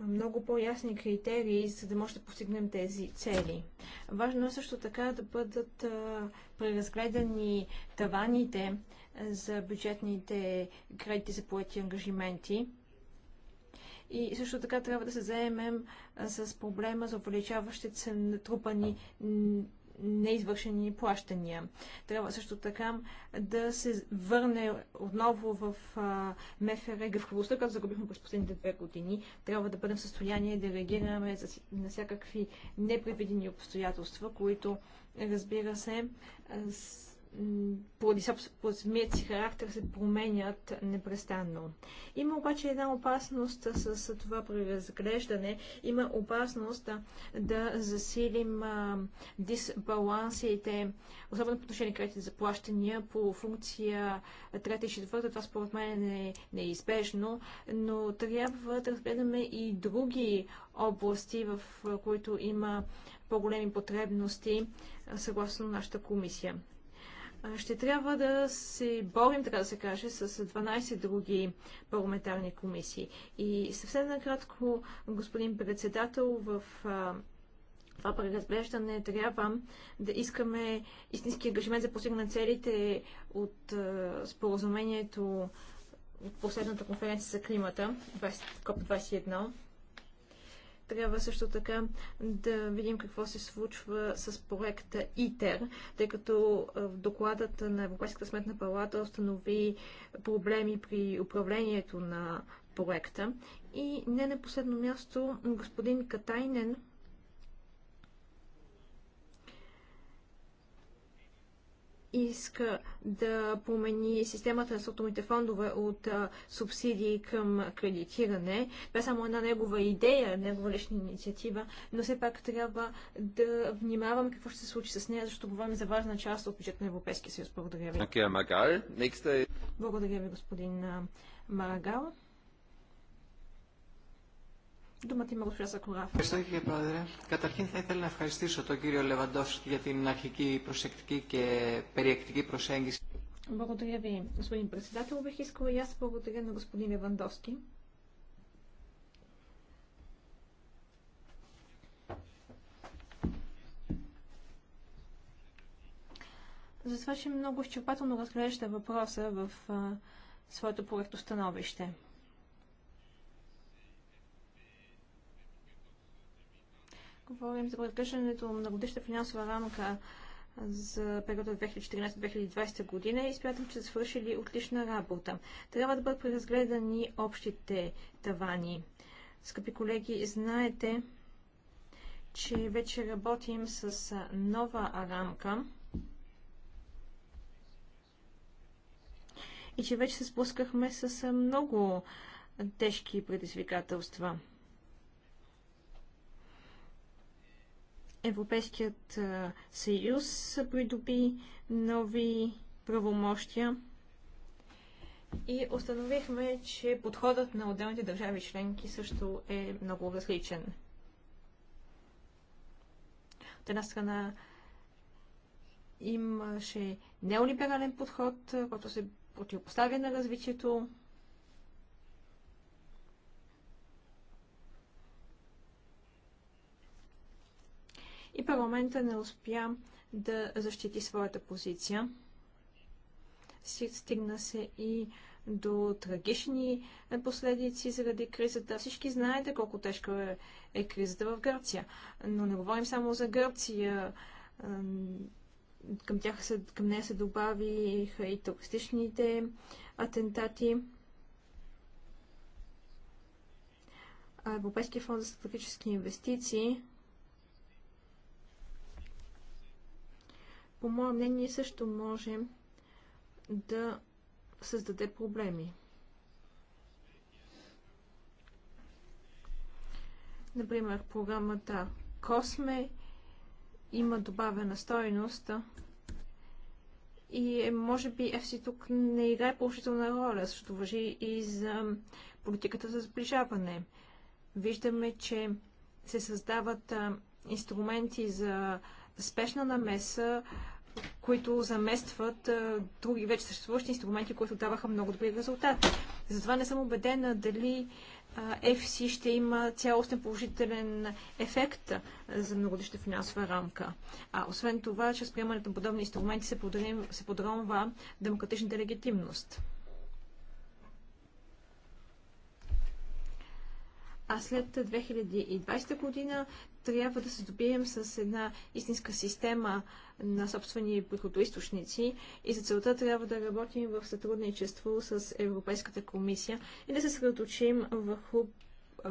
много по-ясни критерии, за да може да постигнем тези цели. Важно е също така да бъдат а, преразгледани таваните за бюджетните кредити за поети ангажименти. И също така трябва да се заемем а, с проблема за увеличаващите се натрупани неизвършени плащания. Трябва също така да се върне отново в МФР гъвкавостта, като загубихме през последните две години. Трябва да бъдем в състояние да реагираме на всякакви непредвидени обстоятелства, които, разбира се, с поради, поради самият си характер се променят непрестанно. Има обаче една опасност с, с това преразглеждане. Има опасност да, да засилим а, дисбалансите, особено по отношение кредитите за плащания по функция 3 и 4. Това според мен е неизбежно, но трябва да разгледаме и други области, в които има по-големи потребности, съгласно нашата комисия ще трябва да се борим, така да се каже, с 12 други парламентарни комисии. И съвсем накратко, господин председател, в това преразглеждане трябва да искаме истински ангажимент за постигане на целите от споразумението от последната конференция за климата, КОП-21. Трябва също така да видим какво се случва с проекта ИТЕР, тъй като в докладът на Европейската сметна палата установи проблеми при управлението на проекта. И не на последно място, господин Катайнен иска да промени системата на структурните фондове от субсидии към кредитиране. Това е само една негова идея, негова лична инициатива, но все пак трябва да внимавам какво ще се случи с нея, защото говорим за важна част от бюджета на Европейския съюз. Благодаря ви. Е- Благодаря ви, господин Марагал. Думата има госпожа Ευχαριστώ κύριε Πρόεδρε. Καταρχήν θα ήθελα να ευχαριστήσω τον κύριο Λεβαντόφσκι για την αρχική προσεκτική και περιεκτική προσέγγιση. Благодаря ви, господин председател. Бих искала и аз благодаря на господин Левандовски. За това, че много изчерпателно разглежда въпроса в а, своето проектостановище. становище. Говорим за разглеждането на годишната финансова рамка за периода 2014-2020 година и смятам, че са свършили отлична работа. Трябва да бъдат преразгледани общите тавани. Скъпи колеги, знаете, че вече работим с нова рамка и че вече се спускахме с много тежки предизвикателства. Европейският съюз придоби нови правомощия и установихме, че подходът на отделните държави членки също е много различен. От една страна имаше неолиберален подход, който се противопоставя на развитието и парламента не успя да защити своята позиция. Стигна се и до трагични последици заради кризата. Всички знаете колко тежка е, е кризата в Гърция. Но не говорим само за Гърция. Към, тях се, към нея се добавиха и терористичните атентати. Европейския фонд за стратегически инвестиции по мое мнение, също може да създаде проблеми. Например, програмата Косме има добавена стойност и е, може би FC тук не играе положителна роля, защото въжи и за политиката за сближаване. Виждаме, че се създават инструменти за спешна намеса, които заместват други вече съществуващи инструменти, които даваха много добри резултати. Затова не съм убедена дали FC ще има цялостен положителен ефект за многодишната финансова рамка. А освен това, чрез приемането на подобни инструменти се подронва демократичната легитимност. а след 2020 година трябва да се добием с една истинска система на собствени приходоисточници и за целта трябва да работим в сътрудничество с Европейската комисия и да се съсредоточим върху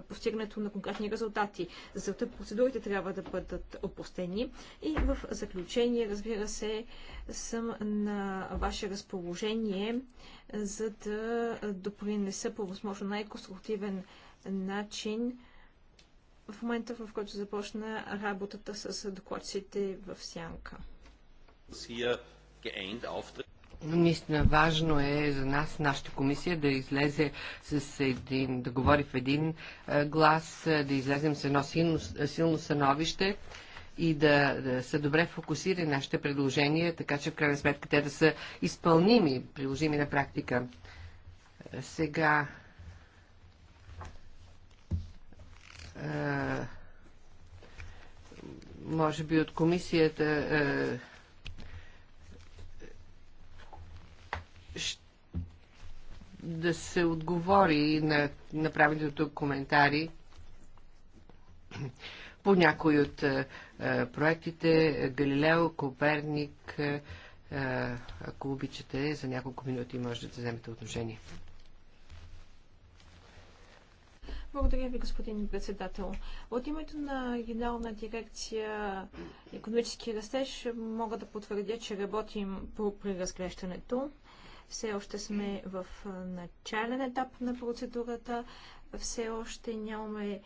постигането на конкретни резултати. За целта процедурите трябва да бъдат опустени. И в заключение, разбира се, съм на ваше разположение, за да допринеса по възможно най-конструктивен начин в момента, в който започна работата с докладците в Сянка. Наистина важно е за нас, нашата комисия, да излезе с един, да говори в един е, глас, е, да излезем с едно силно, е, силно становище и да, да са добре фокусирани нашите предложения, така че в крайна сметка те да са изпълними, приложими на практика. Сега Е, може би от комисията е, да се отговори на направените тук коментари по някои от е, проектите Галилео, Коперник, ако обичате, за няколко минути можете да вземете отношение. Благодаря ви, господин председател. От името на Генерална дирекция економически растеж мога да потвърдя, че работим по преразглеждането. Все още сме в начален етап на процедурата. Все още нямаме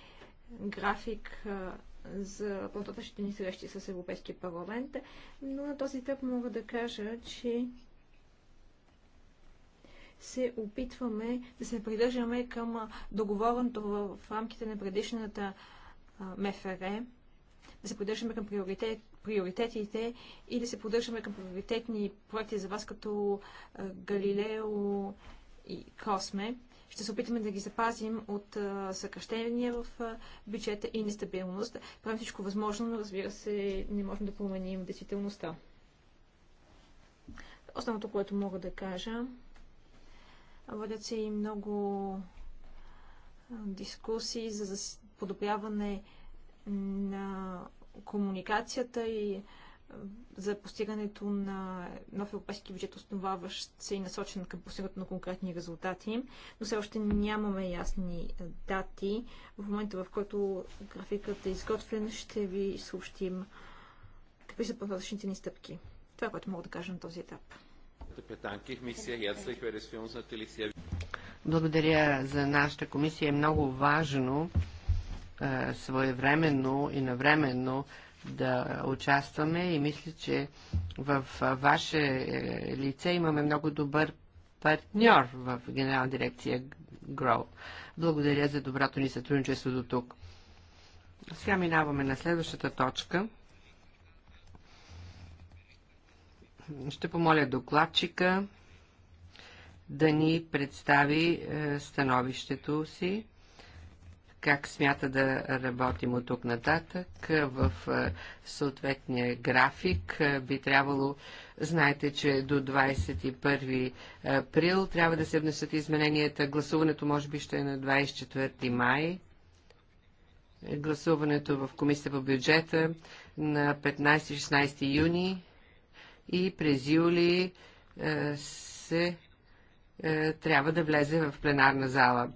график за по ни срещи с Европейския парламент, но на този етап мога да кажа, че се опитваме да се придържаме към договореното в рамките на предишната МФР, да се придържаме към приоритет, приоритетите и да се поддържаме към приоритетни проекти за вас, като Галилео и Косме. Ще се опитаме да ги запазим от съкръщения в бюджета и нестабилност. Правим всичко възможно, но разбира се, не можем да променим действителността. Основното, което мога да кажа, Водят се и много дискусии за подобряване на комуникацията и за постигането на нов европейски бюджет, основаващ се и насочен към постигането на конкретни резултати, но все още нямаме ясни дати. В момента, в който графикът е изготвен, ще ви съобщим какви са по-различните ни стъпки. Това, е, което мога да кажа на този етап. Благодаря за нашата комисия. Е много важно е, своевременно и навременно да участваме и мисля, че в е, ваше е, лице имаме много добър партньор в Генерална дирекция GROW. Благодаря за доброто ни сътрудничество до тук. Сега минаваме на следващата точка. Ще помоля докладчика да ни представи е, становището си, как смята да работим от тук нататък в е, съответния график. Е, би трябвало, знаете, че до 21 април трябва да се внесат измененията. Гласуването може би ще е на 24 май гласуването в Комисия по бюджета на 15-16 юни и през юли е, се е, трябва да влезе в пленарна зала.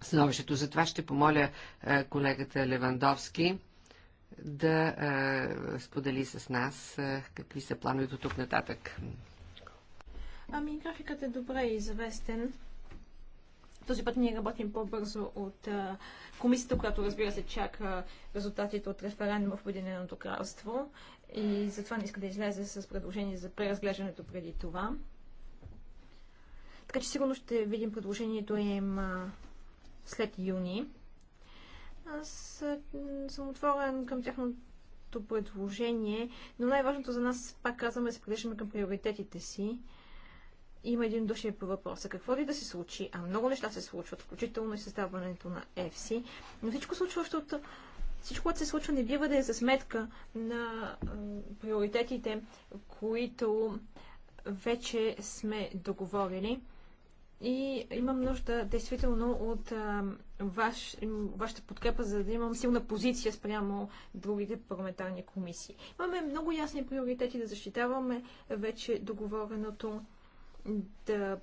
Становището за това ще помоля е, колегата Левандовски да сподели с нас какви са плановете тук нататък. Ами, графикът е добре известен. Този път ние работим по-бързо от а, комисията, която разбира се чака резултатите от референдума в Обединеното кралство и затова не иска да излезе с предложение за преразглеждането преди това. Така че сигурно ще видим предложението им след юни. Аз съм отворен към тяхното предложение, но най-важното за нас, пак казваме, да се придържаме към приоритетите си. Има един души по въпроса. Какво ли да се случи? А много неща се случват, включително и създаването на EFSI. Но всичко случващото всичко, което се случва, не бива да е за сметка на приоритетите, които вече сме договорили. И имам нужда действително от а, ваш, вашата подкрепа, за да имам силна позиция спрямо другите парламентарни комисии. Имаме много ясни приоритети да защитаваме вече договореното, да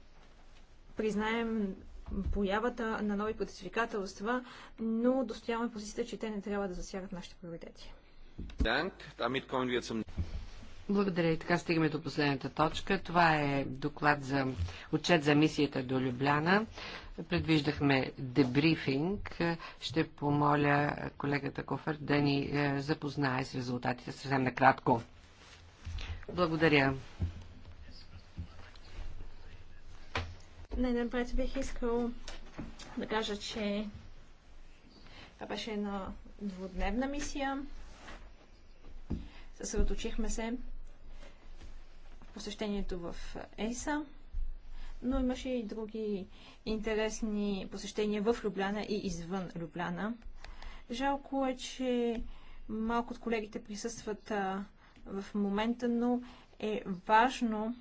признаем появата на нови предизвикателства, но достояваме позицията, че те не трябва да засягат нашите приоритети. Благодаря и така стигаме до последната точка. Това е доклад за отчет за мисията до Любляна. Предвиждахме дебрифинг. Ще помоля колегата Кофер да ни е, запознае с резултатите съвсем накратко. Благодаря. Не, напред бих искал да кажа, че това беше една двудневна мисия. Съсредоточихме се в посещението в ЕСА, но имаше и други интересни посещения в Любляна и извън Любляна. Жалко е, че малко от колегите присъстват в момента, но е важно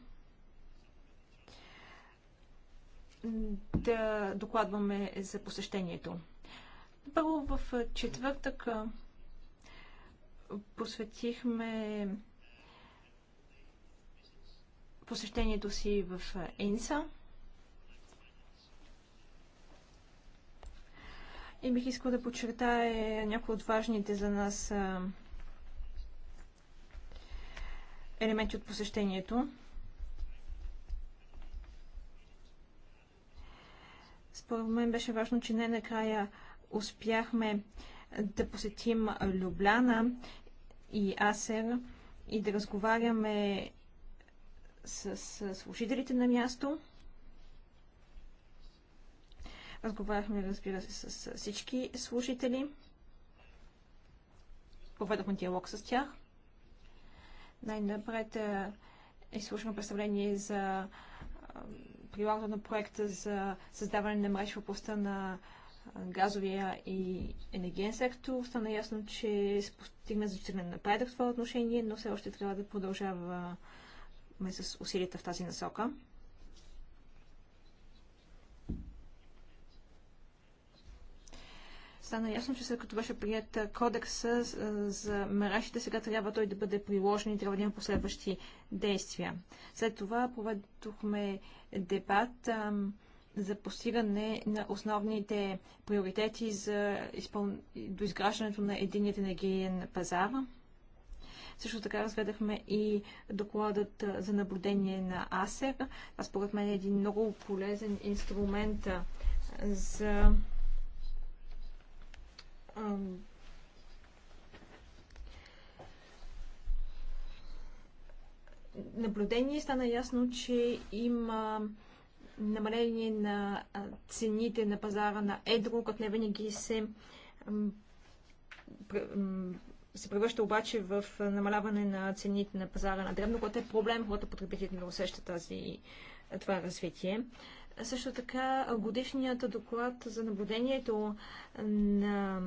да докладваме за посещението. Първо в четвъртък посветихме посещението си в Енса. И бих искал да подчертая някои от важните за нас елементи от посещението. Според мен беше важно, че не накрая успяхме да посетим Любляна и Асер и да разговаряме с, с служителите на място. Разговаряхме, разбира се, с, всички служители. Поведохме диалог с тях. Най-напред изслушахме представление за прилагането на проекта за създаване на мрежа в областта на газовия и енергиен сектор. Стана ясно, че се постигна значителен напредък в това отношение, но все още трябва да продължаваме с усилията в тази насока. стана ясно, че след като беше прият кодекса за мерашите, сега трябва той да бъде приложен и трябва да има последващи действия. След това проведохме дебат за постигане на основните приоритети за изпъл... доизграждането на единият енергиен пазар. Също така разгледахме и докладът за наблюдение на АСЕР. Това според мен е един много полезен инструмент за наблюдение стана ясно, че има намаление на цените на пазара на едро, като не винаги се се превръща обаче в намаляване на цените на пазара на дребно, което е проблем, когато потребителите не усещат тази, това развитие. Също така годишният доклад за наблюдението на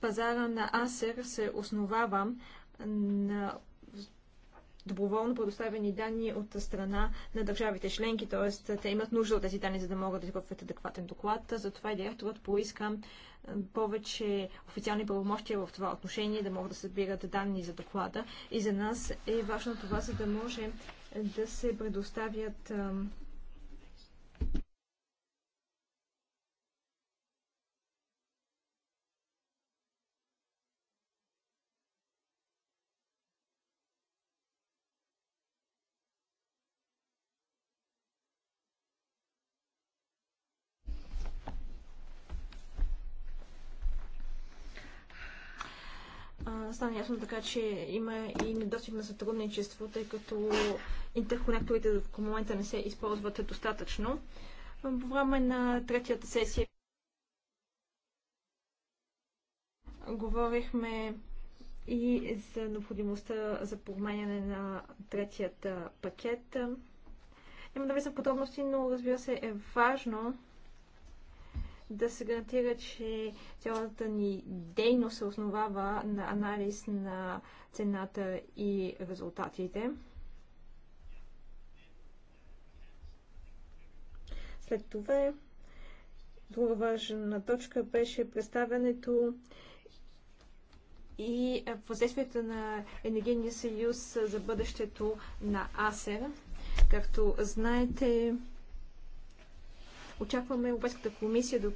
пазара на АСЕР се основава на доброволно предоставени данни от страна на държавите членки, т.е. те имат нужда от тези данни, за да могат да изготвят адекватен доклад. Затова и директорът поиска повече официални правомощия в това отношение, да могат да събират данни за доклада. И за нас е важно това, за да може да се предоставят стана ясно така, че има и недостиг на сътрудничество, тъй като интерконекторите в момента не се използват достатъчно. По време на третията сесия говорихме и за необходимостта за променяне на третият пакет. Няма да влизам подробности, но разбира се е важно да се гарантира, че цялата ни дейност се основава на анализ на цената и резултатите. След това друга важна точка беше представянето и въздействието на Енергийния съюз за бъдещето на АСЕР. Както знаете, Очакваме Европейската комисия до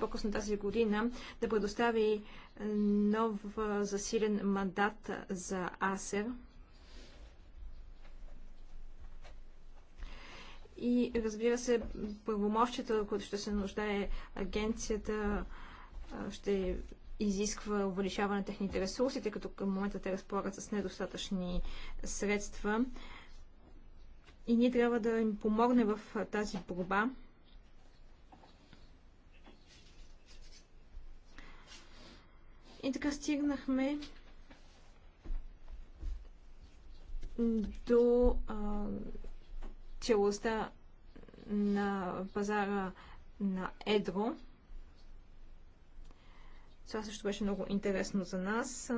по-късно тази година да предостави е, нов е, засилен мандат за АСЕР. И разбира се, правомощията, които ще се нуждае агенцията, е, ще изисква увеличаване на техните ресурси, тъй като към момента те разполагат с недостатъчни средства. И ние трябва да им помогне в тази борба. И така стигнахме до а, целостта на пазара на Едро. Това също беше много интересно за нас.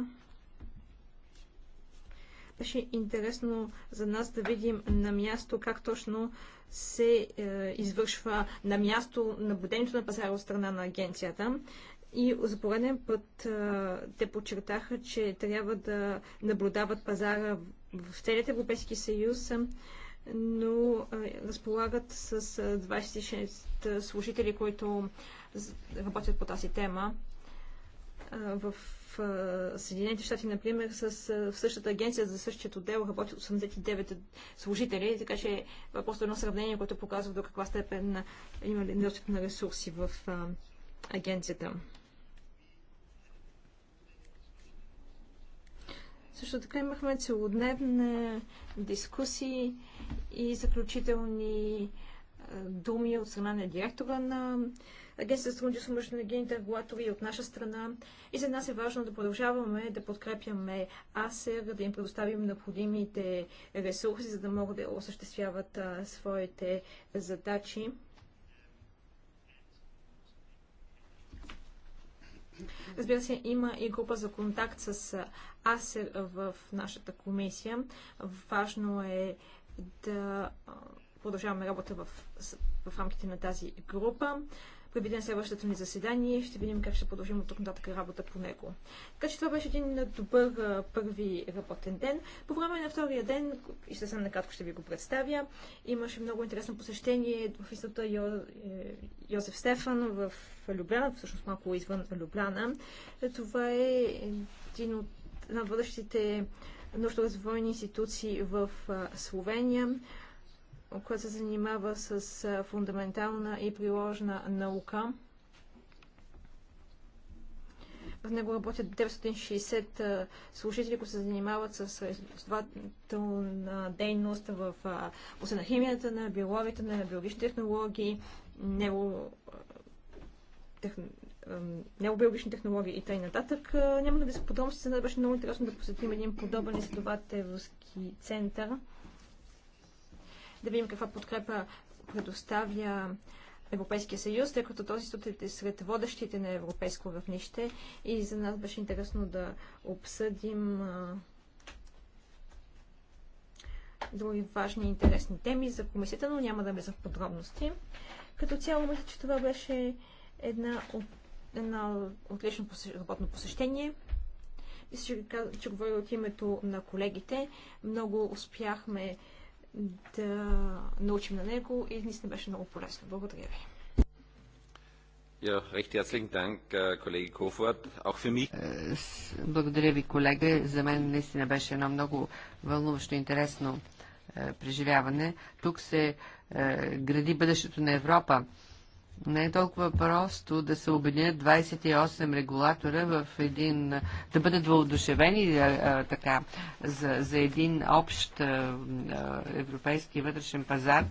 Беше интересно за нас да видим на място как точно се е, извършва на място наблюдението на пазара от страна на агенцията. И за пореден път а, те подчертаха, че трябва да наблюдават пазара в целият Европейски съюз, но а, разполагат с 26 служители, които работят по тази тема. А, в Съединените щати, например, с в същата агенция за същото отдел работят 89 служители, така че е просто едно сравнение, което показва до каква степен има недостиг на ресурси в агенцията. Също така имахме целодневни дискусии и заключителни думи от страна на директора на Агенцията за сътрудничество между енергийните регулатори и от наша страна. И за нас е важно да продължаваме да подкрепяме АСЕР, да им предоставим необходимите ресурси, за да могат да осъществяват а, своите задачи. Разбира се, има и група за контакт с АСЕР в нашата комисия. Важно е да продължаваме работа в, в рамките на тази група. Видим следващото ни заседание. Ще видим как ще продължим от тук нататък работа по него. Така че това беше един добър първи работен ден. По време на втория ден, и ще съм накратко ще ви го представя, имаше много интересно посещение в института Йо... Е, Йозеф Стефан в Любляна, всъщност малко извън Любляна. Това е един от на водещите научно-развойни институции в Словения която се занимава с фундаментална и приложна наука. В него работят 960 служители, които се занимават с изследователна дейност в на химията, на биологията, на биологични технологии, нево, необиологични технологии и т.н. Няма да ви се подробности, беше много интересно да посетим един подобен изследователски център да видим каква подкрепа предоставя Европейския съюз, тъй като този студ е сред водещите на европейско равнище и за нас беше интересно да обсъдим други важни и интересни теми за комисията, но няма да влезам в подробности. Като цяло, мисля, че това беше една, една отлично работно посещение. Мисля, че, че говоря от името на колегите. Много успяхме да научим на него и наистина беше много полезно. Благодаря ви. Благодаря ви, колега. За мен наистина беше едно много вълнуващо интересно е, преживяване. Тук се е, гради бъдещето на Европа. Не е толкова просто да се обединят 28 регулатора в един, да бъдат въодушевени а, така, за, за един общ а, европейски вътрешен пазар.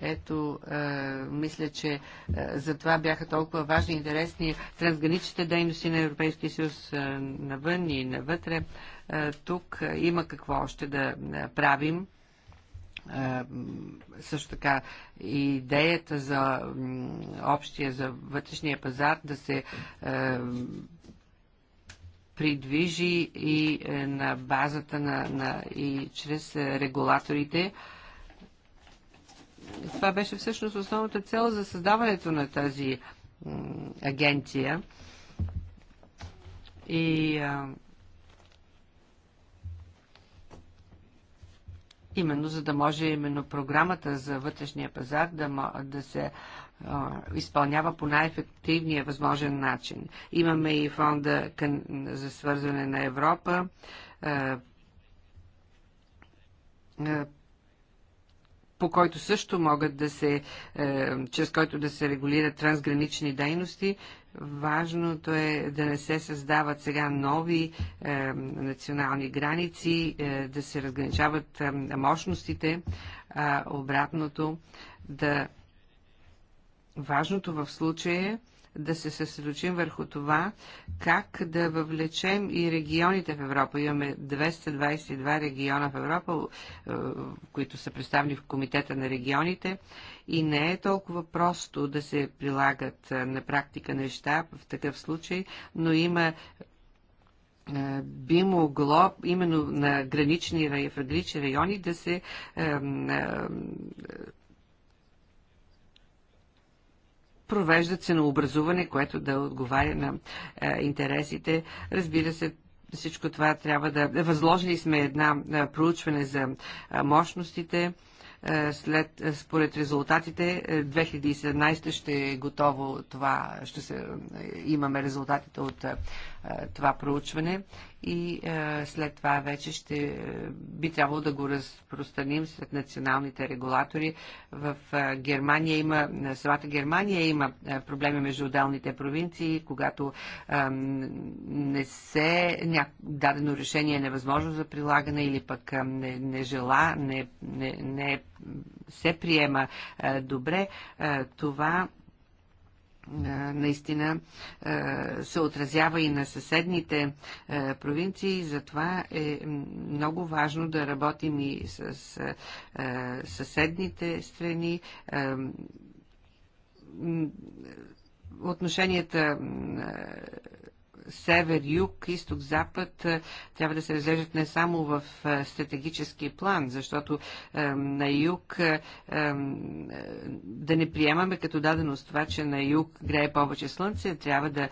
Ето, а, мисля, че а, за това бяха толкова важни и интересни трансграничните дейности на Европейския съюз навън и навътре. А, тук има какво още да правим е, също така идеята за общия, за вътрешния пазар да се е, придвижи и е, на базата на, на и чрез регулаторите. Това беше всъщност основната цел за създаването на тази агенция. И именно за да може именно програмата за вътрешния пазар да, да се изпълнява по най-ефективния възможен начин. Имаме и фонда за свързване на Европа. по който също могат да се, е, чрез който да се регулират трансгранични дейности, Важното е да не се създават сега нови е, национални граници, е, да се разграничават е, мощностите, а е, обратното да. Важното в случая е да се съсредоточим върху това, как да въвлечем и регионите в Европа. Имаме 222 региона в Европа, е, които са представени в Комитета на регионите и не е толкова просто да се прилагат на практика неща в такъв случай, но има би могло именно на гранични, в гранични райони да се провежда ценообразуване, което да отговаря на интересите. Разбира се, всичко това трябва да... Възложили сме една проучване за мощностите. Е, след, е, според резултатите, 2017 е, ще е готово това, ще се, имаме резултатите от това проучване и след това вече ще би трябвало да го разпространим сред националните регулатори. В Германия има, самата Германия има проблеми между отделните провинции, когато не се, дадено решение е невъзможно за прилагане или пък не, не жела, не, не, не е се приема добре, това наистина се отразява и на съседните провинции. Затова е много важно да работим и с съседните страни. Отношенията север, юг, изток, запад е, трябва да се разрежат не само в е, стратегически план, защото е, на юг да не приемаме като даденост това, че на юг грее повече слънце, трябва да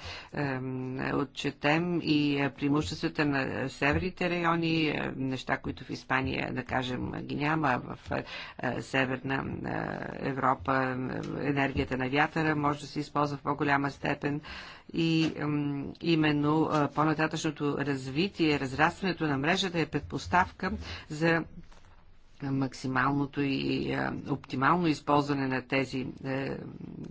отчетем и преимуществата на северните райони, неща, които в Испания, да кажем, ги няма, в Северна Европа енергията на вятъра може да се използва в по-голяма степен и именно по-нататъчното развитие, разрастването на мрежата е предпоставка за максималното и оптимално използване на тези е,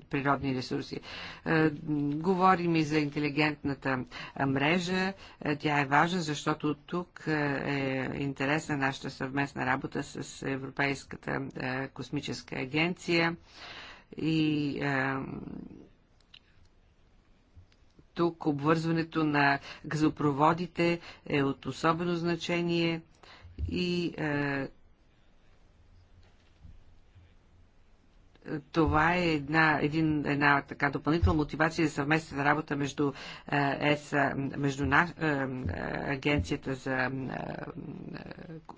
природни ресурси. Е, говорим и за интелигентната мрежа. Е, тя е важна, защото тук е интересна нашата съвместна работа с Европейската космическа агенция и тук обвързването на газопроводите е от особено значение и е, това е една, един, една така допълнителна мотивация за съвместна работа между е, ЕС, между на, е, е, Агенцията за е,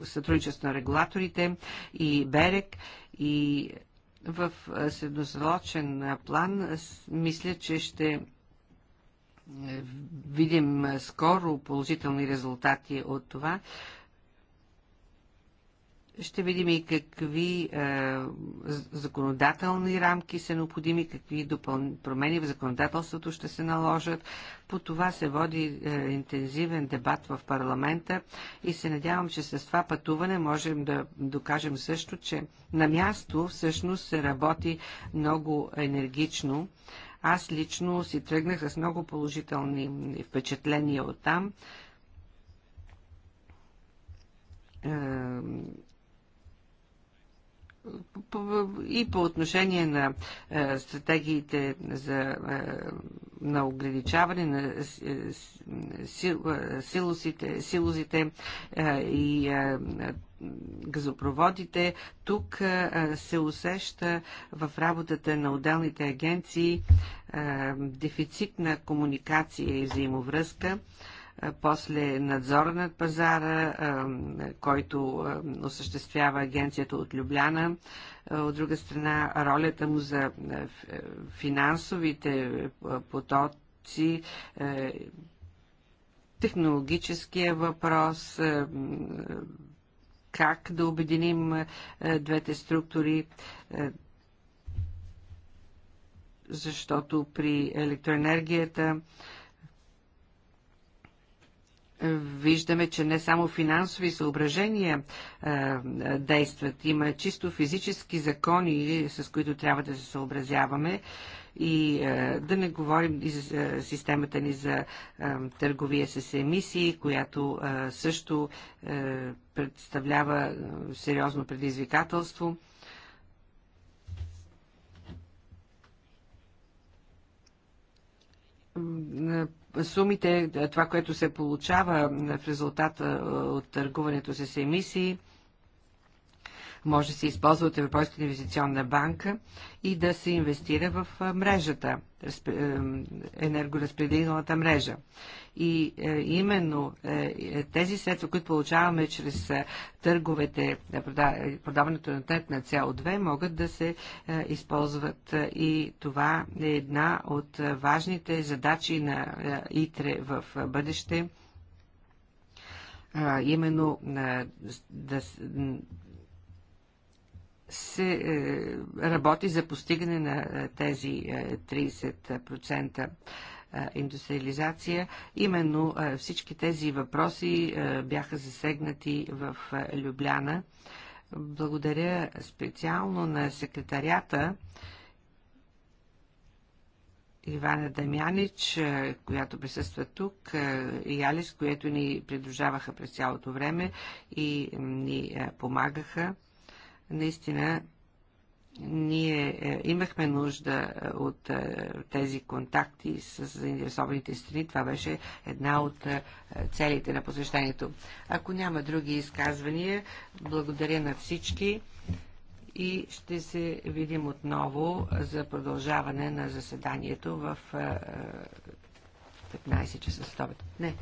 сътрудничество на регулаторите и БЕРЕК и в е, средносрочен план мисля, че ще видим скоро положителни резултати от това. Ще видим и какви е, законодателни рамки са необходими, какви допъл... промени в законодателството ще се наложат. По това се води е, интензивен дебат в парламента и се надявам, че с това пътуване можем да докажем също, че на място всъщност се работи много енергично. Е, аз лично си тръгнах с много положителни впечатления от там. Е, и по отношение на е, стратегиите за, е, на ограничаване на силосите, силозите и газопроводите. Тук се усеща в работата на отделните агенции дефицит на комуникация и взаимовръзка после надзора над пазара, който осъществява агенцията от Любляна. От друга страна, ролята му за финансовите потоци, технологическия въпрос, как да обединим е, двете структури, е, защото при електроенергията е, виждаме, че не само финансови съображения действат, има чисто физически закони, с които трябва да се съобразяваме и е, да не говорим и за системата ни за е, търговия с емисии, която е, също представлява сериозно предизвикателство. Сумите, това, което се получава в резултата от търгуването с емисии, може да се използва от Европейската инвестиционна банка и да се инвестира в мрежата, енергоразпределителната мрежа. И е, именно е, е, тези средства, които получаваме чрез търговете, продаването на търг на CO2, могат да се използват и това е една от важните задачи на ИТРЕ в бъдеще, именно да се е, работи за постигане на е, тези 30% е, индустриализация. Именно всички тези въпроси бяха засегнати в Любляна. Благодаря специално на секретарята Ивана Дамянич, която присъства тук, и Алис, които ни придружаваха през цялото време и ни помагаха. Наистина, ние е, имахме нужда е, от е, тези контакти с заинтересованите страни. Това беше една от целите на посещението. Ако няма други изказвания, благодаря на всички и ще се видим отново за продължаване на заседанието в 15 часа след Не.